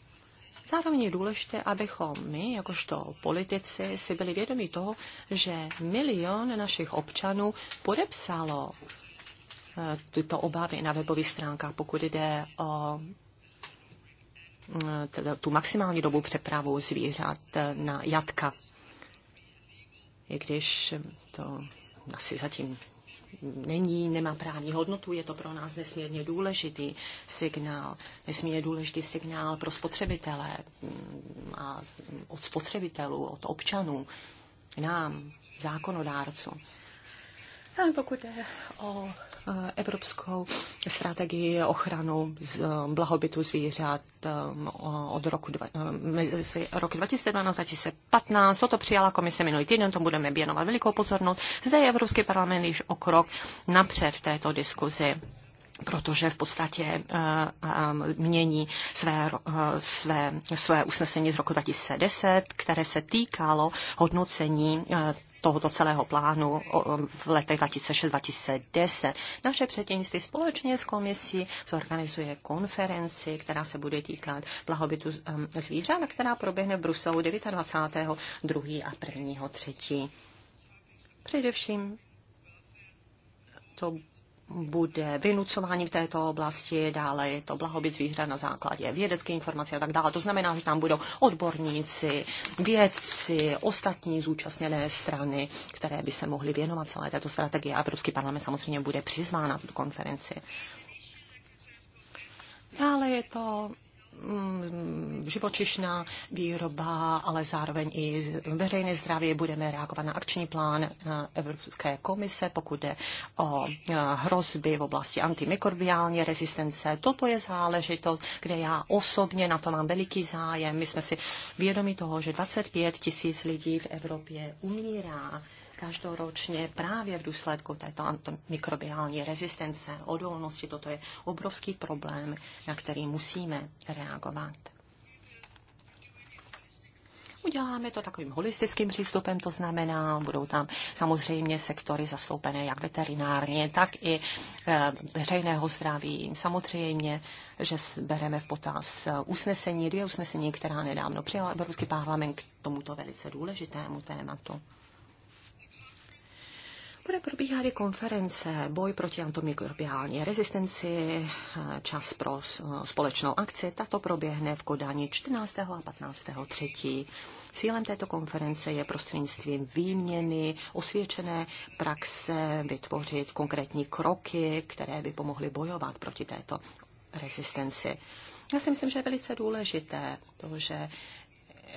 Zároveň je důležité, abychom my, jakožto politici, si byli vědomi toho, že milion našich občanů podepsalo eh, tyto obavy na webových stránkách, pokud jde o eh, tu maximální dobu přepravu zvířat eh, na jatka. I když to asi zatím není, nemá právní hodnotu, je to pro nás nesmírně důležitý signál, nesmírně důležitý signál pro spotřebitele mm, a od spotřebitelů, od občanů, nám, zákonodárců pokud je o eh, evropskou strategii ochranu z eh, blahobytu zvířat eh, od roku, mezi roku 2012 a 2015. Toto přijala komise minulý týden, tomu budeme věnovat velikou pozornost. Zde je Evropský parlament již o krok napřed v této diskuzi protože v podstatě mění své, své, své usnesení z roku 2010, které se týkalo hodnocení tohoto celého plánu v letech 2006-2010. Naše předsednictví společně s komisí zorganizuje konferenci, která se bude týkat blahobytu um, zvířat, která proběhne v Bruselu 29. a 1. Především to bude vynucování v této oblasti, dále je to blahobyt zvířat na základě vědecké informace a tak dále. To znamená, že tam budou odborníci, vědci, ostatní zúčastněné strany, které by se mohly věnovat celé této strategii. A Evropský parlament samozřejmě bude přizván na tu konferenci. Dále je to Mm, živočišná výroba, ale zároveň i veřejné zdraví. Budeme reagovat na akční plán eh, Evropské komise, pokud jde o eh, hrozby v oblasti antimikrobiální rezistence. Toto je záležitost, kde já osobně na to mám veliký zájem. My jsme si vědomi toho, že 25 tisíc lidí v Evropě umírá každoročně právě v důsledku této mikrobiální rezistence, odolnosti. Toto je obrovský problém, na který musíme reagovat. Uděláme to takovým holistickým přístupem, to znamená, budou tam samozřejmě sektory zastoupené jak veterinárně, tak i eh, veřejného zdraví. Samozřejmě, že bereme v potaz usnesení, dvě usnesení, která nedávno přijala Evropský parlament k tomuto velice důležitému tématu. Bude probíhat i konference Boj proti antimikrobiální rezistenci, čas pro společnou akci. Tato proběhne v Kodani 14. a 15. třetí. Cílem této konference je prostřednictvím výměny osvědčené praxe vytvořit konkrétní kroky, které by pomohly bojovat proti této rezistenci. Já si myslím, že je velice důležité to, že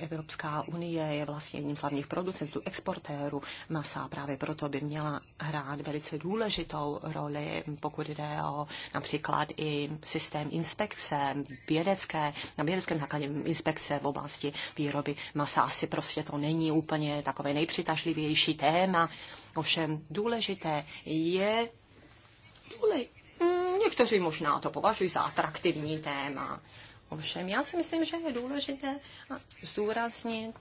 Evropská unie je vlastně jedním z hlavních producentů, exportérů masa. Právě proto by měla hrát velice důležitou roli, pokud jde o například i systém inspekce, vědecké, na vědeckém základě inspekce v oblasti výroby masa. Asi prostě to není úplně takové nejpřitažlivější téma. Ovšem důležité je důležité. Hmm, někteří možná to považují za atraktivní téma. Ovšem, já si myslím, že je důležité zdůraznit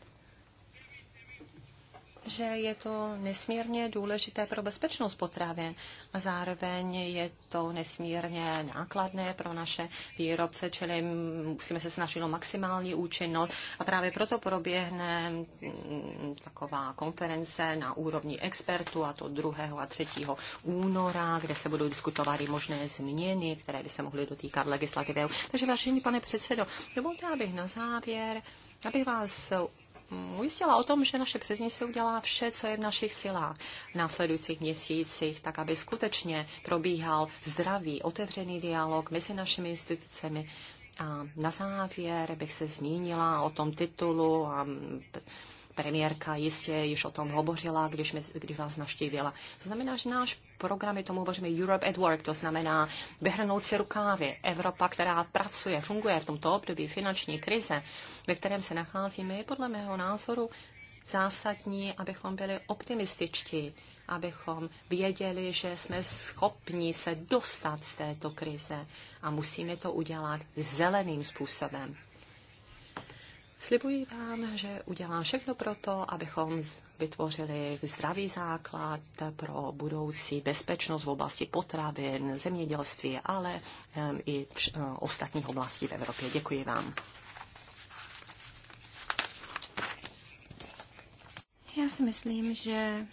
že je to nesmírně důležité pro bezpečnost potravin a zároveň je to nesmírně nákladné pro naše výrobce, čili musíme se snažit o maximální účinnost a právě proto proběhne mm, taková konference na úrovni expertů a to 2. a 3. února, kde se budou diskutovat i možné změny, které by se mohly dotýkat legislativy. Takže vážený pane předsedo, dovolte, abych na závěr abych vás ujistila o tom, že naše přeznice udělá vše, co je v našich silách v následujících měsících, tak aby skutečně probíhal zdravý, otevřený dialog mezi našimi institucemi. A na závěr bych se zmínila o tom titulu a premiérka jistě již o tom hovořila, když, mě, když vás naštívila. To znamená, že náš programy, tomu hovoříme Europe at Work, to znamená vyhrnout si rukávy. Evropa, která pracuje, funguje v tomto období finanční krize, ve kterém se nacházíme, je podle mého názoru zásadní, abychom byli optimističtí, abychom věděli, že jsme schopni se dostat z této krize a musíme to udělat zeleným způsobem. Slibuji vám, že udělám všechno pro to, abychom vytvořili zdravý základ pro budoucí bezpečnost v oblasti potravin, zemědělství, ale i e, ostatních oblastí v Evropě. Děkuji vám. Já si myslím, že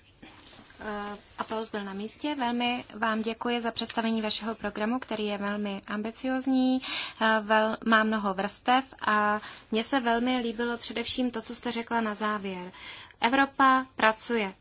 Eh, aplaus byl na místě. Velmi vám děkuji za představení vašeho programu, který je velmi ambiciozní, eh, vel, má mnoho vrstev a mně se velmi líbilo především to, co jste řekla na závěr. Evropa pracuje.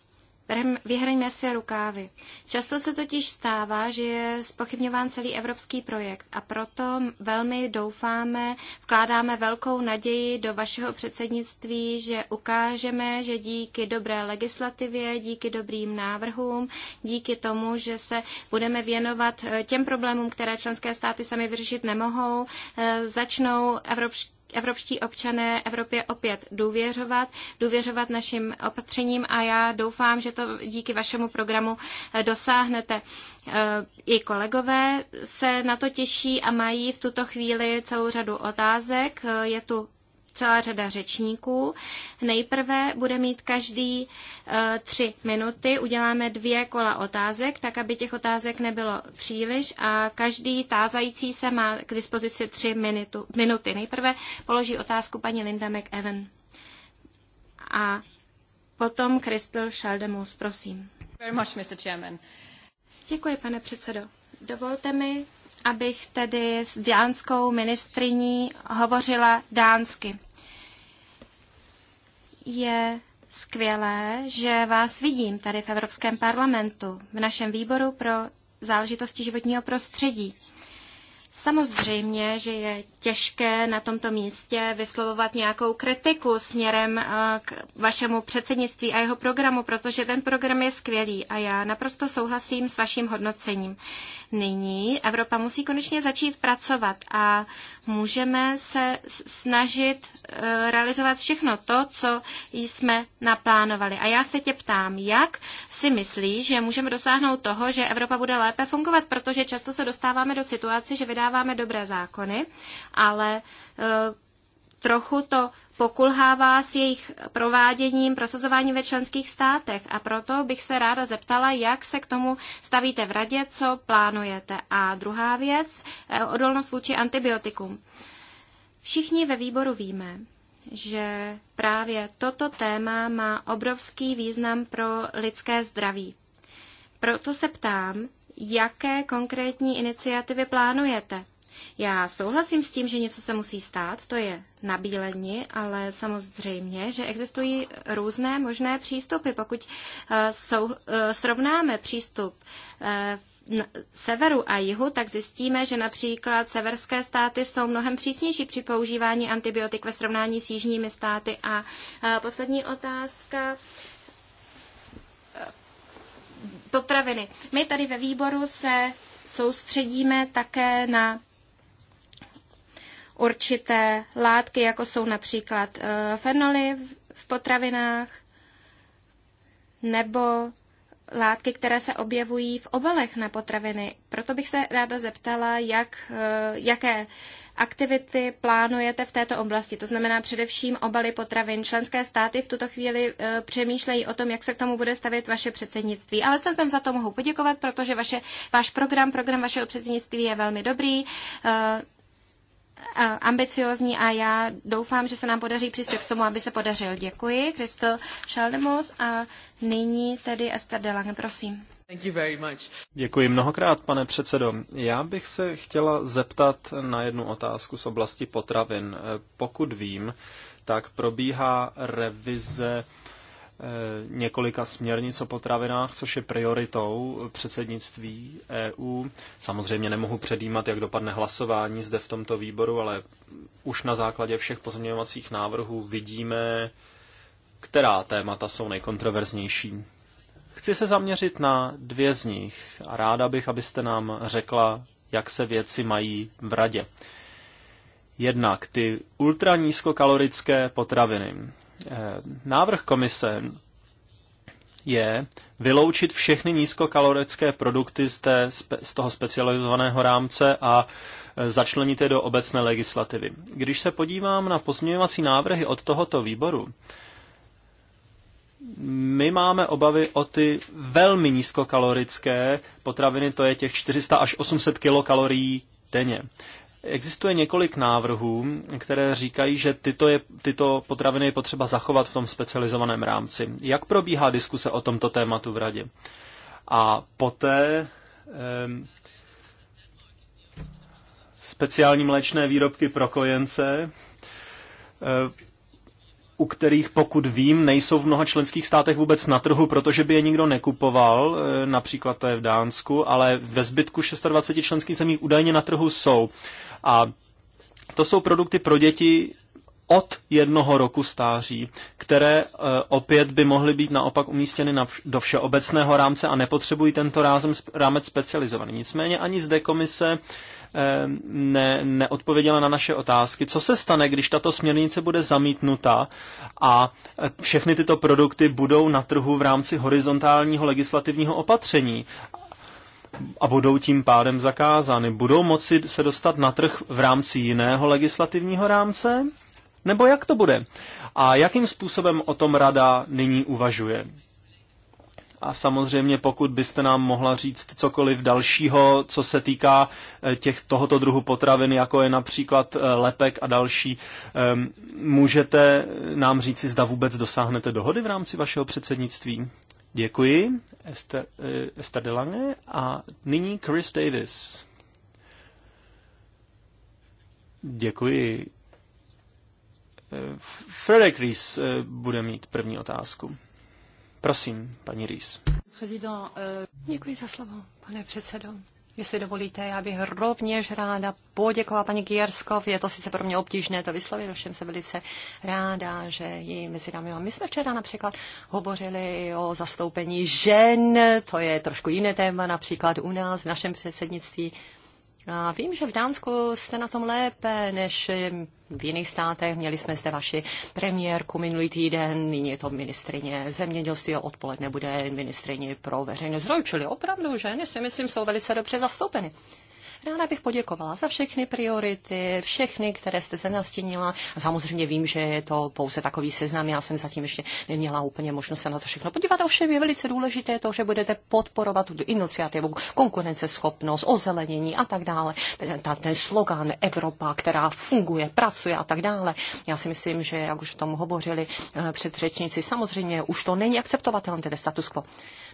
Vyhraňme si rukávy. Často se totiž stává, že je spochybňován celý evropský projekt a proto velmi doufáme, vkládáme velkou naději do vašeho předsednictví, že ukážeme, že díky dobré legislativě, díky dobrým návrhům, díky tomu, že se budeme věnovat eh, těm problémům, které členské státy sami vyřešit nemohou, eh, začnou evropští evropští občané Evropě opět důvěřovat, důvěřovat našim opatřením a já doufám, že to díky vašemu programu eh, dosáhnete. Eh, I kolegové se na to těší a mají v tuto chvíli celou řadu otázek. Eh, je tu celá řada řečníků. Nejprve bude mít každý eh, tři minuty. Uděláme dvě kola otázek, tak aby těch otázek nebylo příliš a každý tázající se má k dispozici tři minutu, minuty. Nejprve položí otázku paní Linda McEwen. A potom Crystal Šaldemus, prosím. Very much, Mr. Chairman. Děkuji, pane předsedo. Dovolte mi, abych tedy s dánskou ministriní hovořila dánsky je skvělé, že vás vidím tady v Evropském parlamentu, v našem výboru pro záležitosti životního prostředí. Samozřejmě, že je těžké na tomto místě vyslovovat nějakou kritiku směrem eh, k vašemu předsednictví a jeho programu, protože ten program je skvělý a já naprosto souhlasím s vaším hodnocením. Nyní Evropa musí konečně začít pracovat a můžeme se snažit eh, realizovat všechno to, co jsme naplánovali. A já se tě ptám, jak si myslíš, že můžeme dosáhnout toho, že Evropa bude lépe fungovat, protože často se dostáváme do situace, že vydáváme dobré zákony, ale eh, trochu to pokulhává s jejich prováděním, prosazováním ve členských státech. A proto bych se ráda zeptala, jak se k tomu stavíte v radě, co plánujete. A druhá věc, eh, odolnost vůči antibiotikům. Všichni ve výboru víme, že právě toto téma má obrovský význam pro lidské zdraví. Proto se ptám, jaké konkrétní iniciativy plánujete já souhlasím s tím, že něco se musí stát, to je nabílení, ale samozřejmě, že existují různé možné přístupy. Pokud eh, sou, eh, srovnáme přístup eh, severu a jihu, tak zjistíme, že například severské státy jsou mnohem přísnější při používání antibiotik ve srovnání s jižními státy. A poslední otázka potraviny. My tady ve výboru se soustředíme také na určité látky, jako jsou například eh, fenoly v potravinách nebo látky, které se objevují v obalech na potraviny. Proto bych se ráda zeptala, jak, eh, jaké aktivity plánujete v této oblasti. To znamená především obaly potravin. Členské státy v tuto chvíli eh, přemýšlejí o tom, jak se k tomu bude stavit vaše předsednictví. Ale celkem za to mohu poděkovat, protože vaše, váš program, program vašeho předsednictví je velmi dobrý ambiciozní a já doufám, že se nám podaří přispět k tomu, aby se podařil. Děkuji, Kristel Šaldemus a nyní tedy Esther Delange, prosím. Thank you very much. Děkuji mnohokrát, pane předsedo. Já bych se chtěla zeptat na jednu otázku z oblasti potravin. Pokud vím, tak probíhá revize Eh, několika směrnic o potravinách, což je prioritou předsednictví EU. Samozřejmě nemohu předjímat, jak dopadne hlasování zde v tomto výboru, ale už na základě všech pozměňovacích návrhů vidíme, která témata jsou nejkontroverznější. Chci se zaměřit na dvě z nich a ráda bych, abyste nám řekla, jak se věci mají v radě. Jednak ty ultranízkokalorické potraviny. Eh, návrh komise je vyloučit všechny nízkokalorické produkty z, té, z toho specializovaného rámce a eh, začlenit je do obecné legislativy. Když se podívám na pozměňovací návrhy od tohoto výboru, my máme obavy o ty velmi nízkokalorické potraviny, to je těch 400 až 800 kilokalorií denně. Existuje několik návrhů, které říkají, že tyto, je, tyto potraviny je potřeba zachovat v tom specializovaném rámci. Jak probíhá diskuse o tomto tématu v radě? A poté um, eh, speciální mléčné výrobky pro kojence, eh, u kterých, pokud vím, nejsou v mnoha členských státech vůbec na trhu, protože by je nikdo nekupoval, například to je v Dánsku, ale ve zbytku 26 členských zemí údajně na trhu jsou. A to jsou produkty pro děti od jednoho roku stáří, které eh, opět by mohly být naopak umístěny na vš- do všeobecného rámce a nepotřebují tento rázem, rámec specializovaný. Nicméně ani zde komise eh, ne, neodpověděla na naše otázky. Co se stane, když tato směrnice bude zamítnuta a eh, všechny tyto produkty budou na trhu v rámci horizontálního legislativního opatření a budou tím pádem zakázány. Budou moci se dostat na trh v rámci jiného legislativního rámce? Nebo jak to bude? A jakým způsobem o tom rada nyní uvažuje? A samozřejmě, pokud byste nám mohla říct cokoliv dalšího, co se týká eh, těch tohoto druhu potravin, jako je například eh, lepek a další, ehm, můžete nám říct, zda vůbec dosáhnete dohody v rámci vašeho předsednictví? Děkuji, Esther, eh, Esther Delange. A nyní Chris Davis. Děkuji. Eh, Frederick Rees eh, bude mít první otázku. Prosím, paní Rees. Děkuji za slovo, pane předsedo. Jestli dovolíte, já bych rovněž ráda poděkovala paní Gierskov. Je to sice pro mě obtížné to vyslovit, ovšem se velice ráda, že ji mezi námi My jsme včera například hovořili o zastoupení žen, to je trošku jiné téma, například u nás v našem předsednictví a Vím, že v Dánsku jste na tom lépe než v jiných státech. Měli jsme zde vaši premiérku minulý týden, nyní je to ministrině zemědělství a odpoledne bude ministrině pro veřejné zdroje, čili opravdu ženy si myslím jsou velice dobře zastoupeny. Ráda bych poděkovala za všechny priority, všechny, které jste se nastínila. Samozřejmě vím, že je to pouze takový seznam, já jsem zatím ještě neměla úplně možnost se na to všechno podívat. Ovšem je velice důležité to, že budete podporovat tu iniciativu, konkurenceschopnost, ozelenění a tak dále. Ta, ten slogan Evropa, která funguje, pracuje a tak dále. Já si myslím, že jak už o tom hovořili eh, předřečníci, samozřejmě už to není akceptovatelné, ten status quo.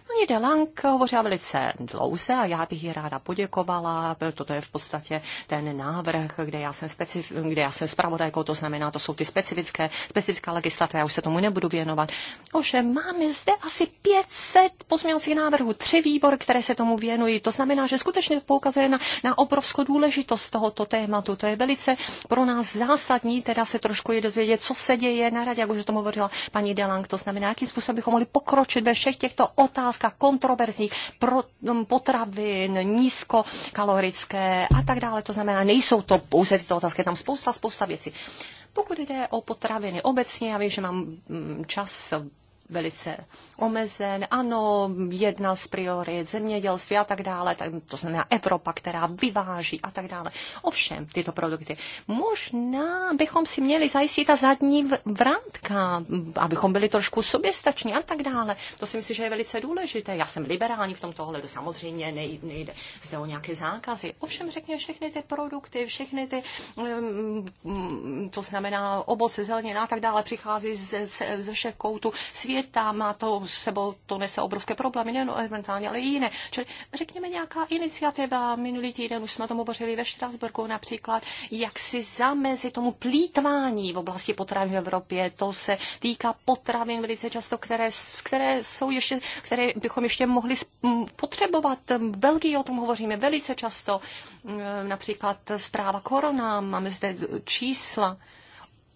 Paní Delang hovořila velice dlouze a já bych ji ráda poděkovala. to je v podstatě ten návrh, kde já jsem, specif- kde já jsem spravodajkou, to znamená, to jsou ty specifické, specifická legislativa, já už se tomu nebudu věnovat. Ovšem, máme zde asi 500 pozměňovacích návrhů, tři výbor, které se tomu věnují. To znamená, že skutečně poukazuje na, na obrovskou důležitost tohoto tématu. To je velice pro nás zásadní, teda se trošku je dozvědět, co se děje na radě, jak už o tom hovořila paní Delang. To znamená, jakým způsobem bychom mohli pokročit ve všech těchto otázkách otázka kontroverzních pro, mm, potravin, nízkokalorické a tak dále. To znamená, nejsou to pouze tyto otázky, tam spousta, spousta věcí. Pokud jde o potraviny obecně, já vím, že mám mm, čas velice omezen. Ano, jedna z priorit zemědělství a tak dále, tak to znamená Evropa, která vyváží a tak dále. Ovšem, tyto produkty. Možná bychom si měli zajistit ta zadní vrátka, abychom byli trošku soběstační a tak dále. To si myslím, že je velice důležité. Já jsem liberální v tomto ohledu, samozřejmě nejde zde o nějaké zákazy. Ovšem, řekně všechny ty produkty, všechny ty, mm, mm, to znamená ovoce, zelenina a tak dále, přichází ze, ze všech koutů světa světa, má to s sebou, to nese obrovské problémy, nejen elementálně, ale i jiné. Čili řekněme nějaká iniciativa, minulý týden už jsme tomu hovořili ve Štrasburku například, jak si zamezit tomu plítvání v oblasti potravin v Evropě. To se týká potravin velice často, které, které jsou ještě, které bychom ještě mohli potřebovat. V Belgii o tom hovoříme velice často. Například zpráva korona, máme zde čísla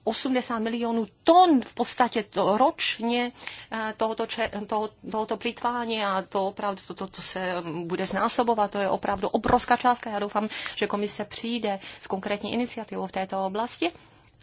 80 milionů ton v podstatě to ročně eh, tohoto, če, toho, tohoto plýtvání a to opravdu to, to, to se bude znásobovat. To je opravdu obrovská částka. Já doufám, že komise přijde s konkrétní iniciativou v této oblasti.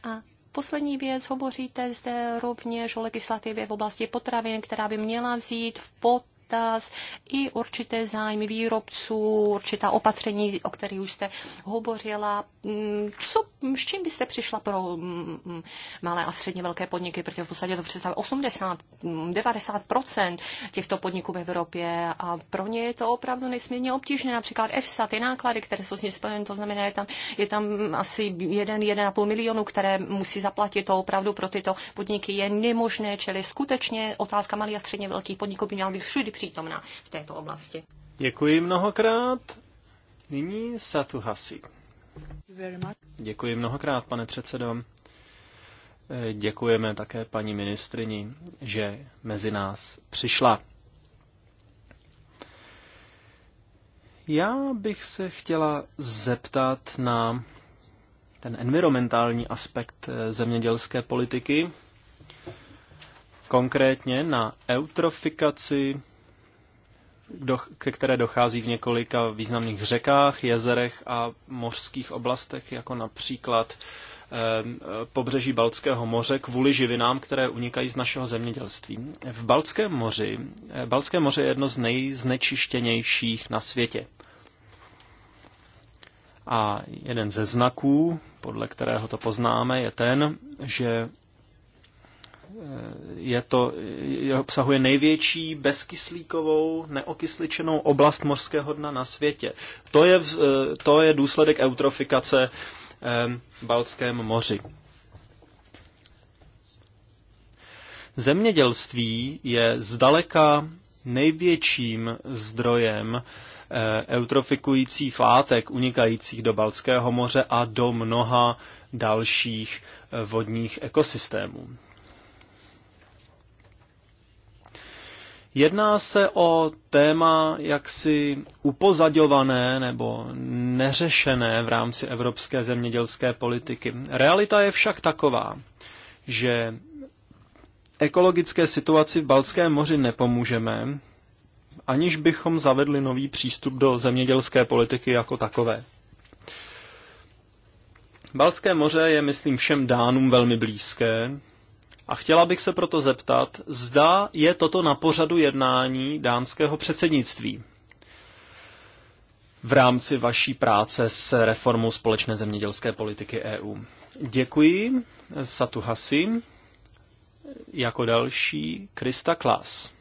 A poslední věc, hovoříte zde rovněž o legislativě v oblasti potravin, která by měla vzít v pot potaz i určité zájmy výrobců, určitá opatření, o kterých už jste hovořila. Mm, co, s čím byste přišla pro mm, mm, malé a středně velké podniky, protože v podstatě to představuje 80-90% těchto podniků v Evropě a pro ně je to opravdu nesmírně obtížné. Například EFSA, ty náklady, které jsou s ní spojeny, to znamená, je tam, je tam asi 1-1,5 milionu, které musí zaplatit. To opravdu pro tyto podniky je nemožné, čili skutečně otázka malých a středně velkých podniků by měla být všude přítomna v této oblasti. Děkuji mnohokrát. Nyní Satu Hasi. Děkuji mnohokrát, pane předsedo. Děkujeme také paní ministrini, že mezi nás přišla. Já bych se chtěla zeptat na ten environmentální aspekt eh, zemědělské politiky, konkrétně na eutrofikaci ke které dochází v několika významných řekách, jezerech a mořských oblastech, jako například ehm, pobřeží Baltského moře kvůli živinám, které unikají z našeho zemědělství. V Baltském moři, eh, Baltské moře je jedno z nejznečištěnějších na světě. A jeden ze znaků, podle kterého to poznáme, je ten, že je to, je, obsahuje největší bezkyslíkovou neokysličenou oblast mořského dna na světě. To je, eh, to je důsledek eutrofikace v eh, Balckém moři. Zemědělství je zdaleka největším zdrojem eh, eutrofikujících látek unikajících do Balckého moře a do mnoha dalších vodních ekosystémů. Jedná se o téma jaksi upozaďované nebo neřešené v rámci evropské zemědělské politiky. Realita je však taková, že ekologické situaci v Balckém moři nepomůžeme, aniž bychom zavedli nový přístup do zemědělské politiky jako takové. Balské moře je, myslím, všem dánům velmi blízké, a chtěla bych se proto zeptat, zda je toto na pořadu jednání dánského předsednictví v rámci vaší práce s reformou společné zemědělské politiky EU. Děkuji, Satu Hasi. Jako další Krista Klas.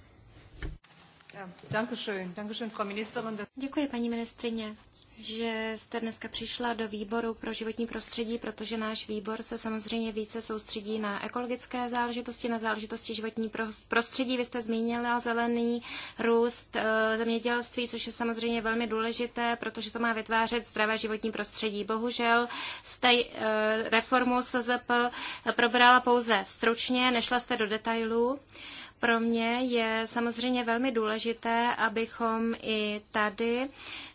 Děkuji, paní ministrině že jste dneska přišla do výboru pro životní prostředí, protože náš výbor se samozřejmě více soustředí na ekologické záležitosti, na záležitosti životní prostředí. Vy jste zmínila zelený růst eh, zemědělství, což je samozřejmě velmi důležité, protože to má vytvářet zdravé životní prostředí. Bohužel jste eh, reformu SZP probrala pouze stručně, nešla jste do detailů. Pro mě je samozřejmě velmi důležité, abychom i tady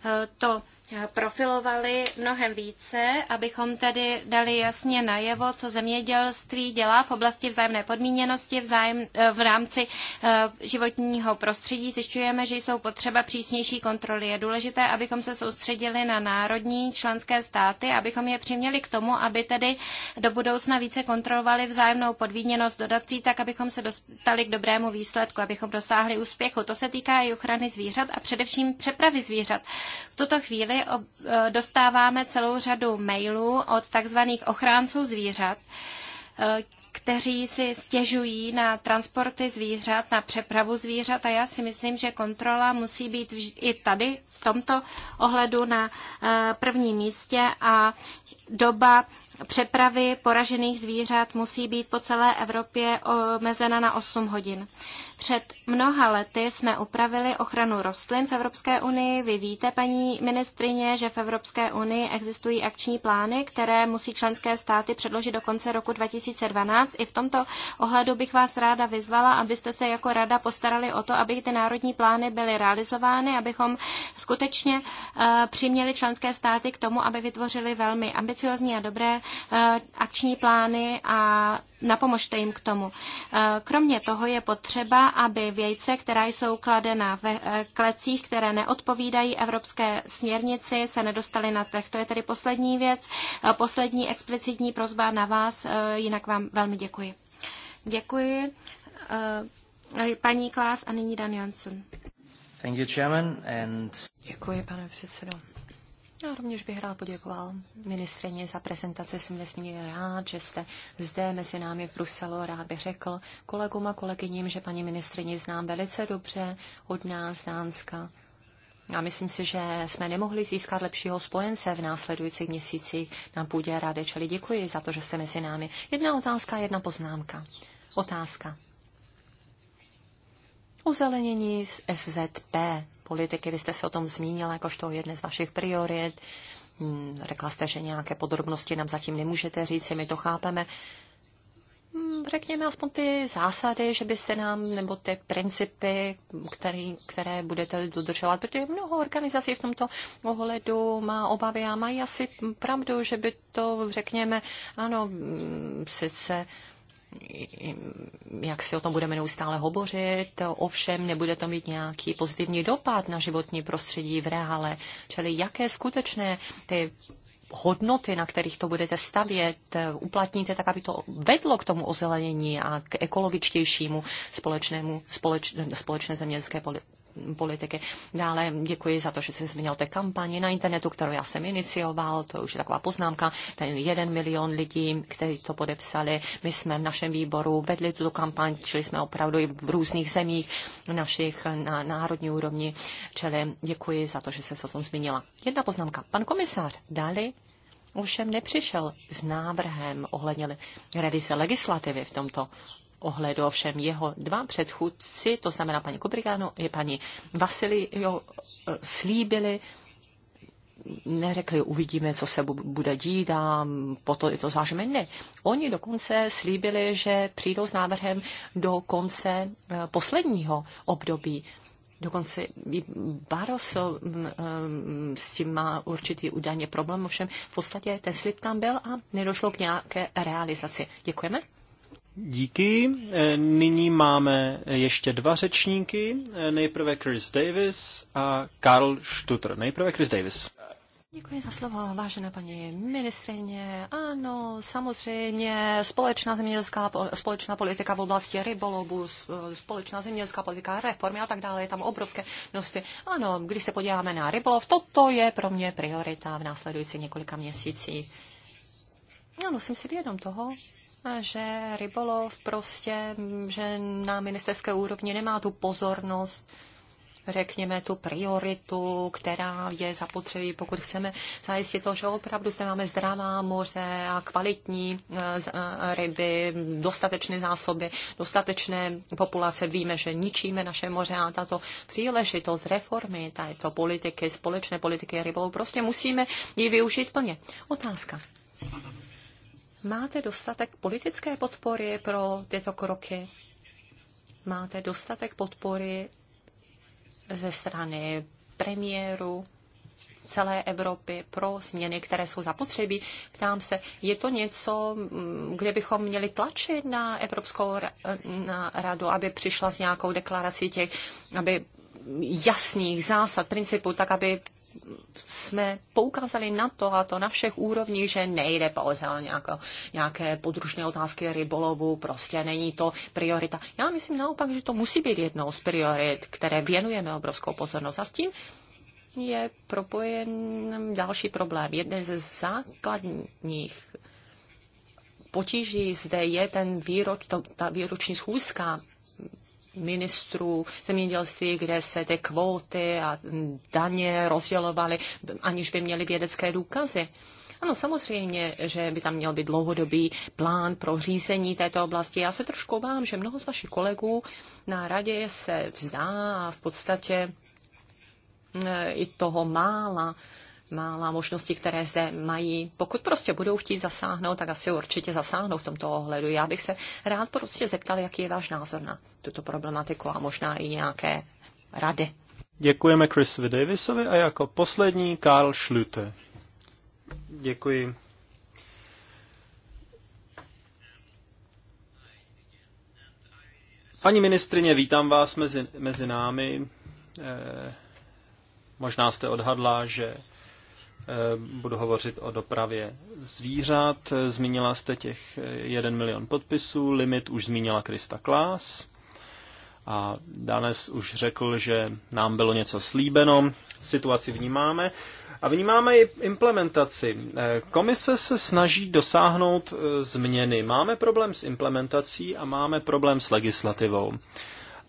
eh, to Eh, profilovali mnohem více, abychom tedy dali jasně najevo, co zemědělství dělá v oblasti vzájemné podmíněnosti vzájem, eh, v rámci eh, životního prostředí. Zjišťujeme, že jsou potřeba přísnější kontroly. Je důležité, abychom se soustředili na národní členské státy, abychom je přiměli k tomu, aby tedy do budoucna více kontrolovali vzájemnou podmíněnost dodací, tak abychom se dostali k dobrému výsledku, abychom dosáhli úspěchu. To se týká i ochrany zvířat a především přepravy zvířat. V tuto chvíli Eh, dostáváme celou řadu mailů od takzvaných ochránců zvířat, eh, kteří si stěžují na transporty zvířat, na přepravu zvířat a já si myslím, že kontrola musí být i tady v tomto ohledu na eh, prvním místě a doba přepravy poražených zvířat musí být po celé Evropě omezena na 8 hodin. Před mnoha lety jsme upravili ochranu rostlin v Evropské unii. Vy víte, paní ministrině, že v Evropské unii existují akční plány, které musí členské státy předložit do konce roku 2012. I v tomto ohledu bych vás ráda vyzvala, abyste se jako rada postarali o to, aby ty národní plány byly realizovány, abychom skutečně eh, přiměli členské státy k tomu, aby vytvořili velmi ambiciozní a dobré eh, akční plány a napomožte jim k tomu. Eh, kromě toho je potřeba, aby vejce, která jsou kladena v eh, klecích, které neodpovídají evropské směrnici, se nedostaly na trh. To je tedy poslední věc, eh, poslední explicitní prozba na vás, eh, jinak vám velmi děkuji. Děkuji. Paní Klás a nyní Dan Jansson. Thank you, Chairman, and... Děkuji, pane předsedo. Já rovněž bych rád poděkoval ministrině za prezentaci. Jsem nesmírně rád, že jste zde mezi námi v Bruselu. Rád bych řekl kolegům a kolegyním, že paní ministrině znám velice dobře od nás, Dánska. A myslím si, že jsme nemohli získat lepšího spojence v následujících měsících na půdě Rady. Čili děkuji za to, že jste mezi námi. Jedna otázka, jedna poznámka. Otázka. Uzelenění z SZP politiky, vy jste se o tom zmínila jakožto jedné z vašich priorit. Hmm, řekla jste, že nějaké podrobnosti nám zatím nemůžete říct, my to chápeme. Hmm, řekněme aspoň ty zásady, že byste nám, nebo ty principy, který, které budete dodržovat, protože mnoho organizací v tomto ohledu má obavy a mají asi pravdu, že by to, řekněme, ano, hmm, sice uh, jak si o tom budeme neustále hovořit, ovšem nebude to mít nějaký pozitivní dopad na životní prostředí v reále, čili jaké skutečné ty hodnoty, na kterých to budete stavět, uplatníte tak, aby to vedlo k tomu ozelenění a k ekologičtějšímu společnému, společ, společné zemědělské politice politiky. Dále děkuji za to, že jsi zmínil té kampani na internetu, kterou já jsem inicioval, to už je taková poznámka, ten jeden milion lidí, kteří to podepsali. My jsme v našem výboru vedli tuto kampaň, čili jsme opravdu i v různých zemích našich na národní úrovni, čili děkuji za to, že jsi se o tom zmínila. Jedna poznámka. Pan komisář Dali ovšem nepřišel s návrhem ohledně revize legislativy v tomto ohledu ovšem jeho dva předchůdci, to znamená paní Kubrigano i paní Vasily, jo, eh, slíbili, neřekli, uvidíme, co se bude dít a potom to zvážeme. Ne. Oni dokonce slíbili, že přijdou s návrhem do konce eh, posledního období. Dokonce Barroso mm, mm, s tím má určitý údajně problém, ovšem v podstatě ten slib tam byl a nedošlo k nějaké realizaci. Děkujeme. Díky. Eh, nyní máme ještě dva řečníky. Eh, nejprve Chris Davis a Karl Stutter. Nejprve Chris Davis. Děkuji za slovo, vážená paní ministrině. Ano, samozřejmě společná zemědělská, společná politika v oblasti rybolovu, společná zemědělská politika reformy a tak dále, je tam obrovské množství. Ano, když se podíváme na rybolov, toto je pro mě priorita v následujících několika měsících. No, jsem si vědom toho, že rybolov prostě, že na ministerské úrovni nemá tu pozornost, řekněme, tu prioritu, která je zapotřebí, pokud chceme zajistit to, že opravdu zde máme zdravá moře a kvalitní eh, eh, ryby, dostatečné zásoby, dostatečné populace. Víme, že ničíme naše moře a tato příležitost reformy této politiky, společné politiky rybou, prostě musíme ji využít plně. Otázka. Máte dostatek politické podpory pro tyto kroky? Máte dostatek podpory ze strany premiéru celé Evropy pro změny, které jsou zapotřebí. Ptám se, je to něco, mm, kde bychom měli tlačit na Evropskou na radu, aby přišla s nějakou deklarací těch, aby jasných zásad, principů, tak aby jsme poukázali na to, a to na všech úrovních, že nejde pouze o nějaké, nějaké podružné otázky rybolovu, prostě není to priorita. Já myslím naopak, že to musí být jednou z priorit, které věnujeme obrovskou pozornost. A s tím je propojen další problém. Jeden ze základních potíží zde je ten výroč, to, ta výroční schůzka ministrů zemědělství, kde se ty kvóty a daně rozdělovaly, aniž by měli vědecké důkazy. Ano, samozřejmě, že by tam měl být dlouhodobý plán pro řízení této oblasti. Já se trošku obávám, že mnoho z vašich kolegů na radě se vzdá a v podstatě e, i toho mála mála možností, které zde mají. Pokud prostě budou chtít zasáhnout, tak asi určitě zasáhnou v tomto ohledu. Já bych se rád prostě zeptal, jaký je váš názor na tuto problematiku a možná i nějaké rady. Děkujeme Chrisovi Davisovi a jako poslední Karl Schlüte. Děkuji. Paní ministrině, vítám vás mezi, mezi námi. Eh, možná jste odhadla, že Eh, budu hovořit o dopravě zvířat. Eh, zmínila jste těch 1 eh, milion podpisů, limit už zmínila Krista Klás. A Danes už řekl, že nám bylo něco slíbeno, situaci vnímáme. A vnímáme i implementaci. Komise se snaží dosáhnout změny. Máme problém s implementací a máme problém s legislativou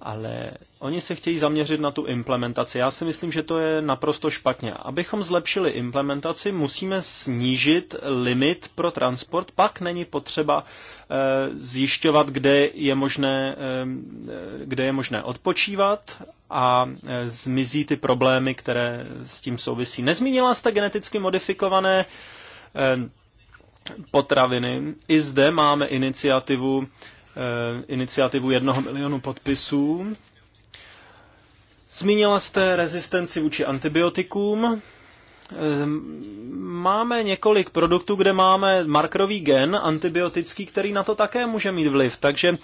ale oni se chtějí zaměřit na tu implementaci. Já si myslím, že to je naprosto špatně. Abychom zlepšili implementaci, musíme snížit limit pro transport, pak není potřeba eh, zjišťovat, kde je, možné, eh, kde je možné odpočívat a eh, zmizí ty problémy, které s tím souvisí. Nezmínila jste geneticky modifikované potraviny. I zde máme iniciativu Eh, iniciativu jednoho milionu podpisů. Zmínila jste rezistenci vůči antibiotikům. Eh, máme několik produktů, kde máme markrový gen antibiotický, který na to také může mít vliv. Takže eh,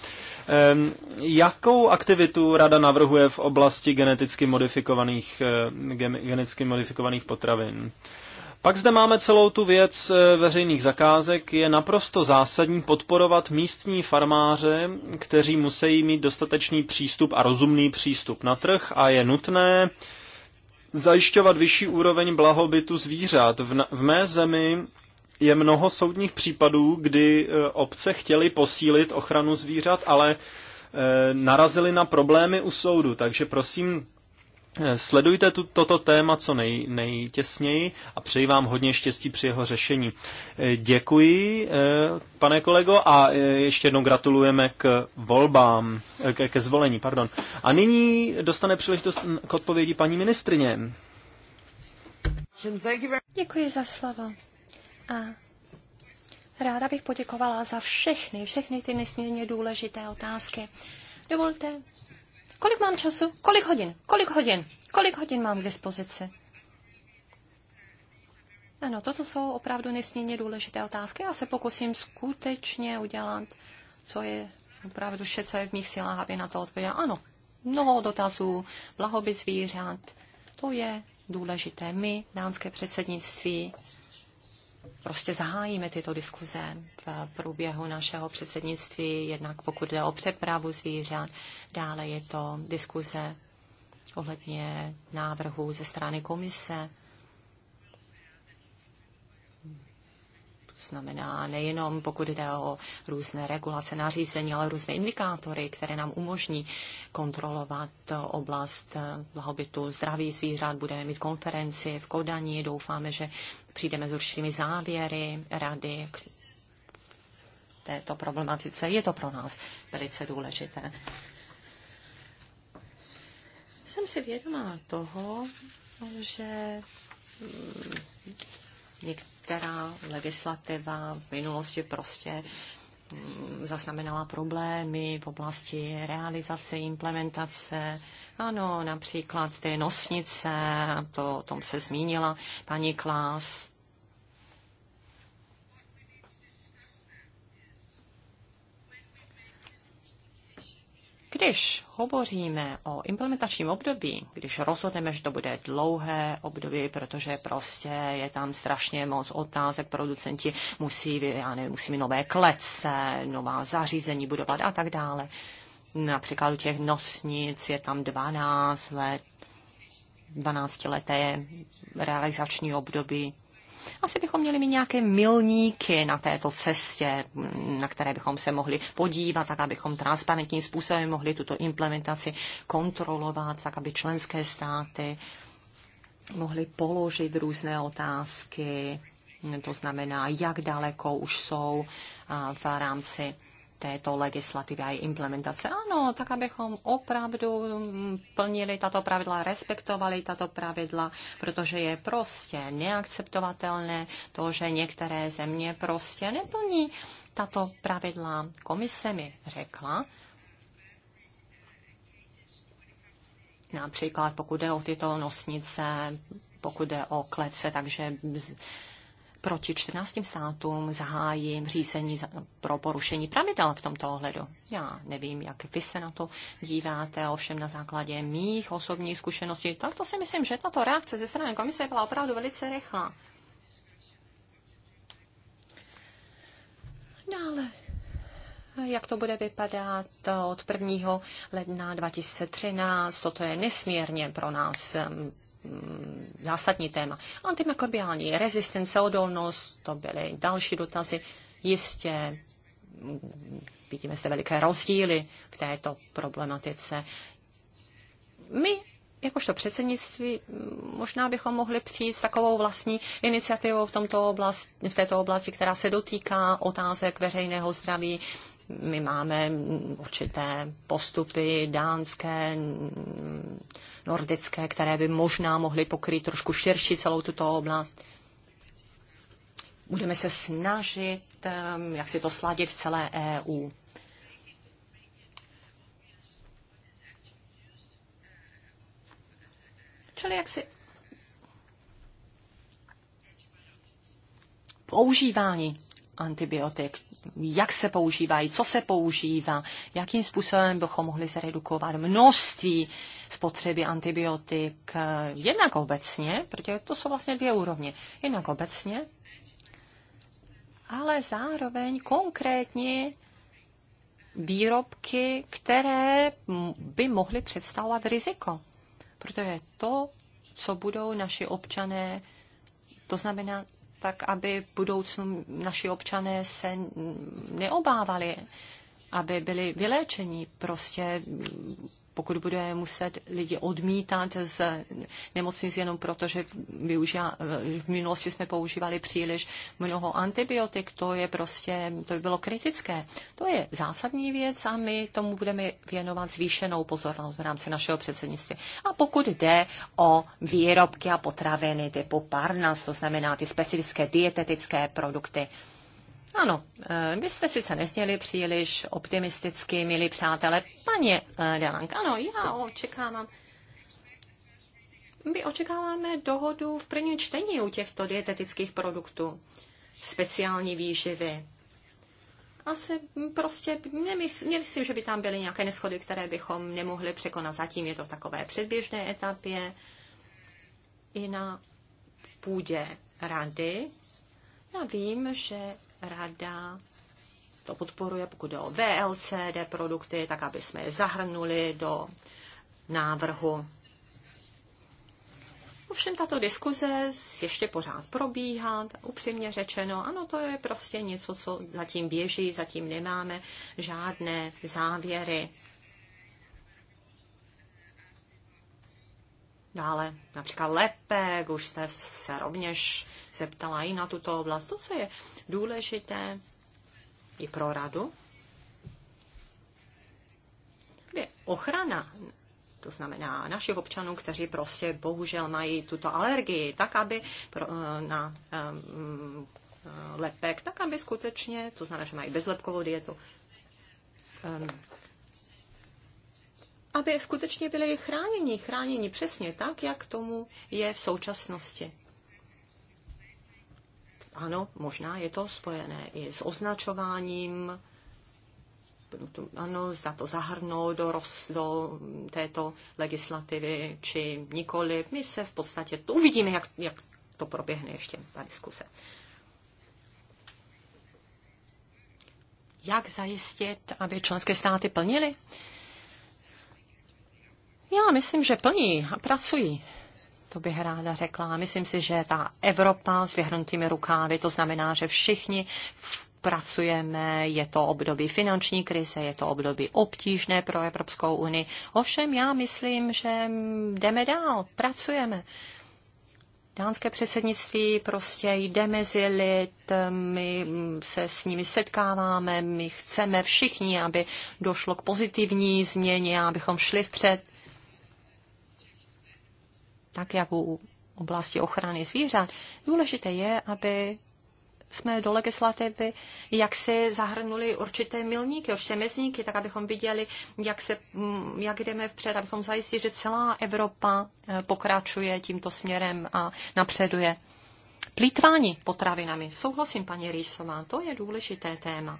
jakou aktivitu rada navrhuje v oblasti geneticky modifikovaných, geneticky modifikovaných potravin? Pak zde máme celou tu věc eh, veřejných zakázek. Je naprosto zásadní podporovat místní farmáře, kteří musí mít dostatečný přístup a rozumný přístup na trh a je nutné zajišťovat vyšší úroveň blahobytu zvířat. V, v mé zemi je mnoho soudních případů, kdy eh, obce chtěly posílit ochranu zvířat, ale eh, narazili na problémy u soudu. Takže prosím, Sledujte tu, toto téma co nej, nejtěsněji a přeji vám hodně štěstí při jeho řešení. Eh, děkuji, eh, pane kolego, a eh, ještě jednou gratulujeme k volbám, ke, ke zvolení. Pardon. A nyní dostane příležitost k odpovědi paní ministrině. Děkuji za slovo. A ráda bych poděkovala za všechny, všechny ty nesmírně důležité otázky. Dovolte, Kolik mám času? Kolik hodin? Kolik hodin? Kolik hodin mám k dispozici? Ano, toto jsou opravdu nesmírně důležité otázky. Já se pokusím skutečně udělat, co je opravdu vše, co je v mých silách, aby na to odpověděl. Ano, mnoho dotazů, blahoby zvířat, to je důležité. My, dánské předsednictví, prostě zahájíme tyto diskuze v průběhu našeho předsednictví, jednak pokud jde o přepravu zvířat, dále je to diskuze ohledně návrhů ze strany komise. To znamená nejenom pokud jde o různé regulace nařízení, ale různé indikátory, které nám umožní kontrolovat oblast blahobytu zdraví zvířat. Budeme mít konferenci v Kodani, doufáme, že přijdeme s určitými závěry, rady k této problematice. Je to pro nás velice důležité. Jsem si vědomá toho, že mm, některá legislativa v minulosti prostě zaznamenala problémy v oblasti realizace, implementace. Ano, například ty nosnice, to o tom se zmínila paní Klás. Když hovoříme o implementačním období, když rozhodneme, že to bude dlouhé období, protože prostě je tam strašně moc otázek, producenti musí, já nevím, musí mít nové klece, nová zařízení budovat a tak dále. Například u těch nosnic je tam 12 let, 12 leté realizační období asi bychom měli mít nějaké milníky na této cestě, na které bychom se mohli podívat, tak abychom transparentním způsobem mohli tuto implementaci kontrolovat, tak aby členské státy mohly položit různé otázky, to znamená, jak daleko už jsou v rámci této legislativy a její implementace. Ano, tak abychom opravdu mm, plnili tato pravidla, respektovali tato pravidla, protože je prostě neakceptovatelné to, že některé země prostě neplní tato pravidla. Komise mi řekla, například pokud jde o tyto nosnice, pokud jde o klece, takže proti 14 státům zahájím řízení pro porušení pravidel v tomto ohledu. Já nevím, jak vy se na to díváte, ovšem na základě mých osobních zkušeností, tak to si myslím, že tato reakce ze strany komise byla opravdu velice rychlá. Dále, jak to bude vypadat od 1. ledna 2013, toto je nesmírně pro nás Mm, zásadní téma. Antimikrobiální rezistence, odolnost, to byly další dotazy. Jistě mm, vidíme zde veliké rozdíly v této problematice. My jakožto předsednictví mm, možná bychom mohli přijít s takovou vlastní iniciativou v, tomto oblast, v této oblasti, která se dotýká otázek veřejného zdraví, my máme určité postupy dánské, nordické, které by možná mohly pokryt trošku širší celou tuto oblast. Budeme se snažit, ehm, jak si to sladit v celé EU. Čili jak si používání antibiotik jak se používají, co se používá, jakým způsobem bychom mohli zredukovat množství spotřeby antibiotik. Eh, jednak obecně, protože to jsou vlastně dvě úrovně. Jednak obecně, ale zároveň konkrétně výrobky, které by mohly představovat riziko. Protože to, co budou naši občané, to znamená tak aby v budoucnu naši občané se neobávali, aby byli vyléčeni. Prostě pokud bude muset lidi odmítat z nemocnic jenom proto, že využia, v minulosti jsme používali příliš mnoho antibiotik, to je prostě, to by bylo kritické. To je zásadní věc a my tomu budeme věnovat zvýšenou pozornost v rámci našeho předsednictví. A pokud jde o výrobky a potraviny typu parnas, to znamená ty specifické dietetické produkty, ano, eh, vy jste sice nesměli příliš optimisticky, milí přátelé. Paně eh, Delank, ano, já očekávám, my očekáváme dohodu v prvním čtení u těchto dietetických produktů, speciální výživy. Asi prostě nemyslím, že by tam byly nějaké neschody, které bychom nemohli překonat. Zatím je to v takové předběžné etapě i na půdě rady. Já vím, že Rada to podporuje, pokud jde o VLCD produkty, tak aby jsme je zahrnuli do návrhu. Ovšem tato diskuze ještě pořád probíhá, upřímně řečeno, ano, to je prostě něco, co zatím běží, zatím nemáme žádné závěry. Dále například lepek, už jste se rovněž zeptala i na tuto oblast. To, co je důležité i pro radu, je ochrana, to znamená našich občanů, kteří prostě bohužel mají tuto alergii, tak aby pro, eh, na um, lepek, tak aby skutečně, to znamená, že mají bezlepkovou dietu, um, aby skutečně byli chráněni, chráněni přesně tak, jak tomu je v současnosti ano, možná je to spojené i s označováním, ano, zda to zahrnout do, roz, do této legislativy, či nikoli. My se v podstatě uvidíme, jak, jak to proběhne ještě ta diskuse. Jak zajistit, aby členské státy plnily? Já myslím, že plní a pracují to bych ráda řekla. Myslím si, že ta Evropa s vyhrnutými rukávy, to znamená, že všichni pracujeme, je to období finanční krize, je to období obtížné pro Evropskou unii. Ovšem já myslím, že jdeme dál, pracujeme. Dánské předsednictví prostě jde mezi lid, my se s nimi setkáváme, my chceme všichni, aby došlo k pozitivní změně, abychom šli vpřed tak jak u oblasti ochrany zvířat, důležité je, aby jsme do legislativy, jak se zahrnuli určité milníky, určité mezníky, tak abychom viděli, jak, se, mm, jak jdeme vpřed, abychom zajistili, že celá Evropa eh, pokračuje tímto směrem a napředuje. Plítvání potravinami. Souhlasím, paní Rýsová, to je důležité téma.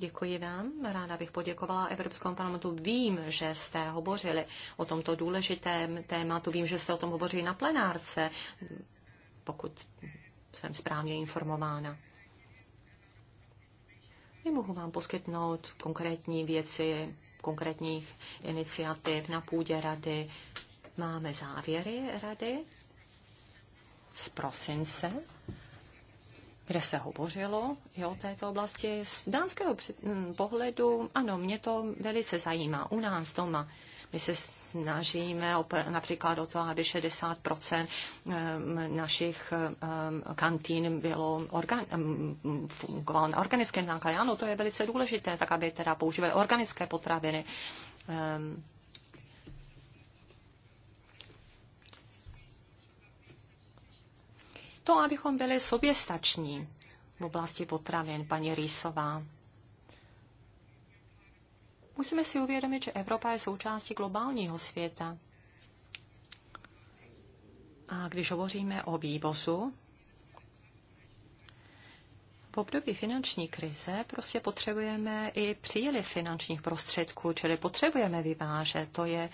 Děkuji vám. Ráda bych poděkovala Evropskému parlamentu. Vím, že jste hovořili o tomto důležitém tématu. Vím, že jste o tom hovořili na plenárce, pokud jsem správně informována. Nemohu vám poskytnout konkrétní věci, konkrétních iniciativ na půdě rady. Máme závěry rady z prosince kde se hovořilo jo, o této oblasti. Z dánského pohledu, ano, mě to velice zajímá. U nás doma my se snažíme například o to, aby 60 našich kantín bylo organ, fungovalo na organické náklady. Ano, to je velice důležité, tak aby teda používali organické potraviny to, abychom byli soběstační v oblasti potravin, paní Rýsová. Musíme si uvědomit, že Evropa je součástí globálního světa. A když hovoříme o vývozu, v období finanční krize prostě potřebujeme i příliv finančních prostředků, čili potřebujeme vyvážet. To je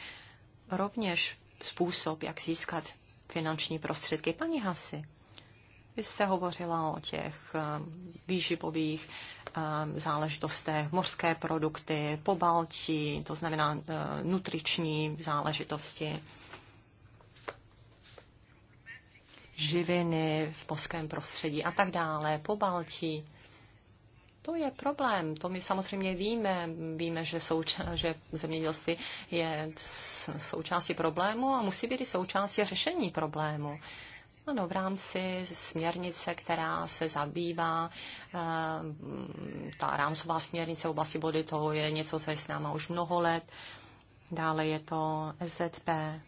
rovněž způsob, jak získat finanční prostředky. Paní Hasi. Vy jste hovořila o těch eh, výživových eh, záležitostech, mořské produkty, pobaltí, to znamená eh, nutriční záležitosti, živiny v polském prostředí a tak dále, pobaltí. To je problém, to my samozřejmě víme. Víme, že, souča- že zemědělství je součástí problému a musí být i součástí řešení problému. Ano, v rámci směrnice, která se zabývá, eh, ta rámcová směrnice v oblasti body, to je něco, co je s náma už mnoho let. Dále je to SZP.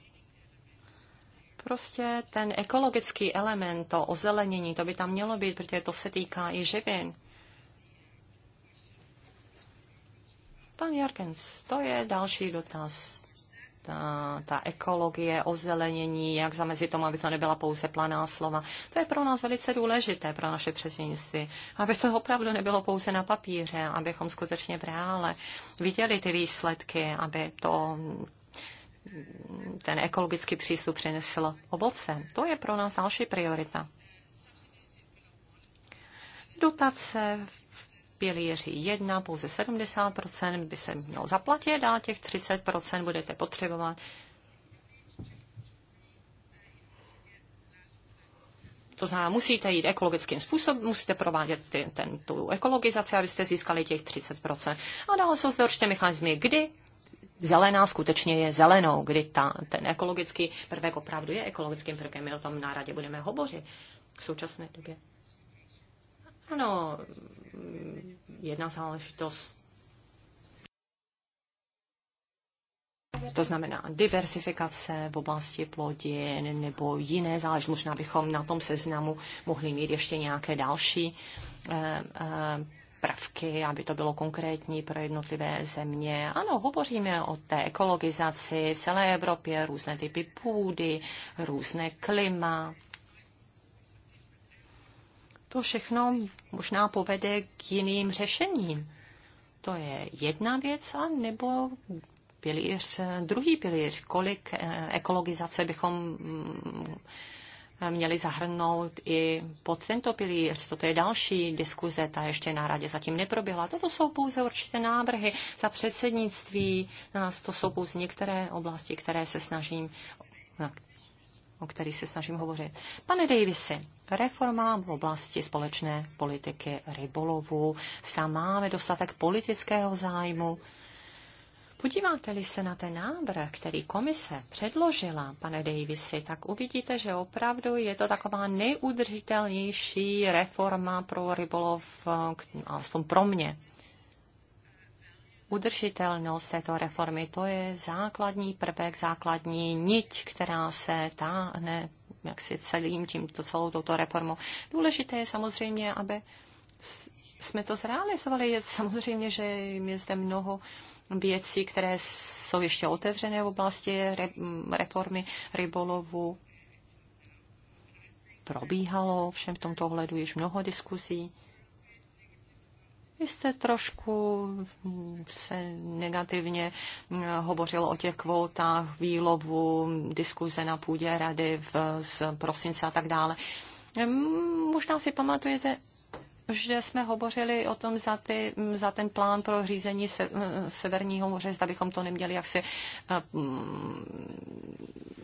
Prostě ten ekologický element, to ozelenění, to by tam mělo být, protože to se týká i živin. Pan Jarkens, to je další dotaz ta ekologie, ozelenění, jak zamezit tomu, aby to nebyla pouze planá slova. To je pro nás velice důležité, pro naše předsednictví, aby to opravdu nebylo pouze na papíře, abychom skutečně v reále viděli ty výsledky, aby to ten ekologický přístup přinesl ovoce. To je pro nás další priorita. Dotace v pilíři jedna pouze 70% by se mělo zaplatit a těch 30% budete potřebovat To znamená, musíte jít ekologickým způsobem, musíte provádět ty, ten, tu ekologizaci, abyste získali těch 30%. A dále jsou zde určitě mechanizmy, kdy zelená skutečně je zelenou, kdy ta, ten ekologický prvek opravdu je ekologickým prvkem. My o tom náradě budeme hovořit v současné době. Ano, jedna záležitost. To znamená diversifikace v oblasti plodin nebo jiné záležitosti. Možná bychom na tom seznamu mohli mít ještě nějaké další eh, eh, prvky, aby to bylo konkrétní pro jednotlivé země. Ano, hovoříme o té ekologizaci v celé Evropě, různé typy půdy, různé klima, to všechno možná povede k jiným řešením. To je jedna věc, a nebo pilíř, druhý pilíř, kolik eh, ekologizace bychom mm, měli zahrnout i pod tento pilíř. Toto je další diskuze, ta ještě na radě zatím neproběhla. Toto jsou pouze určité návrhy za předsednictví. Nás to jsou pouze některé oblasti, které se snažím, o kterých se snažím hovořit. Pane Davise, reformám v oblasti společné politiky rybolovu. Tam máme dostatek politického zájmu. Podíváte-li se na ten návrh, který komise předložila, pane Davisi, tak uvidíte, že opravdu je to taková nejudržitelnější reforma pro rybolov, alespoň pro mě. Udržitelnost této reformy, to je základní prvek, základní niť, která se táhne jak si celým tímto, celou touto reformou. Důležité je samozřejmě, aby jsme to zrealizovali. Je samozřejmě, že je zde mnoho věcí, které jsou ještě otevřené v oblasti reformy rybolovu. Probíhalo všem v tomto ohledu již mnoho diskuzí. Vy jste trošku se negativně mm, hovořil o těch kvótách výlovu, diskuze na půdě rady v, z prosince a tak dále. Mm, možná si pamatujete, že jsme hovořili o tom za, ty, za ten plán pro řízení se, eh, Severního moře, zda bychom to neměli jaksi eh,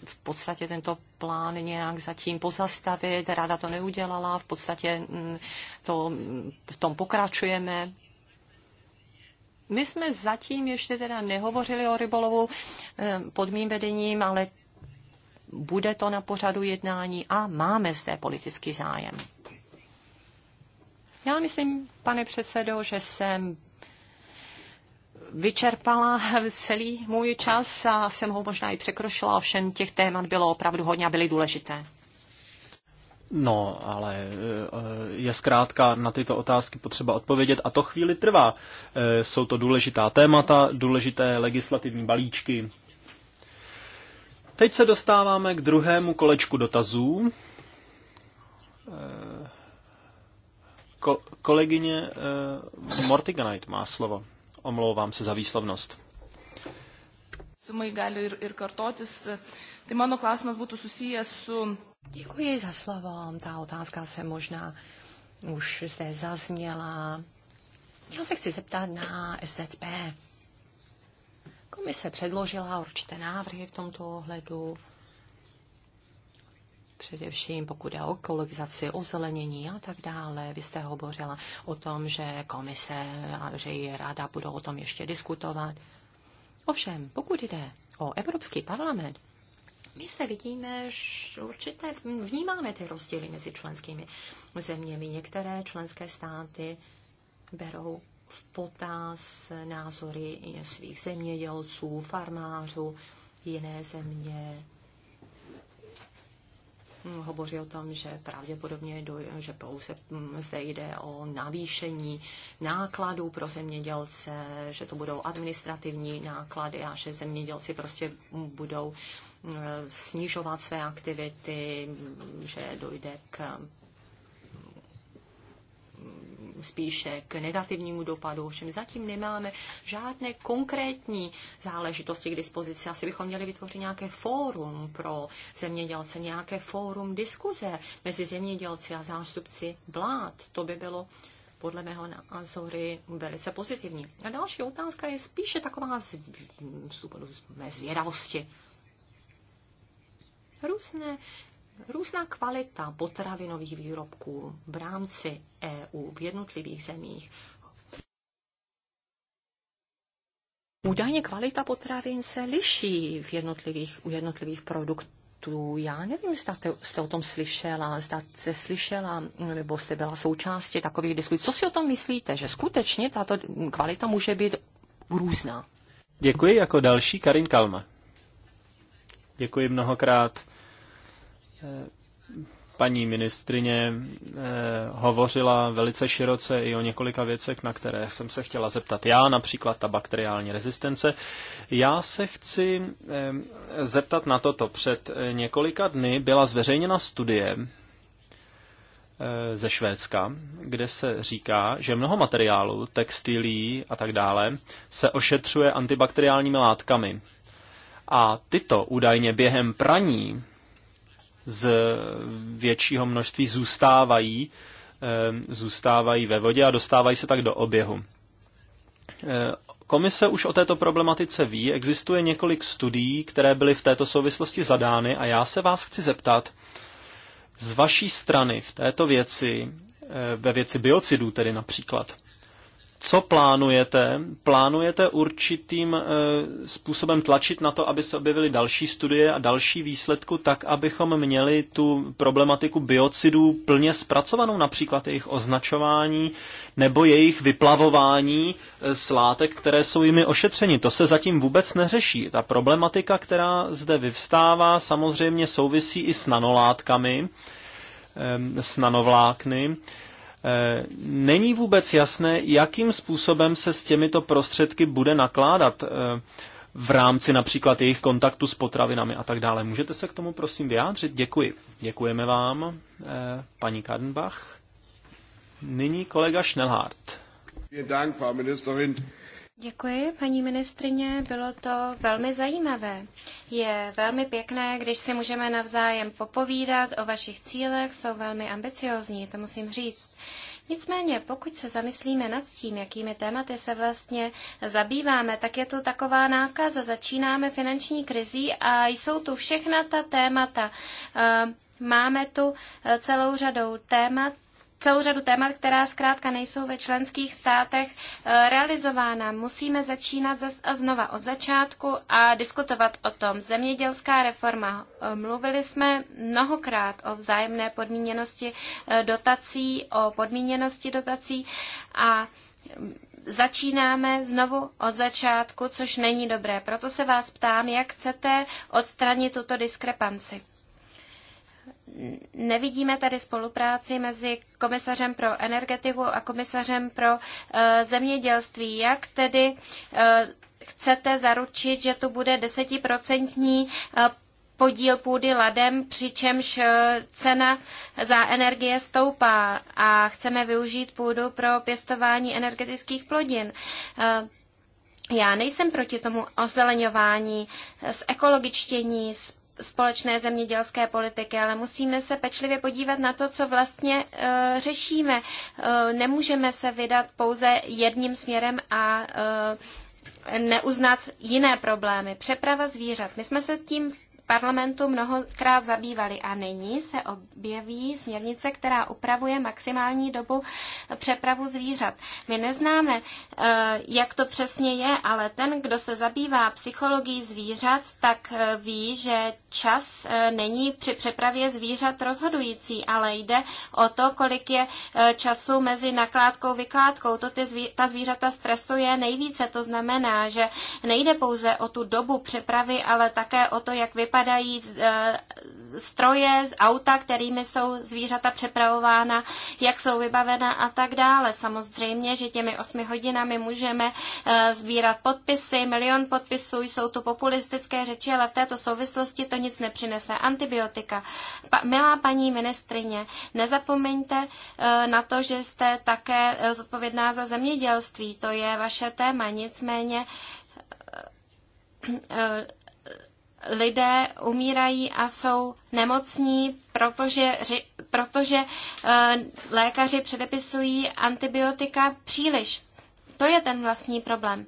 v podstatě tento plán nějak zatím pozastavit. Rada to neudělala, v podstatě mm, to, v tom pokračujeme. My jsme zatím ještě teda nehovořili o rybolovu eh, pod mým vedením, ale bude to na pořadu jednání a máme zde politický zájem. Já myslím, pane předsedo, že jsem vyčerpala celý můj čas a jsem ho možná i překrošila, ovšem těch témat bylo opravdu hodně a byly důležité. No, ale eh, je zkrátka na tyto otázky potřeba odpovědět a to chvíli trvá. Eh, jsou to důležitá témata, důležité legislativní balíčky. Teď se dostáváme k druhému kolečku dotazů Kolegyně uh, Mortiganite má slovo. Omlouvám se za výslovnost. Děkuji za slovo. Ta otázka se možná už zde zazněla. Já se chci zeptat na SZP. Komise předložila určité návrhy v tomto ohledu především pokud jde o ekologizaci, ozelenění a tak dále. Vy jste hovořila o tom, že komise a že i ráda budou o tom ještě diskutovat. Ovšem, pokud jde o Evropský parlament, my se vidíme, že určité vnímáme ty rozdíly mezi členskými zeměmi. Některé členské státy berou v potaz názory svých zemědělců, farmářů, jiné země hovoří o tom, že pravděpodobně doj, že pouze mm, zde jde o navýšení nákladů pro zemědělce, že to budou administrativní náklady a že zemědělci prostě budou mm, snižovat své aktivity, mm, že dojde k spíše k negativnímu dopadu. ovšem zatím nemáme žádné konkrétní záležitosti k dispozici. Asi bychom měli vytvořit nějaké fórum pro zemědělce, nějaké fórum diskuze mezi zemědělci a zástupci vlád. To by bylo podle mého názory velice pozitivní. A další otázka je spíše taková z, z z mé zvědavosti. Různé Různá kvalita potravinových výrobků v rámci EU v jednotlivých zemích Údajně kvalita potravin se liší v jednotlivých, u jednotlivých produktů. Já nevím, zda te, jste o tom slyšela, zda jste slyšela, nebo jste byla součástí takových diskusí. Co si o tom myslíte, že skutečně tato kvalita může být různá? Děkuji jako další Karin Kalma. Děkuji mnohokrát paní ministrině eh, hovořila velice široce i o několika věcech, na které jsem se chtěla zeptat já, například ta bakteriální rezistence. Já se chci eh, zeptat na toto. Před eh, několika dny byla zveřejněna studie ze Švédska, kde se říká, že mnoho materiálů, textilí a tak dále, se ošetřuje antibakteriálními látkami. A tyto údajně během praní z většího množství zůstávají, zůstávají ve vodě a dostávají se tak do oběhu. Komise už o této problematice ví, existuje několik studií, které byly v této souvislosti zadány a já se vás chci zeptat, z vaší strany v této věci, ve věci biocidů tedy například, co plánujete? Plánujete určitým eh, způsobem tlačit na to, aby se objevily další studie a další výsledku, tak abychom měli tu problematiku biocidů plně zpracovanou, například jejich označování nebo jejich vyplavování z eh, látek, které jsou jimi ošetřeni. To se zatím vůbec neřeší. Ta problematika, která zde vyvstává, samozřejmě souvisí i s nanolátkami, eh, s nanovlákny Eh, není vůbec jasné, jakým způsobem se s těmito prostředky bude nakládat eh, v rámci například jejich kontaktu s potravinami a tak dále. Můžete se k tomu prosím vyjádřit? Děkuji. Děkujeme vám, eh, paní Kardenbach. Nyní kolega Schnellhardt. Ministerin. Děkuji, paní ministrině, bylo to velmi zajímavé. Je velmi pěkné, když si můžeme navzájem popovídat o vašich cílech, jsou velmi ambiciozní, to musím říct. Nicméně, pokud se zamyslíme nad tím, jakými tématy se vlastně zabýváme, tak je tu taková nákaza. Začínáme finanční krizí a jsou tu všechna ta témata. Ehm, máme tu e, celou řadou témat, celou řadu témat, která zkrátka nejsou ve členských státech eh, realizována. Musíme začínat zas a znova od začátku a diskutovat o tom. Zemědělská reforma. Eh, mluvili jsme mnohokrát o vzájemné podmíněnosti eh, dotací, o podmíněnosti dotací a mm, začínáme znovu od začátku, což není dobré. Proto se vás ptám, jak chcete odstranit tuto diskrepanci nevidíme tady spolupráci mezi komisařem pro energetiku a komisařem pro eh, zemědělství. Jak tedy eh, chcete zaručit, že tu bude desetiprocentní eh, podíl půdy ladem, přičemž cena za energie stoupá a chceme využít půdu pro pěstování energetických plodin. Já nejsem proti tomu ozeleňování, z ekologičtění, z společné zemědělské politiky, ale musíme se pečlivě podívat na to, co vlastně uh, řešíme. Uh, nemůžeme se vydat pouze jedním směrem a uh, neuznat jiné problémy. Přeprava zvířat. My jsme se tím v parlamentu mnohokrát zabývali a nyní se objeví směrnice, která upravuje maximální dobu přepravu zvířat. My neznáme, eh, jak to přesně je, ale ten, kdo se zabývá psychologií zvířat, tak eh, ví, že čas eh, není při přepravě zvířat rozhodující, ale jde o to, kolik je času mezi nakládkou a vykládkou. To ty zví, ta zvířata stresuje nejvíce. To znamená, že nejde pouze o tu dobu přepravy, ale také o to, jak vypadá vypadají eh, stroje, auta, kterými jsou zvířata přepravována, jak jsou vybavena a tak dále. Samozřejmě, že těmi osmi hodinami můžeme eh, sbírat podpisy, milion podpisů, jsou to populistické řeči, ale v této souvislosti to nic nepřinese. Antibiotika. Pa, milá paní ministrině, nezapomeňte eh, na to, že jste také zodpovědná za zemědělství. To je vaše téma. Nicméně lidé umírají a jsou nemocní, protože, protože eh, lékaři předepisují antibiotika příliš. To je ten vlastní problém.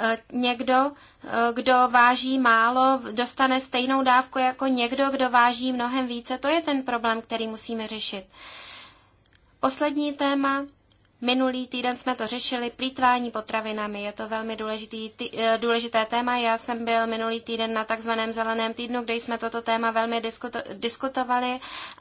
Eh, někdo, eh, kdo váží málo, dostane stejnou dávku jako někdo, kdo váží mnohem více. To je ten problém, který musíme řešit. Poslední téma Minulý týden jsme to řešili, plítvání potravinami, je to velmi důležitý, tý, eh, důležité téma. Já jsem byl minulý týden na takzvaném zeleném týdnu, kde jsme toto téma velmi diskuto, diskutovali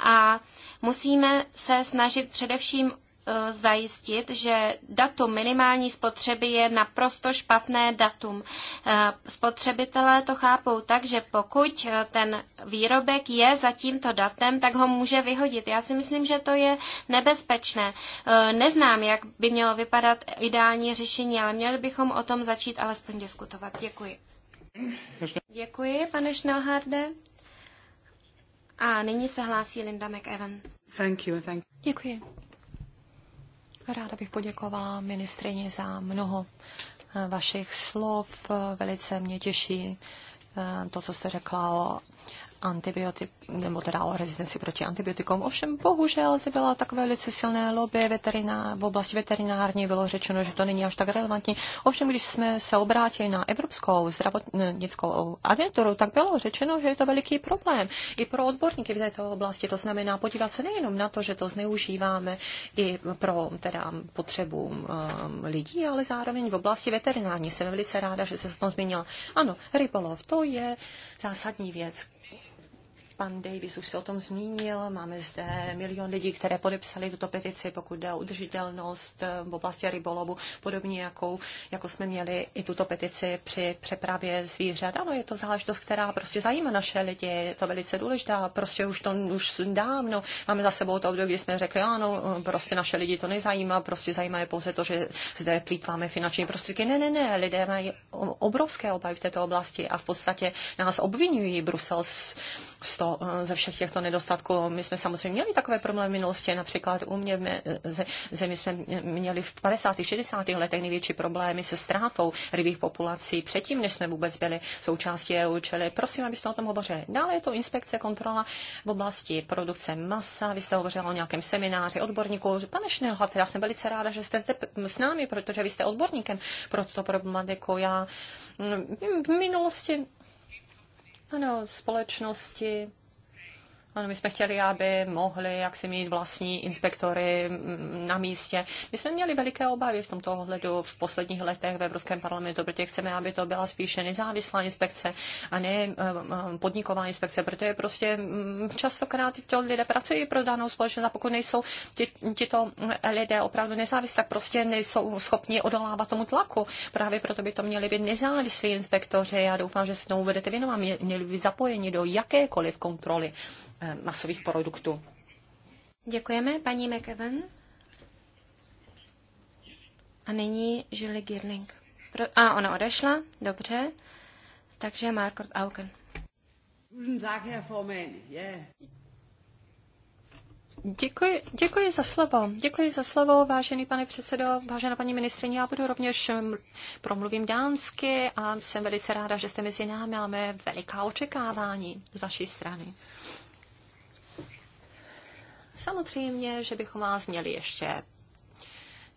a musíme se snažit především Eh, zajistit, že datum minimální spotřeby je naprosto špatné datum. Eh, spotřebitelé to chápou tak, že pokud eh, ten výrobek je za tímto datem, tak ho může vyhodit. Já si myslím, že to je nebezpečné. Neznám, jak by mělo vypadat ideální řešení, ale měli bychom o tom začít alespoň diskutovat. Děkuji. Děkuji, pane Schnellharde. A nyní se hlásí Linda McEwen. Thank you, thank you. Děkuji. Ráda bych poděkovala ministrině za mnoho eh, vašich slov. Velice mě těší eh, to, co jste řekla o antibiotik, nebo teda o rezistenci proti antibiotikům. Ovšem, bohužel, zde byla takové velice silné lobby veteriná, v oblasti veterinární, bylo řečeno, že to není až tak relevantní. Ovšem, když jsme se obrátili na Evropskou zdravotnickou agenturu, tak bylo řečeno, že je to veliký problém i pro odborníky v této oblasti. To znamená podívat se nejenom na to, že to zneužíváme i pro teda potřebu um, lidí, ale zároveň v oblasti veterinární. Jsem velice ráda, že se o tom zmínila. Ano, rybolov, to je zásadní věc, Pan Davis už se o tom zmínil. Máme zde milion lidí, které podepsali tuto petici, pokud jde o udržitelnost eh, v oblasti rybolovu, podobně jako, jako jsme měli i tuto petici při přepravě zvířat. Ano, je to záležitost, která prostě zajímá naše lidi, je to velice důležitá, prostě už to už dávno. Máme za sebou to období, kdy jsme řekli, ano, prostě naše lidi to nezajímá, prostě zajímá je pouze to, že zde plýtváme finanční prostředky. Ne, ne, ne, lidé mají obrovské obavy v této oblasti a v podstatě nás obvinují Brusel z sto, eh, ze všech těchto nedostatků. My jsme samozřejmě měli takové problémy v minulosti, například u mě zemi jsme měli v 50. 60. letech největší problémy se ztrátou rybích populací předtím, než jsme vůbec byli součástí EU, čili prosím, abychom o tom hovořili. Dále je to inspekce, kontrola v oblasti produkce masa. Vy jste hovořila o nějakém semináři odborníků. Pane Šnelhat, já jsem velice ráda, že jste zde s námi, protože vy jste odborníkem pro tuto problematiku. Já mm, v minulosti ano, společnosti ano, my jsme chtěli, aby mohli jaksi mít vlastní inspektory mm, na místě. My jsme měli veliké obavy v tomto ohledu v posledních letech ve Evropském parlamentu, protože chceme, aby to byla spíše nezávislá inspekce a ne eh, eh, podniková inspekce, protože prostě mm, častokrát tyto lidé pracují pro danou společnost a pokud nejsou tyto lidé opravdu nezávislí, tak prostě nejsou schopni odolávat tomu tlaku. Právě proto by to měli být nezávislí inspektoři. Já doufám, že se tomu budete věnovat, měli by zapojeni do jakékoliv kontroly Eh, masových produktů. Děkujeme, paní McEwen. A nyní Julie Girling. Pro... A ona odešla, dobře. Takže Margaret Auken. Děkuji, děkuji za slovo. Děkuji za slovo, vážený pane předsedo, vážená paní ministrině. Já budu rovněž promluvím dánsky a jsem velice ráda, že jste mezi námi máme mé veliká očekávání z vaší strany. Uh, Samozřejmě, že bychom vás měli ještě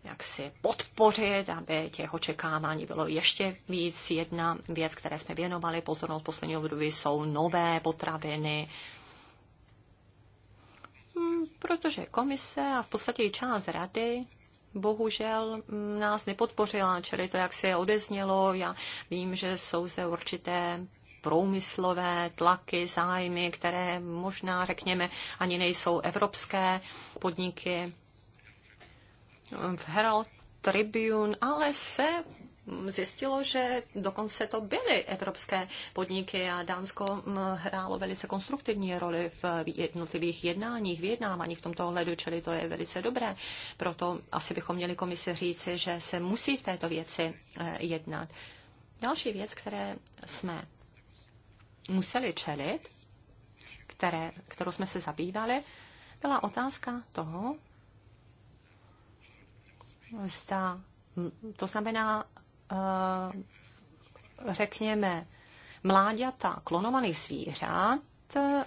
jak si podpořit, aby těch očekávání bylo ještě víc. Jedna věc, které jsme věnovali pozornost poslední období, jsou nové potraviny, hmm, protože komise a v podstatě i část rady bohužel nás nepodpořila, čili to, jak se odeznělo, já vím, že jsou zde určité průmyslové tlaky, zájmy, které možná, řekněme, ani nejsou evropské podniky. V Herald Tribune ale se zjistilo, že dokonce to byly evropské podniky a Dánsko mm, hrálo velice konstruktivní roli v jednotlivých jednáních, vyjednávání v tomto ohledu, čili to je velice dobré. Proto asi bychom měli komisi říci, že se musí v této věci eh, jednat. Další věc, které jsme museli čelit, které, kterou jsme se zabývali, byla otázka toho, zda, to znamená, eh, řekněme, mláďata klonovaných zvířat, eh,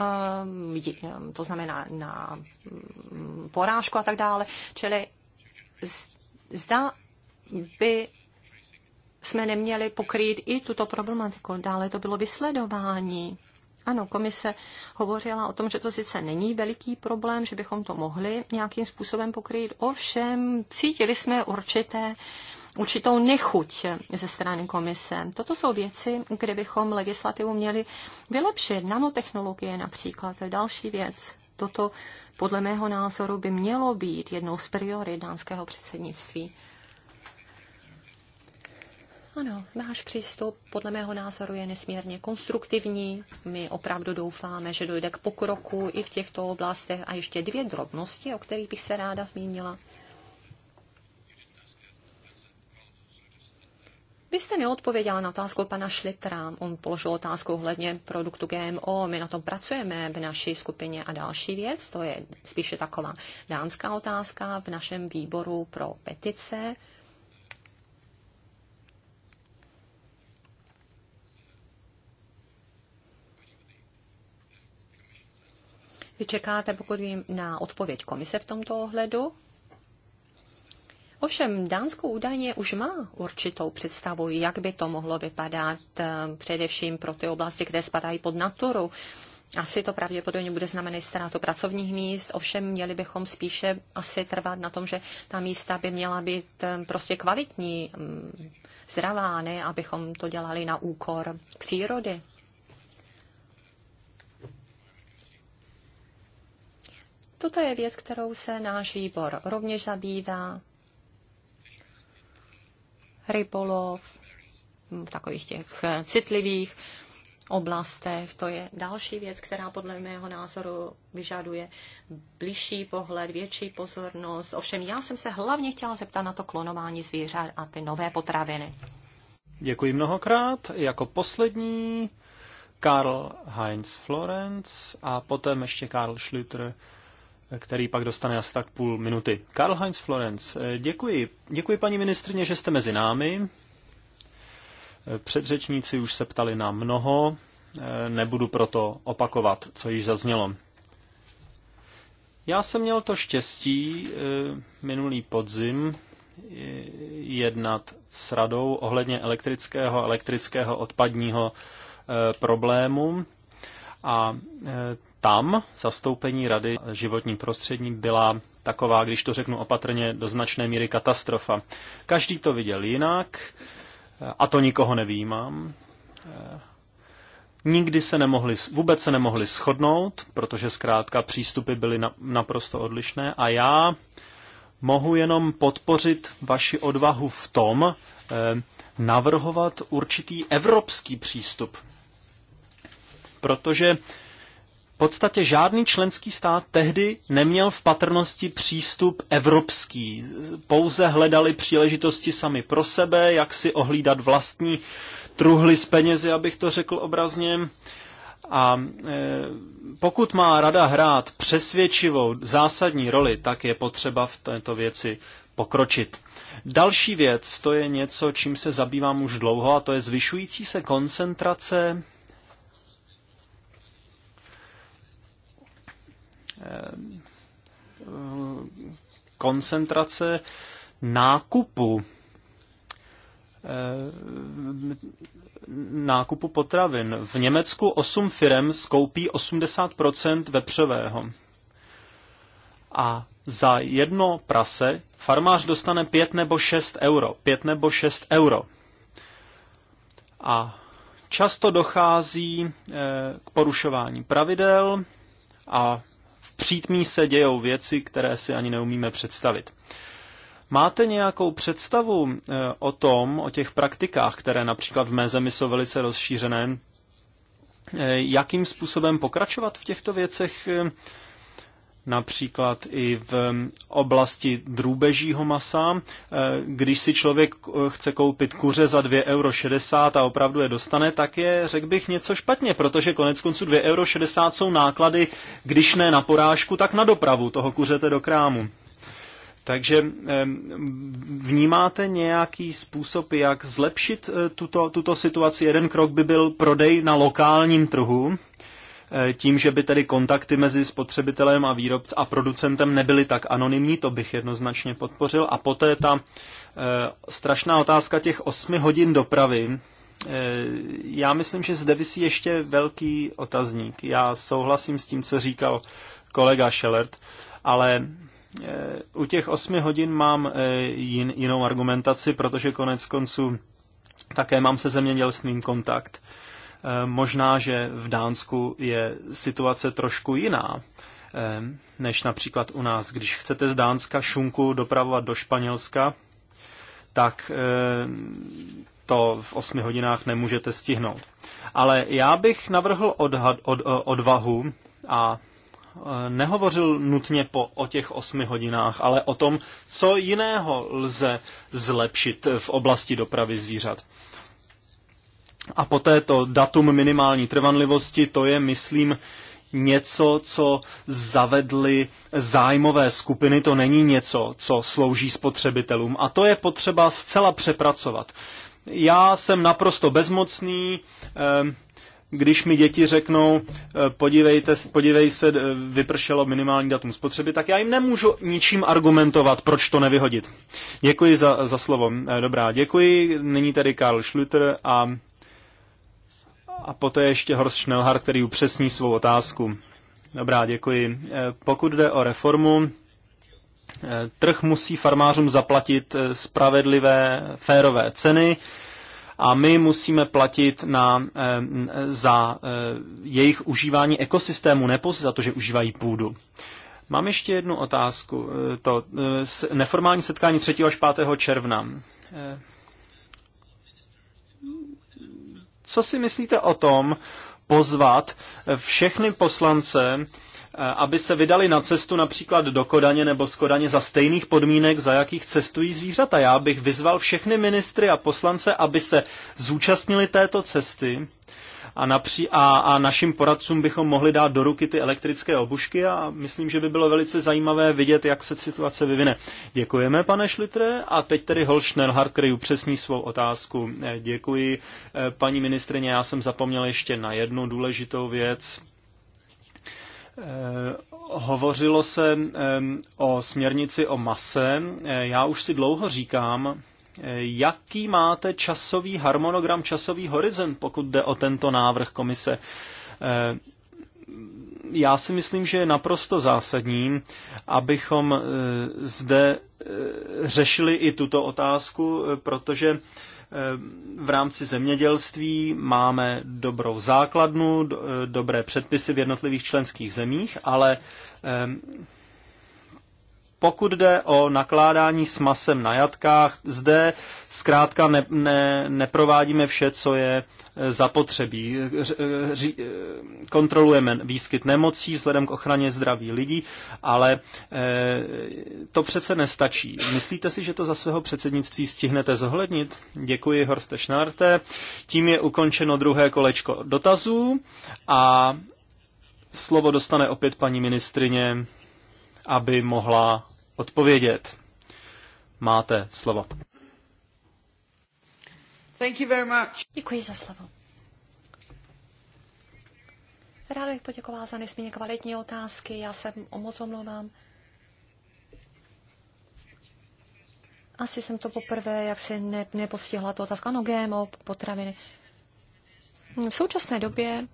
eh, to znamená na mm, porážku a tak dále, čili zda by jsme neměli pokrýt i tuto problematiku. Dále to bylo vysledování. Ano, komise hovořila o tom, že to sice není veliký problém, že bychom to mohli nějakým způsobem pokrýt. Ovšem, cítili jsme určité určitou nechuť ze strany komise. Toto jsou věci, kde bychom legislativu měli vylepšit. Nanotechnologie například, to je další věc. Toto podle mého názoru by mělo být jednou z priorit dánského předsednictví. Ano, váš přístup podle mého názoru je nesmírně konstruktivní. My opravdu doufáme, že dojde k pokroku i v těchto oblastech. A ještě dvě drobnosti, o kterých bych se ráda zmínila. Vy jste neodpověděla na otázku pana Šlitra. On položil otázku ohledně produktu GMO. My na tom pracujeme v naší skupině. A další věc, to je spíše taková dánská otázka v našem výboru pro petice. Vy čekáte, pokud vím, na odpověď komise v tomto ohledu? Ovšem, Dánsko údajně už má určitou představu, jak by to mohlo vypadat, eh, především pro ty oblasti, kde spadají pod naturu. Asi to pravděpodobně bude znamenat ztrátu pracovních míst, ovšem měli bychom spíše asi trvat na tom, že ta místa by měla být eh, prostě kvalitní, mm, zdravá, ne abychom to dělali na úkor přírody. Toto je věc, kterou se náš výbor rovněž zabývá. Rybolov v takových těch citlivých oblastech. To je další věc, která podle mého názoru vyžaduje blížší pohled, větší pozornost. Ovšem já jsem se hlavně chtěla zeptat na to klonování zvířat a ty nové potraviny. Děkuji mnohokrát. Jako poslední Karl Heinz Florenz a potom ještě Karl Schlüter který pak dostane asi tak půl minuty. Karl Heinz Florenz, děkuji. Děkuji paní ministrně, že jste mezi námi. Předřečníci už se ptali na mnoho, nebudu proto opakovat, co již zaznělo. Já jsem měl to štěstí eh, minulý podzim eh, jednat s radou ohledně elektrického elektrického odpadního eh, problému. A tam zastoupení Rady životní prostředí byla taková, když to řeknu opatrně, do značné míry katastrofa. Každý to viděl jinak, a to nikoho nevímám. Nikdy se nemohli, vůbec se nemohli shodnout, protože zkrátka přístupy byly naprosto odlišné a já mohu jenom podpořit vaši odvahu v tom, eh, navrhovat určitý evropský přístup. Protože podstatě žádný členský stát tehdy neměl v patrnosti přístup evropský. Pouze hledali příležitosti sami pro sebe, jak si ohlídat vlastní truhly z penězi, abych to řekl obrazně. A e, pokud má rada hrát přesvědčivou zásadní roli, tak je potřeba v této věci pokročit. Další věc, to je něco, čím se zabývám už dlouho, a to je zvyšující se koncentrace koncentrace nákupu eh, nákupu potravin. V Německu 8 firm skoupí 80% vepřového. A za jedno prase farmář dostane 5 nebo 6 euro. 5 nebo 6 euro. A často dochází eh, k porušování pravidel a přítmí se dějou věci, které si ani neumíme představit. Máte nějakou představu eh, o tom, o těch praktikách, které například v mé zemi jsou velice rozšířené? Eh, jakým způsobem pokračovat v těchto věcech? Eh, například i v mm, oblasti drůbežího masa. Eh, když si člověk eh, chce koupit kuře za 2,60 euro a opravdu je dostane, tak je, řekl bych, něco špatně, protože konec konců 2,60 euro jsou náklady, když ne na porážku, tak na dopravu toho kuřete do krámu. Takže eh, vnímáte nějaký způsob, jak zlepšit tuto, tuto situaci? Jeden krok by byl prodej na lokálním trhu, Eh, tím, že by tedy kontakty mezi spotřebitelem a výrobcem a producentem nebyly tak anonymní, to bych jednoznačně podpořil. A poté ta eh, strašná otázka těch osmi hodin dopravy, eh, já myslím, že zde vysí ještě velký otazník. Já souhlasím s tím, co říkal kolega Schellert, ale u těch osmi hodin mám jin, jinou argumentaci, protože konec konců také mám se zemědělstvím kontakt. Eh, možná, že v Dánsku je situace trošku jiná eh, než například u nás. Když chcete z Dánska šunku dopravovat do Španělska, tak eh, to v osmi hodinách nemůžete stihnout. Ale já bych navrhl odhad, od, odvahu a nehovořil nutně po, o těch osmi hodinách, ale o tom, co jiného lze zlepšit v oblasti dopravy zvířat. A poté to datum minimální trvanlivosti, to je, myslím, něco, co zavedly zájmové skupiny, to není něco, co slouží spotřebitelům. A to je potřeba zcela přepracovat. Já jsem naprosto bezmocný, ehm, když mi děti řeknou, eh, podívejte, podívej se, eh, vypršelo minimální datum spotřeby, tak já jim nemůžu ničím argumentovat, proč to nevyhodit. Děkuji za, za slovo. Eh, dobrá, děkuji. Nyní tady Karl Schlüter a a poté ještě Horst Schnellhardt, který upřesní svou otázku. Dobrá, děkuji. Eh, pokud jde o reformu, eh, trh musí farmářům zaplatit eh, spravedlivé, férové ceny a my musíme platit na, za jejich užívání ekosystému, ne za to, že užívají půdu. Mám ještě jednu otázku. To neformální setkání 3. až 5. června. Co si myslíte o tom pozvat všechny poslance, eh, aby se vydali na cestu například do Kodaně nebo z Kodaně za stejných podmínek, za jakých cestují zvířata? Já bych vyzval všechny ministry a poslance, aby se zúčastnili této cesty a, napří, a, a našim poradcům bychom mohli dát do ruky ty elektrické obušky a myslím, že by bylo velice zajímavé vidět, jak se situace vyvine. Děkujeme, pane Šlitre, a teď tedy Holšner Harkry upřesní svou otázku. Eh, děkuji, eh, paní ministrině, já jsem zapomněl ještě na jednu důležitou věc. Eh, hovořilo se o směrnici o mase. Já už si dlouho říkám, Jaký máte časový harmonogram, časový horizont, pokud jde o tento návrh komise? Eh, já si myslím, že je naprosto zásadní, abychom eh, zde eh, řešili i tuto otázku, protože v rámci zemědělství máme dobrou základnu, dobré předpisy v jednotlivých členských zemích, ale pokud jde o nakládání s masem na jatkách, zde zkrátka ne, ne, neprovádíme vše, co je e, zapotřebí. E, e, kontrolujeme výskyt nemocí vzhledem k ochraně zdraví lidí, ale to přece nestačí. Myslíte si, že to za svého předsednictví stihnete zohlednit? Děkuji, Horste Schnarte. Tím je ukončeno druhé kolečko dotazů a slovo dostane opět paní ministrině, aby mohla odpovědět. Máte slovo. Thank you very much. Děkuji za slovo. Ráda bych poděkovala za nesmírně kvalitní otázky. Já se moc omlouvám. Asi jsem to poprvé, jak se ne, nepostihla to otázka. Ano, GMO, potraviny. V současné době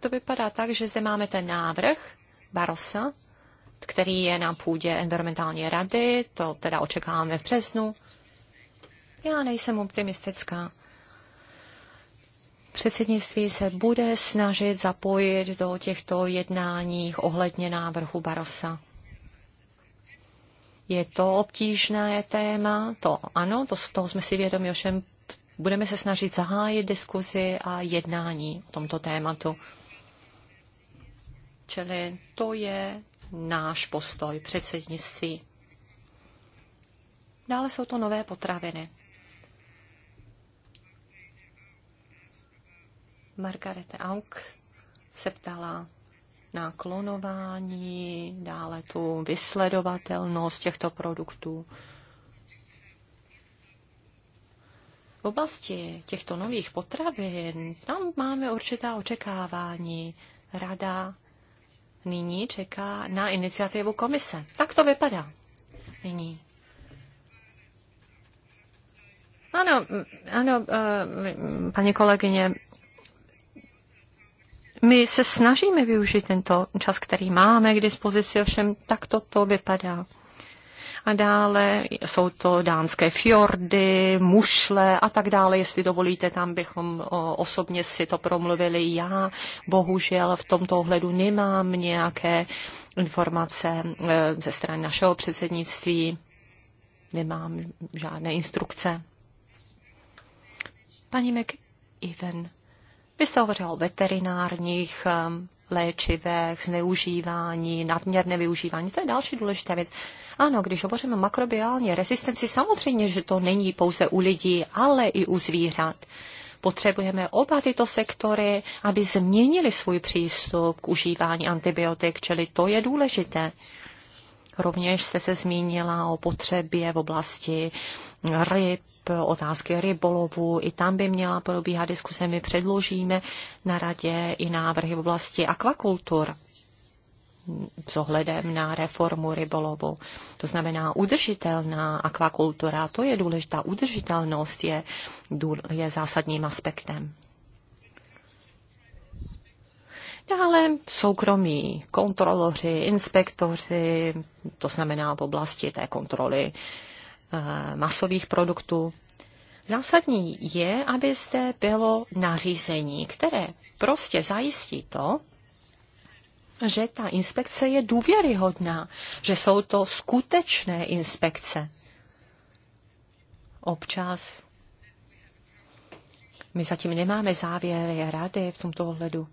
to vypadá tak, že zde máme ten návrh Barosa, který je na půdě environmentální rady, to teda očekáváme v březnu. Já nejsem optimistická. Předsednictví se bude snažit zapojit do těchto jednání ohledně návrhu Barosa. Je to obtížné téma, to ano, to, toho jsme si vědomi, ovšem budeme se snažit zahájit diskuzi a jednání o tomto tématu. Čili to je náš postoj předsednictví. Dále jsou to nové potraviny. Margarete Auk se ptala na klonování, dále tu vysledovatelnost těchto produktů. V oblasti těchto nových potravin tam máme určitá očekávání. Rada nyní čeká na iniciativu komise. Tak to vypadá nyní. Ano, mm, ano, eh, mm, paní kolegyně, my se snažíme využít tento čas, který máme k dispozici, ovšem tak to, to vypadá. A dále jsou to dánské fjordy, mušle a tak dále. Jestli dovolíte, tam bychom osobně si to promluvili. Já bohužel v tomto ohledu nemám nějaké informace e, ze strany našeho předsednictví. Nemám žádné instrukce. Paní McEwen, vy jste hovořil o veterinárních e, léčivech, zneužívání, nadměrné využívání. To je další důležitá věc. Ano, když hovoříme o makrobiální rezistenci, samozřejmě, že to není pouze u lidí, ale i u zvířat. Potřebujeme oba tyto sektory, aby změnili svůj přístup k užívání antibiotik, čili to je důležité. Rovněž jste se zmínila o potřebě v oblasti ryb, otázky rybolovu. I tam by měla probíhat diskuse. My předložíme na radě i návrhy v oblasti akvakultur s ohledem na reformu rybolovu. To znamená udržitelná akvakultura, to je důležitá. Udržitelnost je, je zásadním aspektem. Dále soukromí kontroloři, inspektoři, to znamená v oblasti té kontroly e, masových produktů. Zásadní je, aby zde bylo nařízení, které prostě zajistí to, že ta inspekce je důvěryhodná, že jsou to skutečné inspekce. Občas my zatím nemáme závěry rady v tomto ohledu.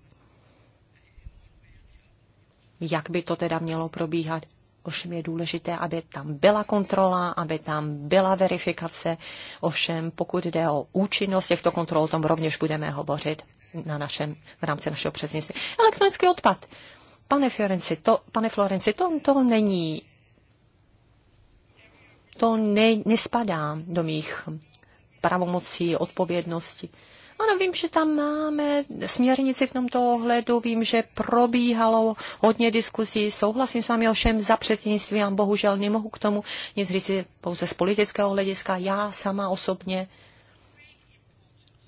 Jak by to teda mělo probíhat? Ovšem je důležité, aby tam byla kontrola, aby tam byla verifikace. Ovšem, pokud jde o účinnost těchto kontrol, o tom rovněž budeme hovořit na našem, v rámci našeho přesnictví. Elektronický odpad. Pane Florenci, to, pane Florenci, to, to není, to ne, nespadá do mých pravomocí, odpovědnosti. Ano, vím, že tam máme směrnici v tomto ohledu, vím, že probíhalo hodně diskuzí, souhlasím s vámi ovšem za předsednictví, a bohužel nemohu k tomu nic říct pouze z politického hlediska. Já sama osobně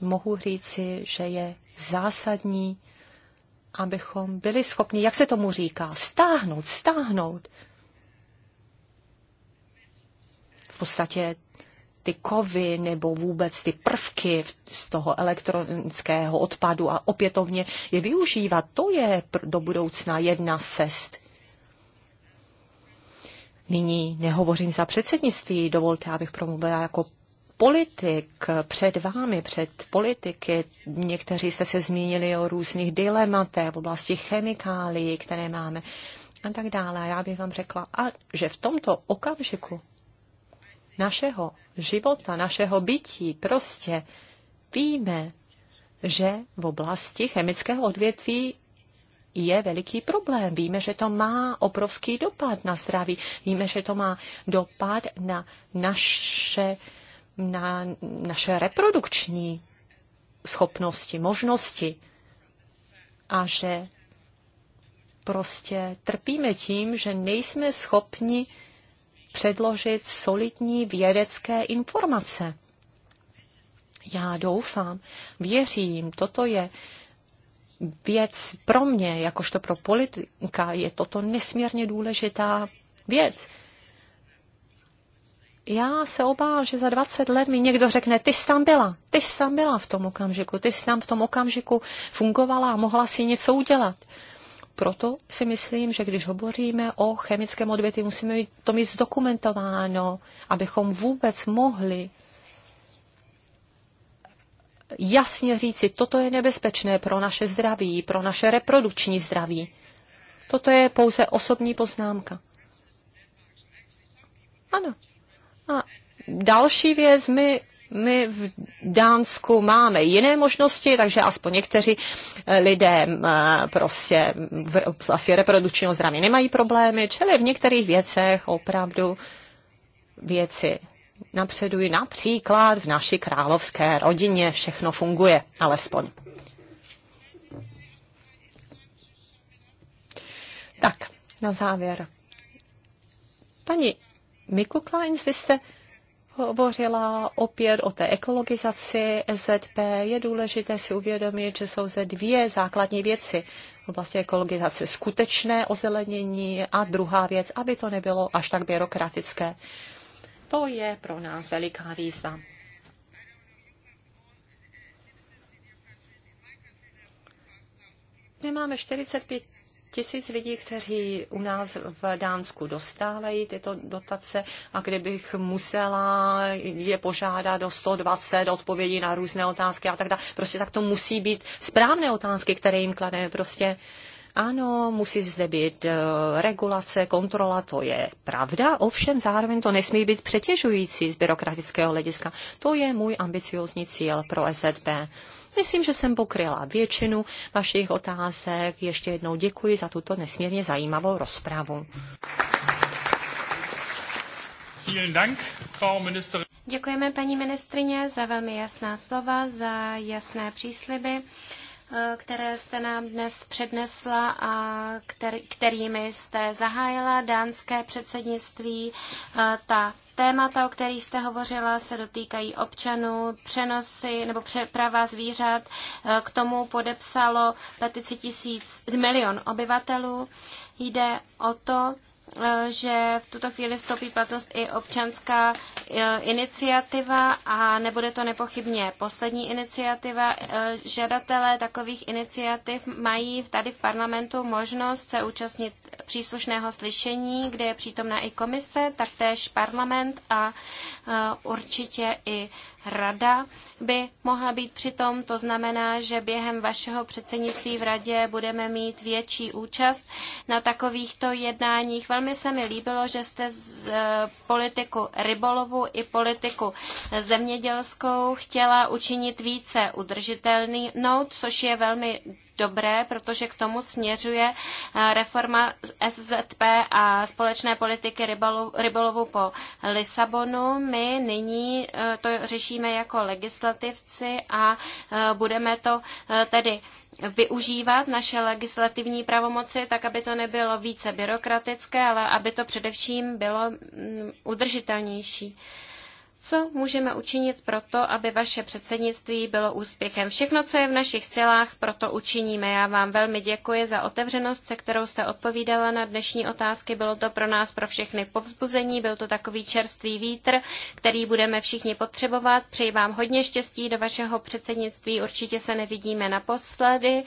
mohu říci, že je zásadní abychom byli schopni, jak se tomu říká, stáhnout, stáhnout. V podstatě ty kovy nebo vůbec ty prvky z toho elektronického odpadu a opětovně je využívat, to je do budoucna jedna cest. Nyní nehovořím za předsednictví, dovolte, abych promluvila jako politik před vámi, před politiky. Někteří jste se zmínili o různých dilematech v oblasti chemikálií, které máme a tak dále. já bych vám řekla, a že v tomto okamžiku našeho života, našeho bytí prostě víme, že v oblasti chemického odvětví je veliký problém. Víme, že to má obrovský dopad na zdraví. Víme, že to má dopad na naše uh, na naše reprodukční schopnosti, možnosti a že prostě trpíme tím, že nejsme schopni předložit solidní vědecké informace. Já doufám, věřím, toto je věc pro mě, jakožto pro politika, je toto nesmírně důležitá věc já se obávám, že za 20 let mi někdo řekne, ty jsi tam byla, ty jsi tam byla v tom okamžiku, ty jsi tam v tom okamžiku fungovala a mohla si něco udělat. Proto si myslím, že když hovoříme o chemickém odvětví, musíme to mít zdokumentováno, abychom vůbec mohli jasně říci, toto je nebezpečné pro naše zdraví, pro naše reprodukční zdraví. Toto je pouze osobní poznámka. Ano, a další věc, my my v Dánsku máme jiné možnosti, takže aspoň někteří eh, lidé eh, prostě v asi vlastně reprodukčního zdraví nemají problémy, čili v některých věcech opravdu věci napředují. Například v naší královské rodině všechno funguje, alespoň. Tak, na závěr. Paní Miku Kleins, vy jste hovořila opět o té ekologizaci SZP. Je důležité si uvědomit, že jsou zde dvě základní věci v oblasti ekologizace. Skutečné ozelenění a druhá věc, aby to nebylo až tak byrokratické. To je pro nás veliká výzva. My máme 45 tisíc lidí, kteří u nás v Dánsku dostávají tyto dotace a kdybych musela je požádat do 120 odpovědí na různé otázky a tak dále, prostě tak to musí být správné otázky, které jim klade. prostě. Ano, musí zde být eh, regulace, kontrola, to je pravda, ovšem zároveň to nesmí být přetěžující z byrokratického hlediska. To je můj ambiciózní cíl pro SZP. Myslím, že jsem pokryla většinu vašich otázek. Ještě jednou děkuji za tuto nesmírně zajímavou rozpravu. Děkujeme paní ministrině za velmi jasná slova, za jasné přísliby eh, které jste nám dnes přednesla a kterými jste zahájila dánské předsednictví. Eh, Ta Témata, o kterých jste hovořila, se dotýkají občanů, přenosy nebo přeprava zvířat. Eh, k tomu podepsalo petici tisíc, milion obyvatelů. Jde o to, Eh, že v tuto chvíli vstoupí platnost i občanská eh, iniciativa a nebude to nepochybně poslední iniciativa. Eh, žadatelé takových iniciativ mají tady v parlamentu možnost se účastnit příslušného slyšení, kde je přítomna i komise, taktéž parlament a určitě i Rada by mohla být přitom. To znamená, že během vašeho předsednictví v Radě budeme mít větší účast na takovýchto jednáních. Velmi se mi líbilo, že jste z eh, politiku rybolovu i politiku zemědělskou chtěla učinit více udržitelnou, což je velmi dobré, protože k tomu směřuje eh, reforma SZP a společné politiky rybolovu, rybolovu po Lisabonu. My nyní eh, to řešíme jako legislativci a eh, budeme to tedy využívat naše legislativní pravomoci, tak aby to nebylo více byrokratické, ale aby to především bylo mm, udržitelnější co můžeme učinit proto, aby vaše předsednictví bylo úspěchem. Všechno, co je v našich silách, proto učiníme. Já vám velmi děkuji za otevřenost, se kterou jste odpovídala na dnešní otázky. Bylo to pro nás, pro všechny povzbuzení, byl to takový čerstvý vítr, který budeme všichni potřebovat. Přeji vám hodně štěstí do vašeho předsednictví. Určitě se nevidíme naposledy.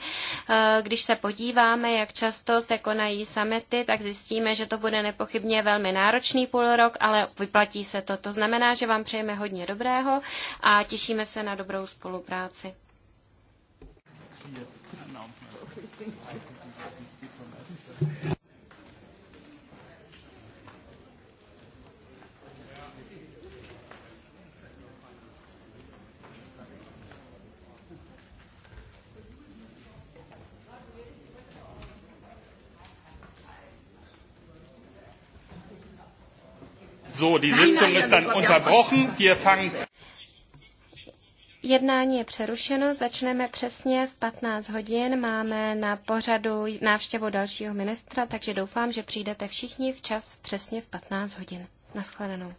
Eh, když se podíváme, jak často se konají samety, tak zjistíme, že to bude nepochybně velmi náročný půlrok, ale vyplatí se to. To znamená, že vám vám přejeme hodně dobrého a těšíme se na dobrou spolupráci. So, die Sitzung ist dann unterbrochen. Wir fangen Jednání je přerušeno, začneme přesně v 15 hodin. Máme na pořadu návštěvu dalšího ministra, takže doufám, že přijdete všichni včas přesně v 15 hodin. Naschledanou.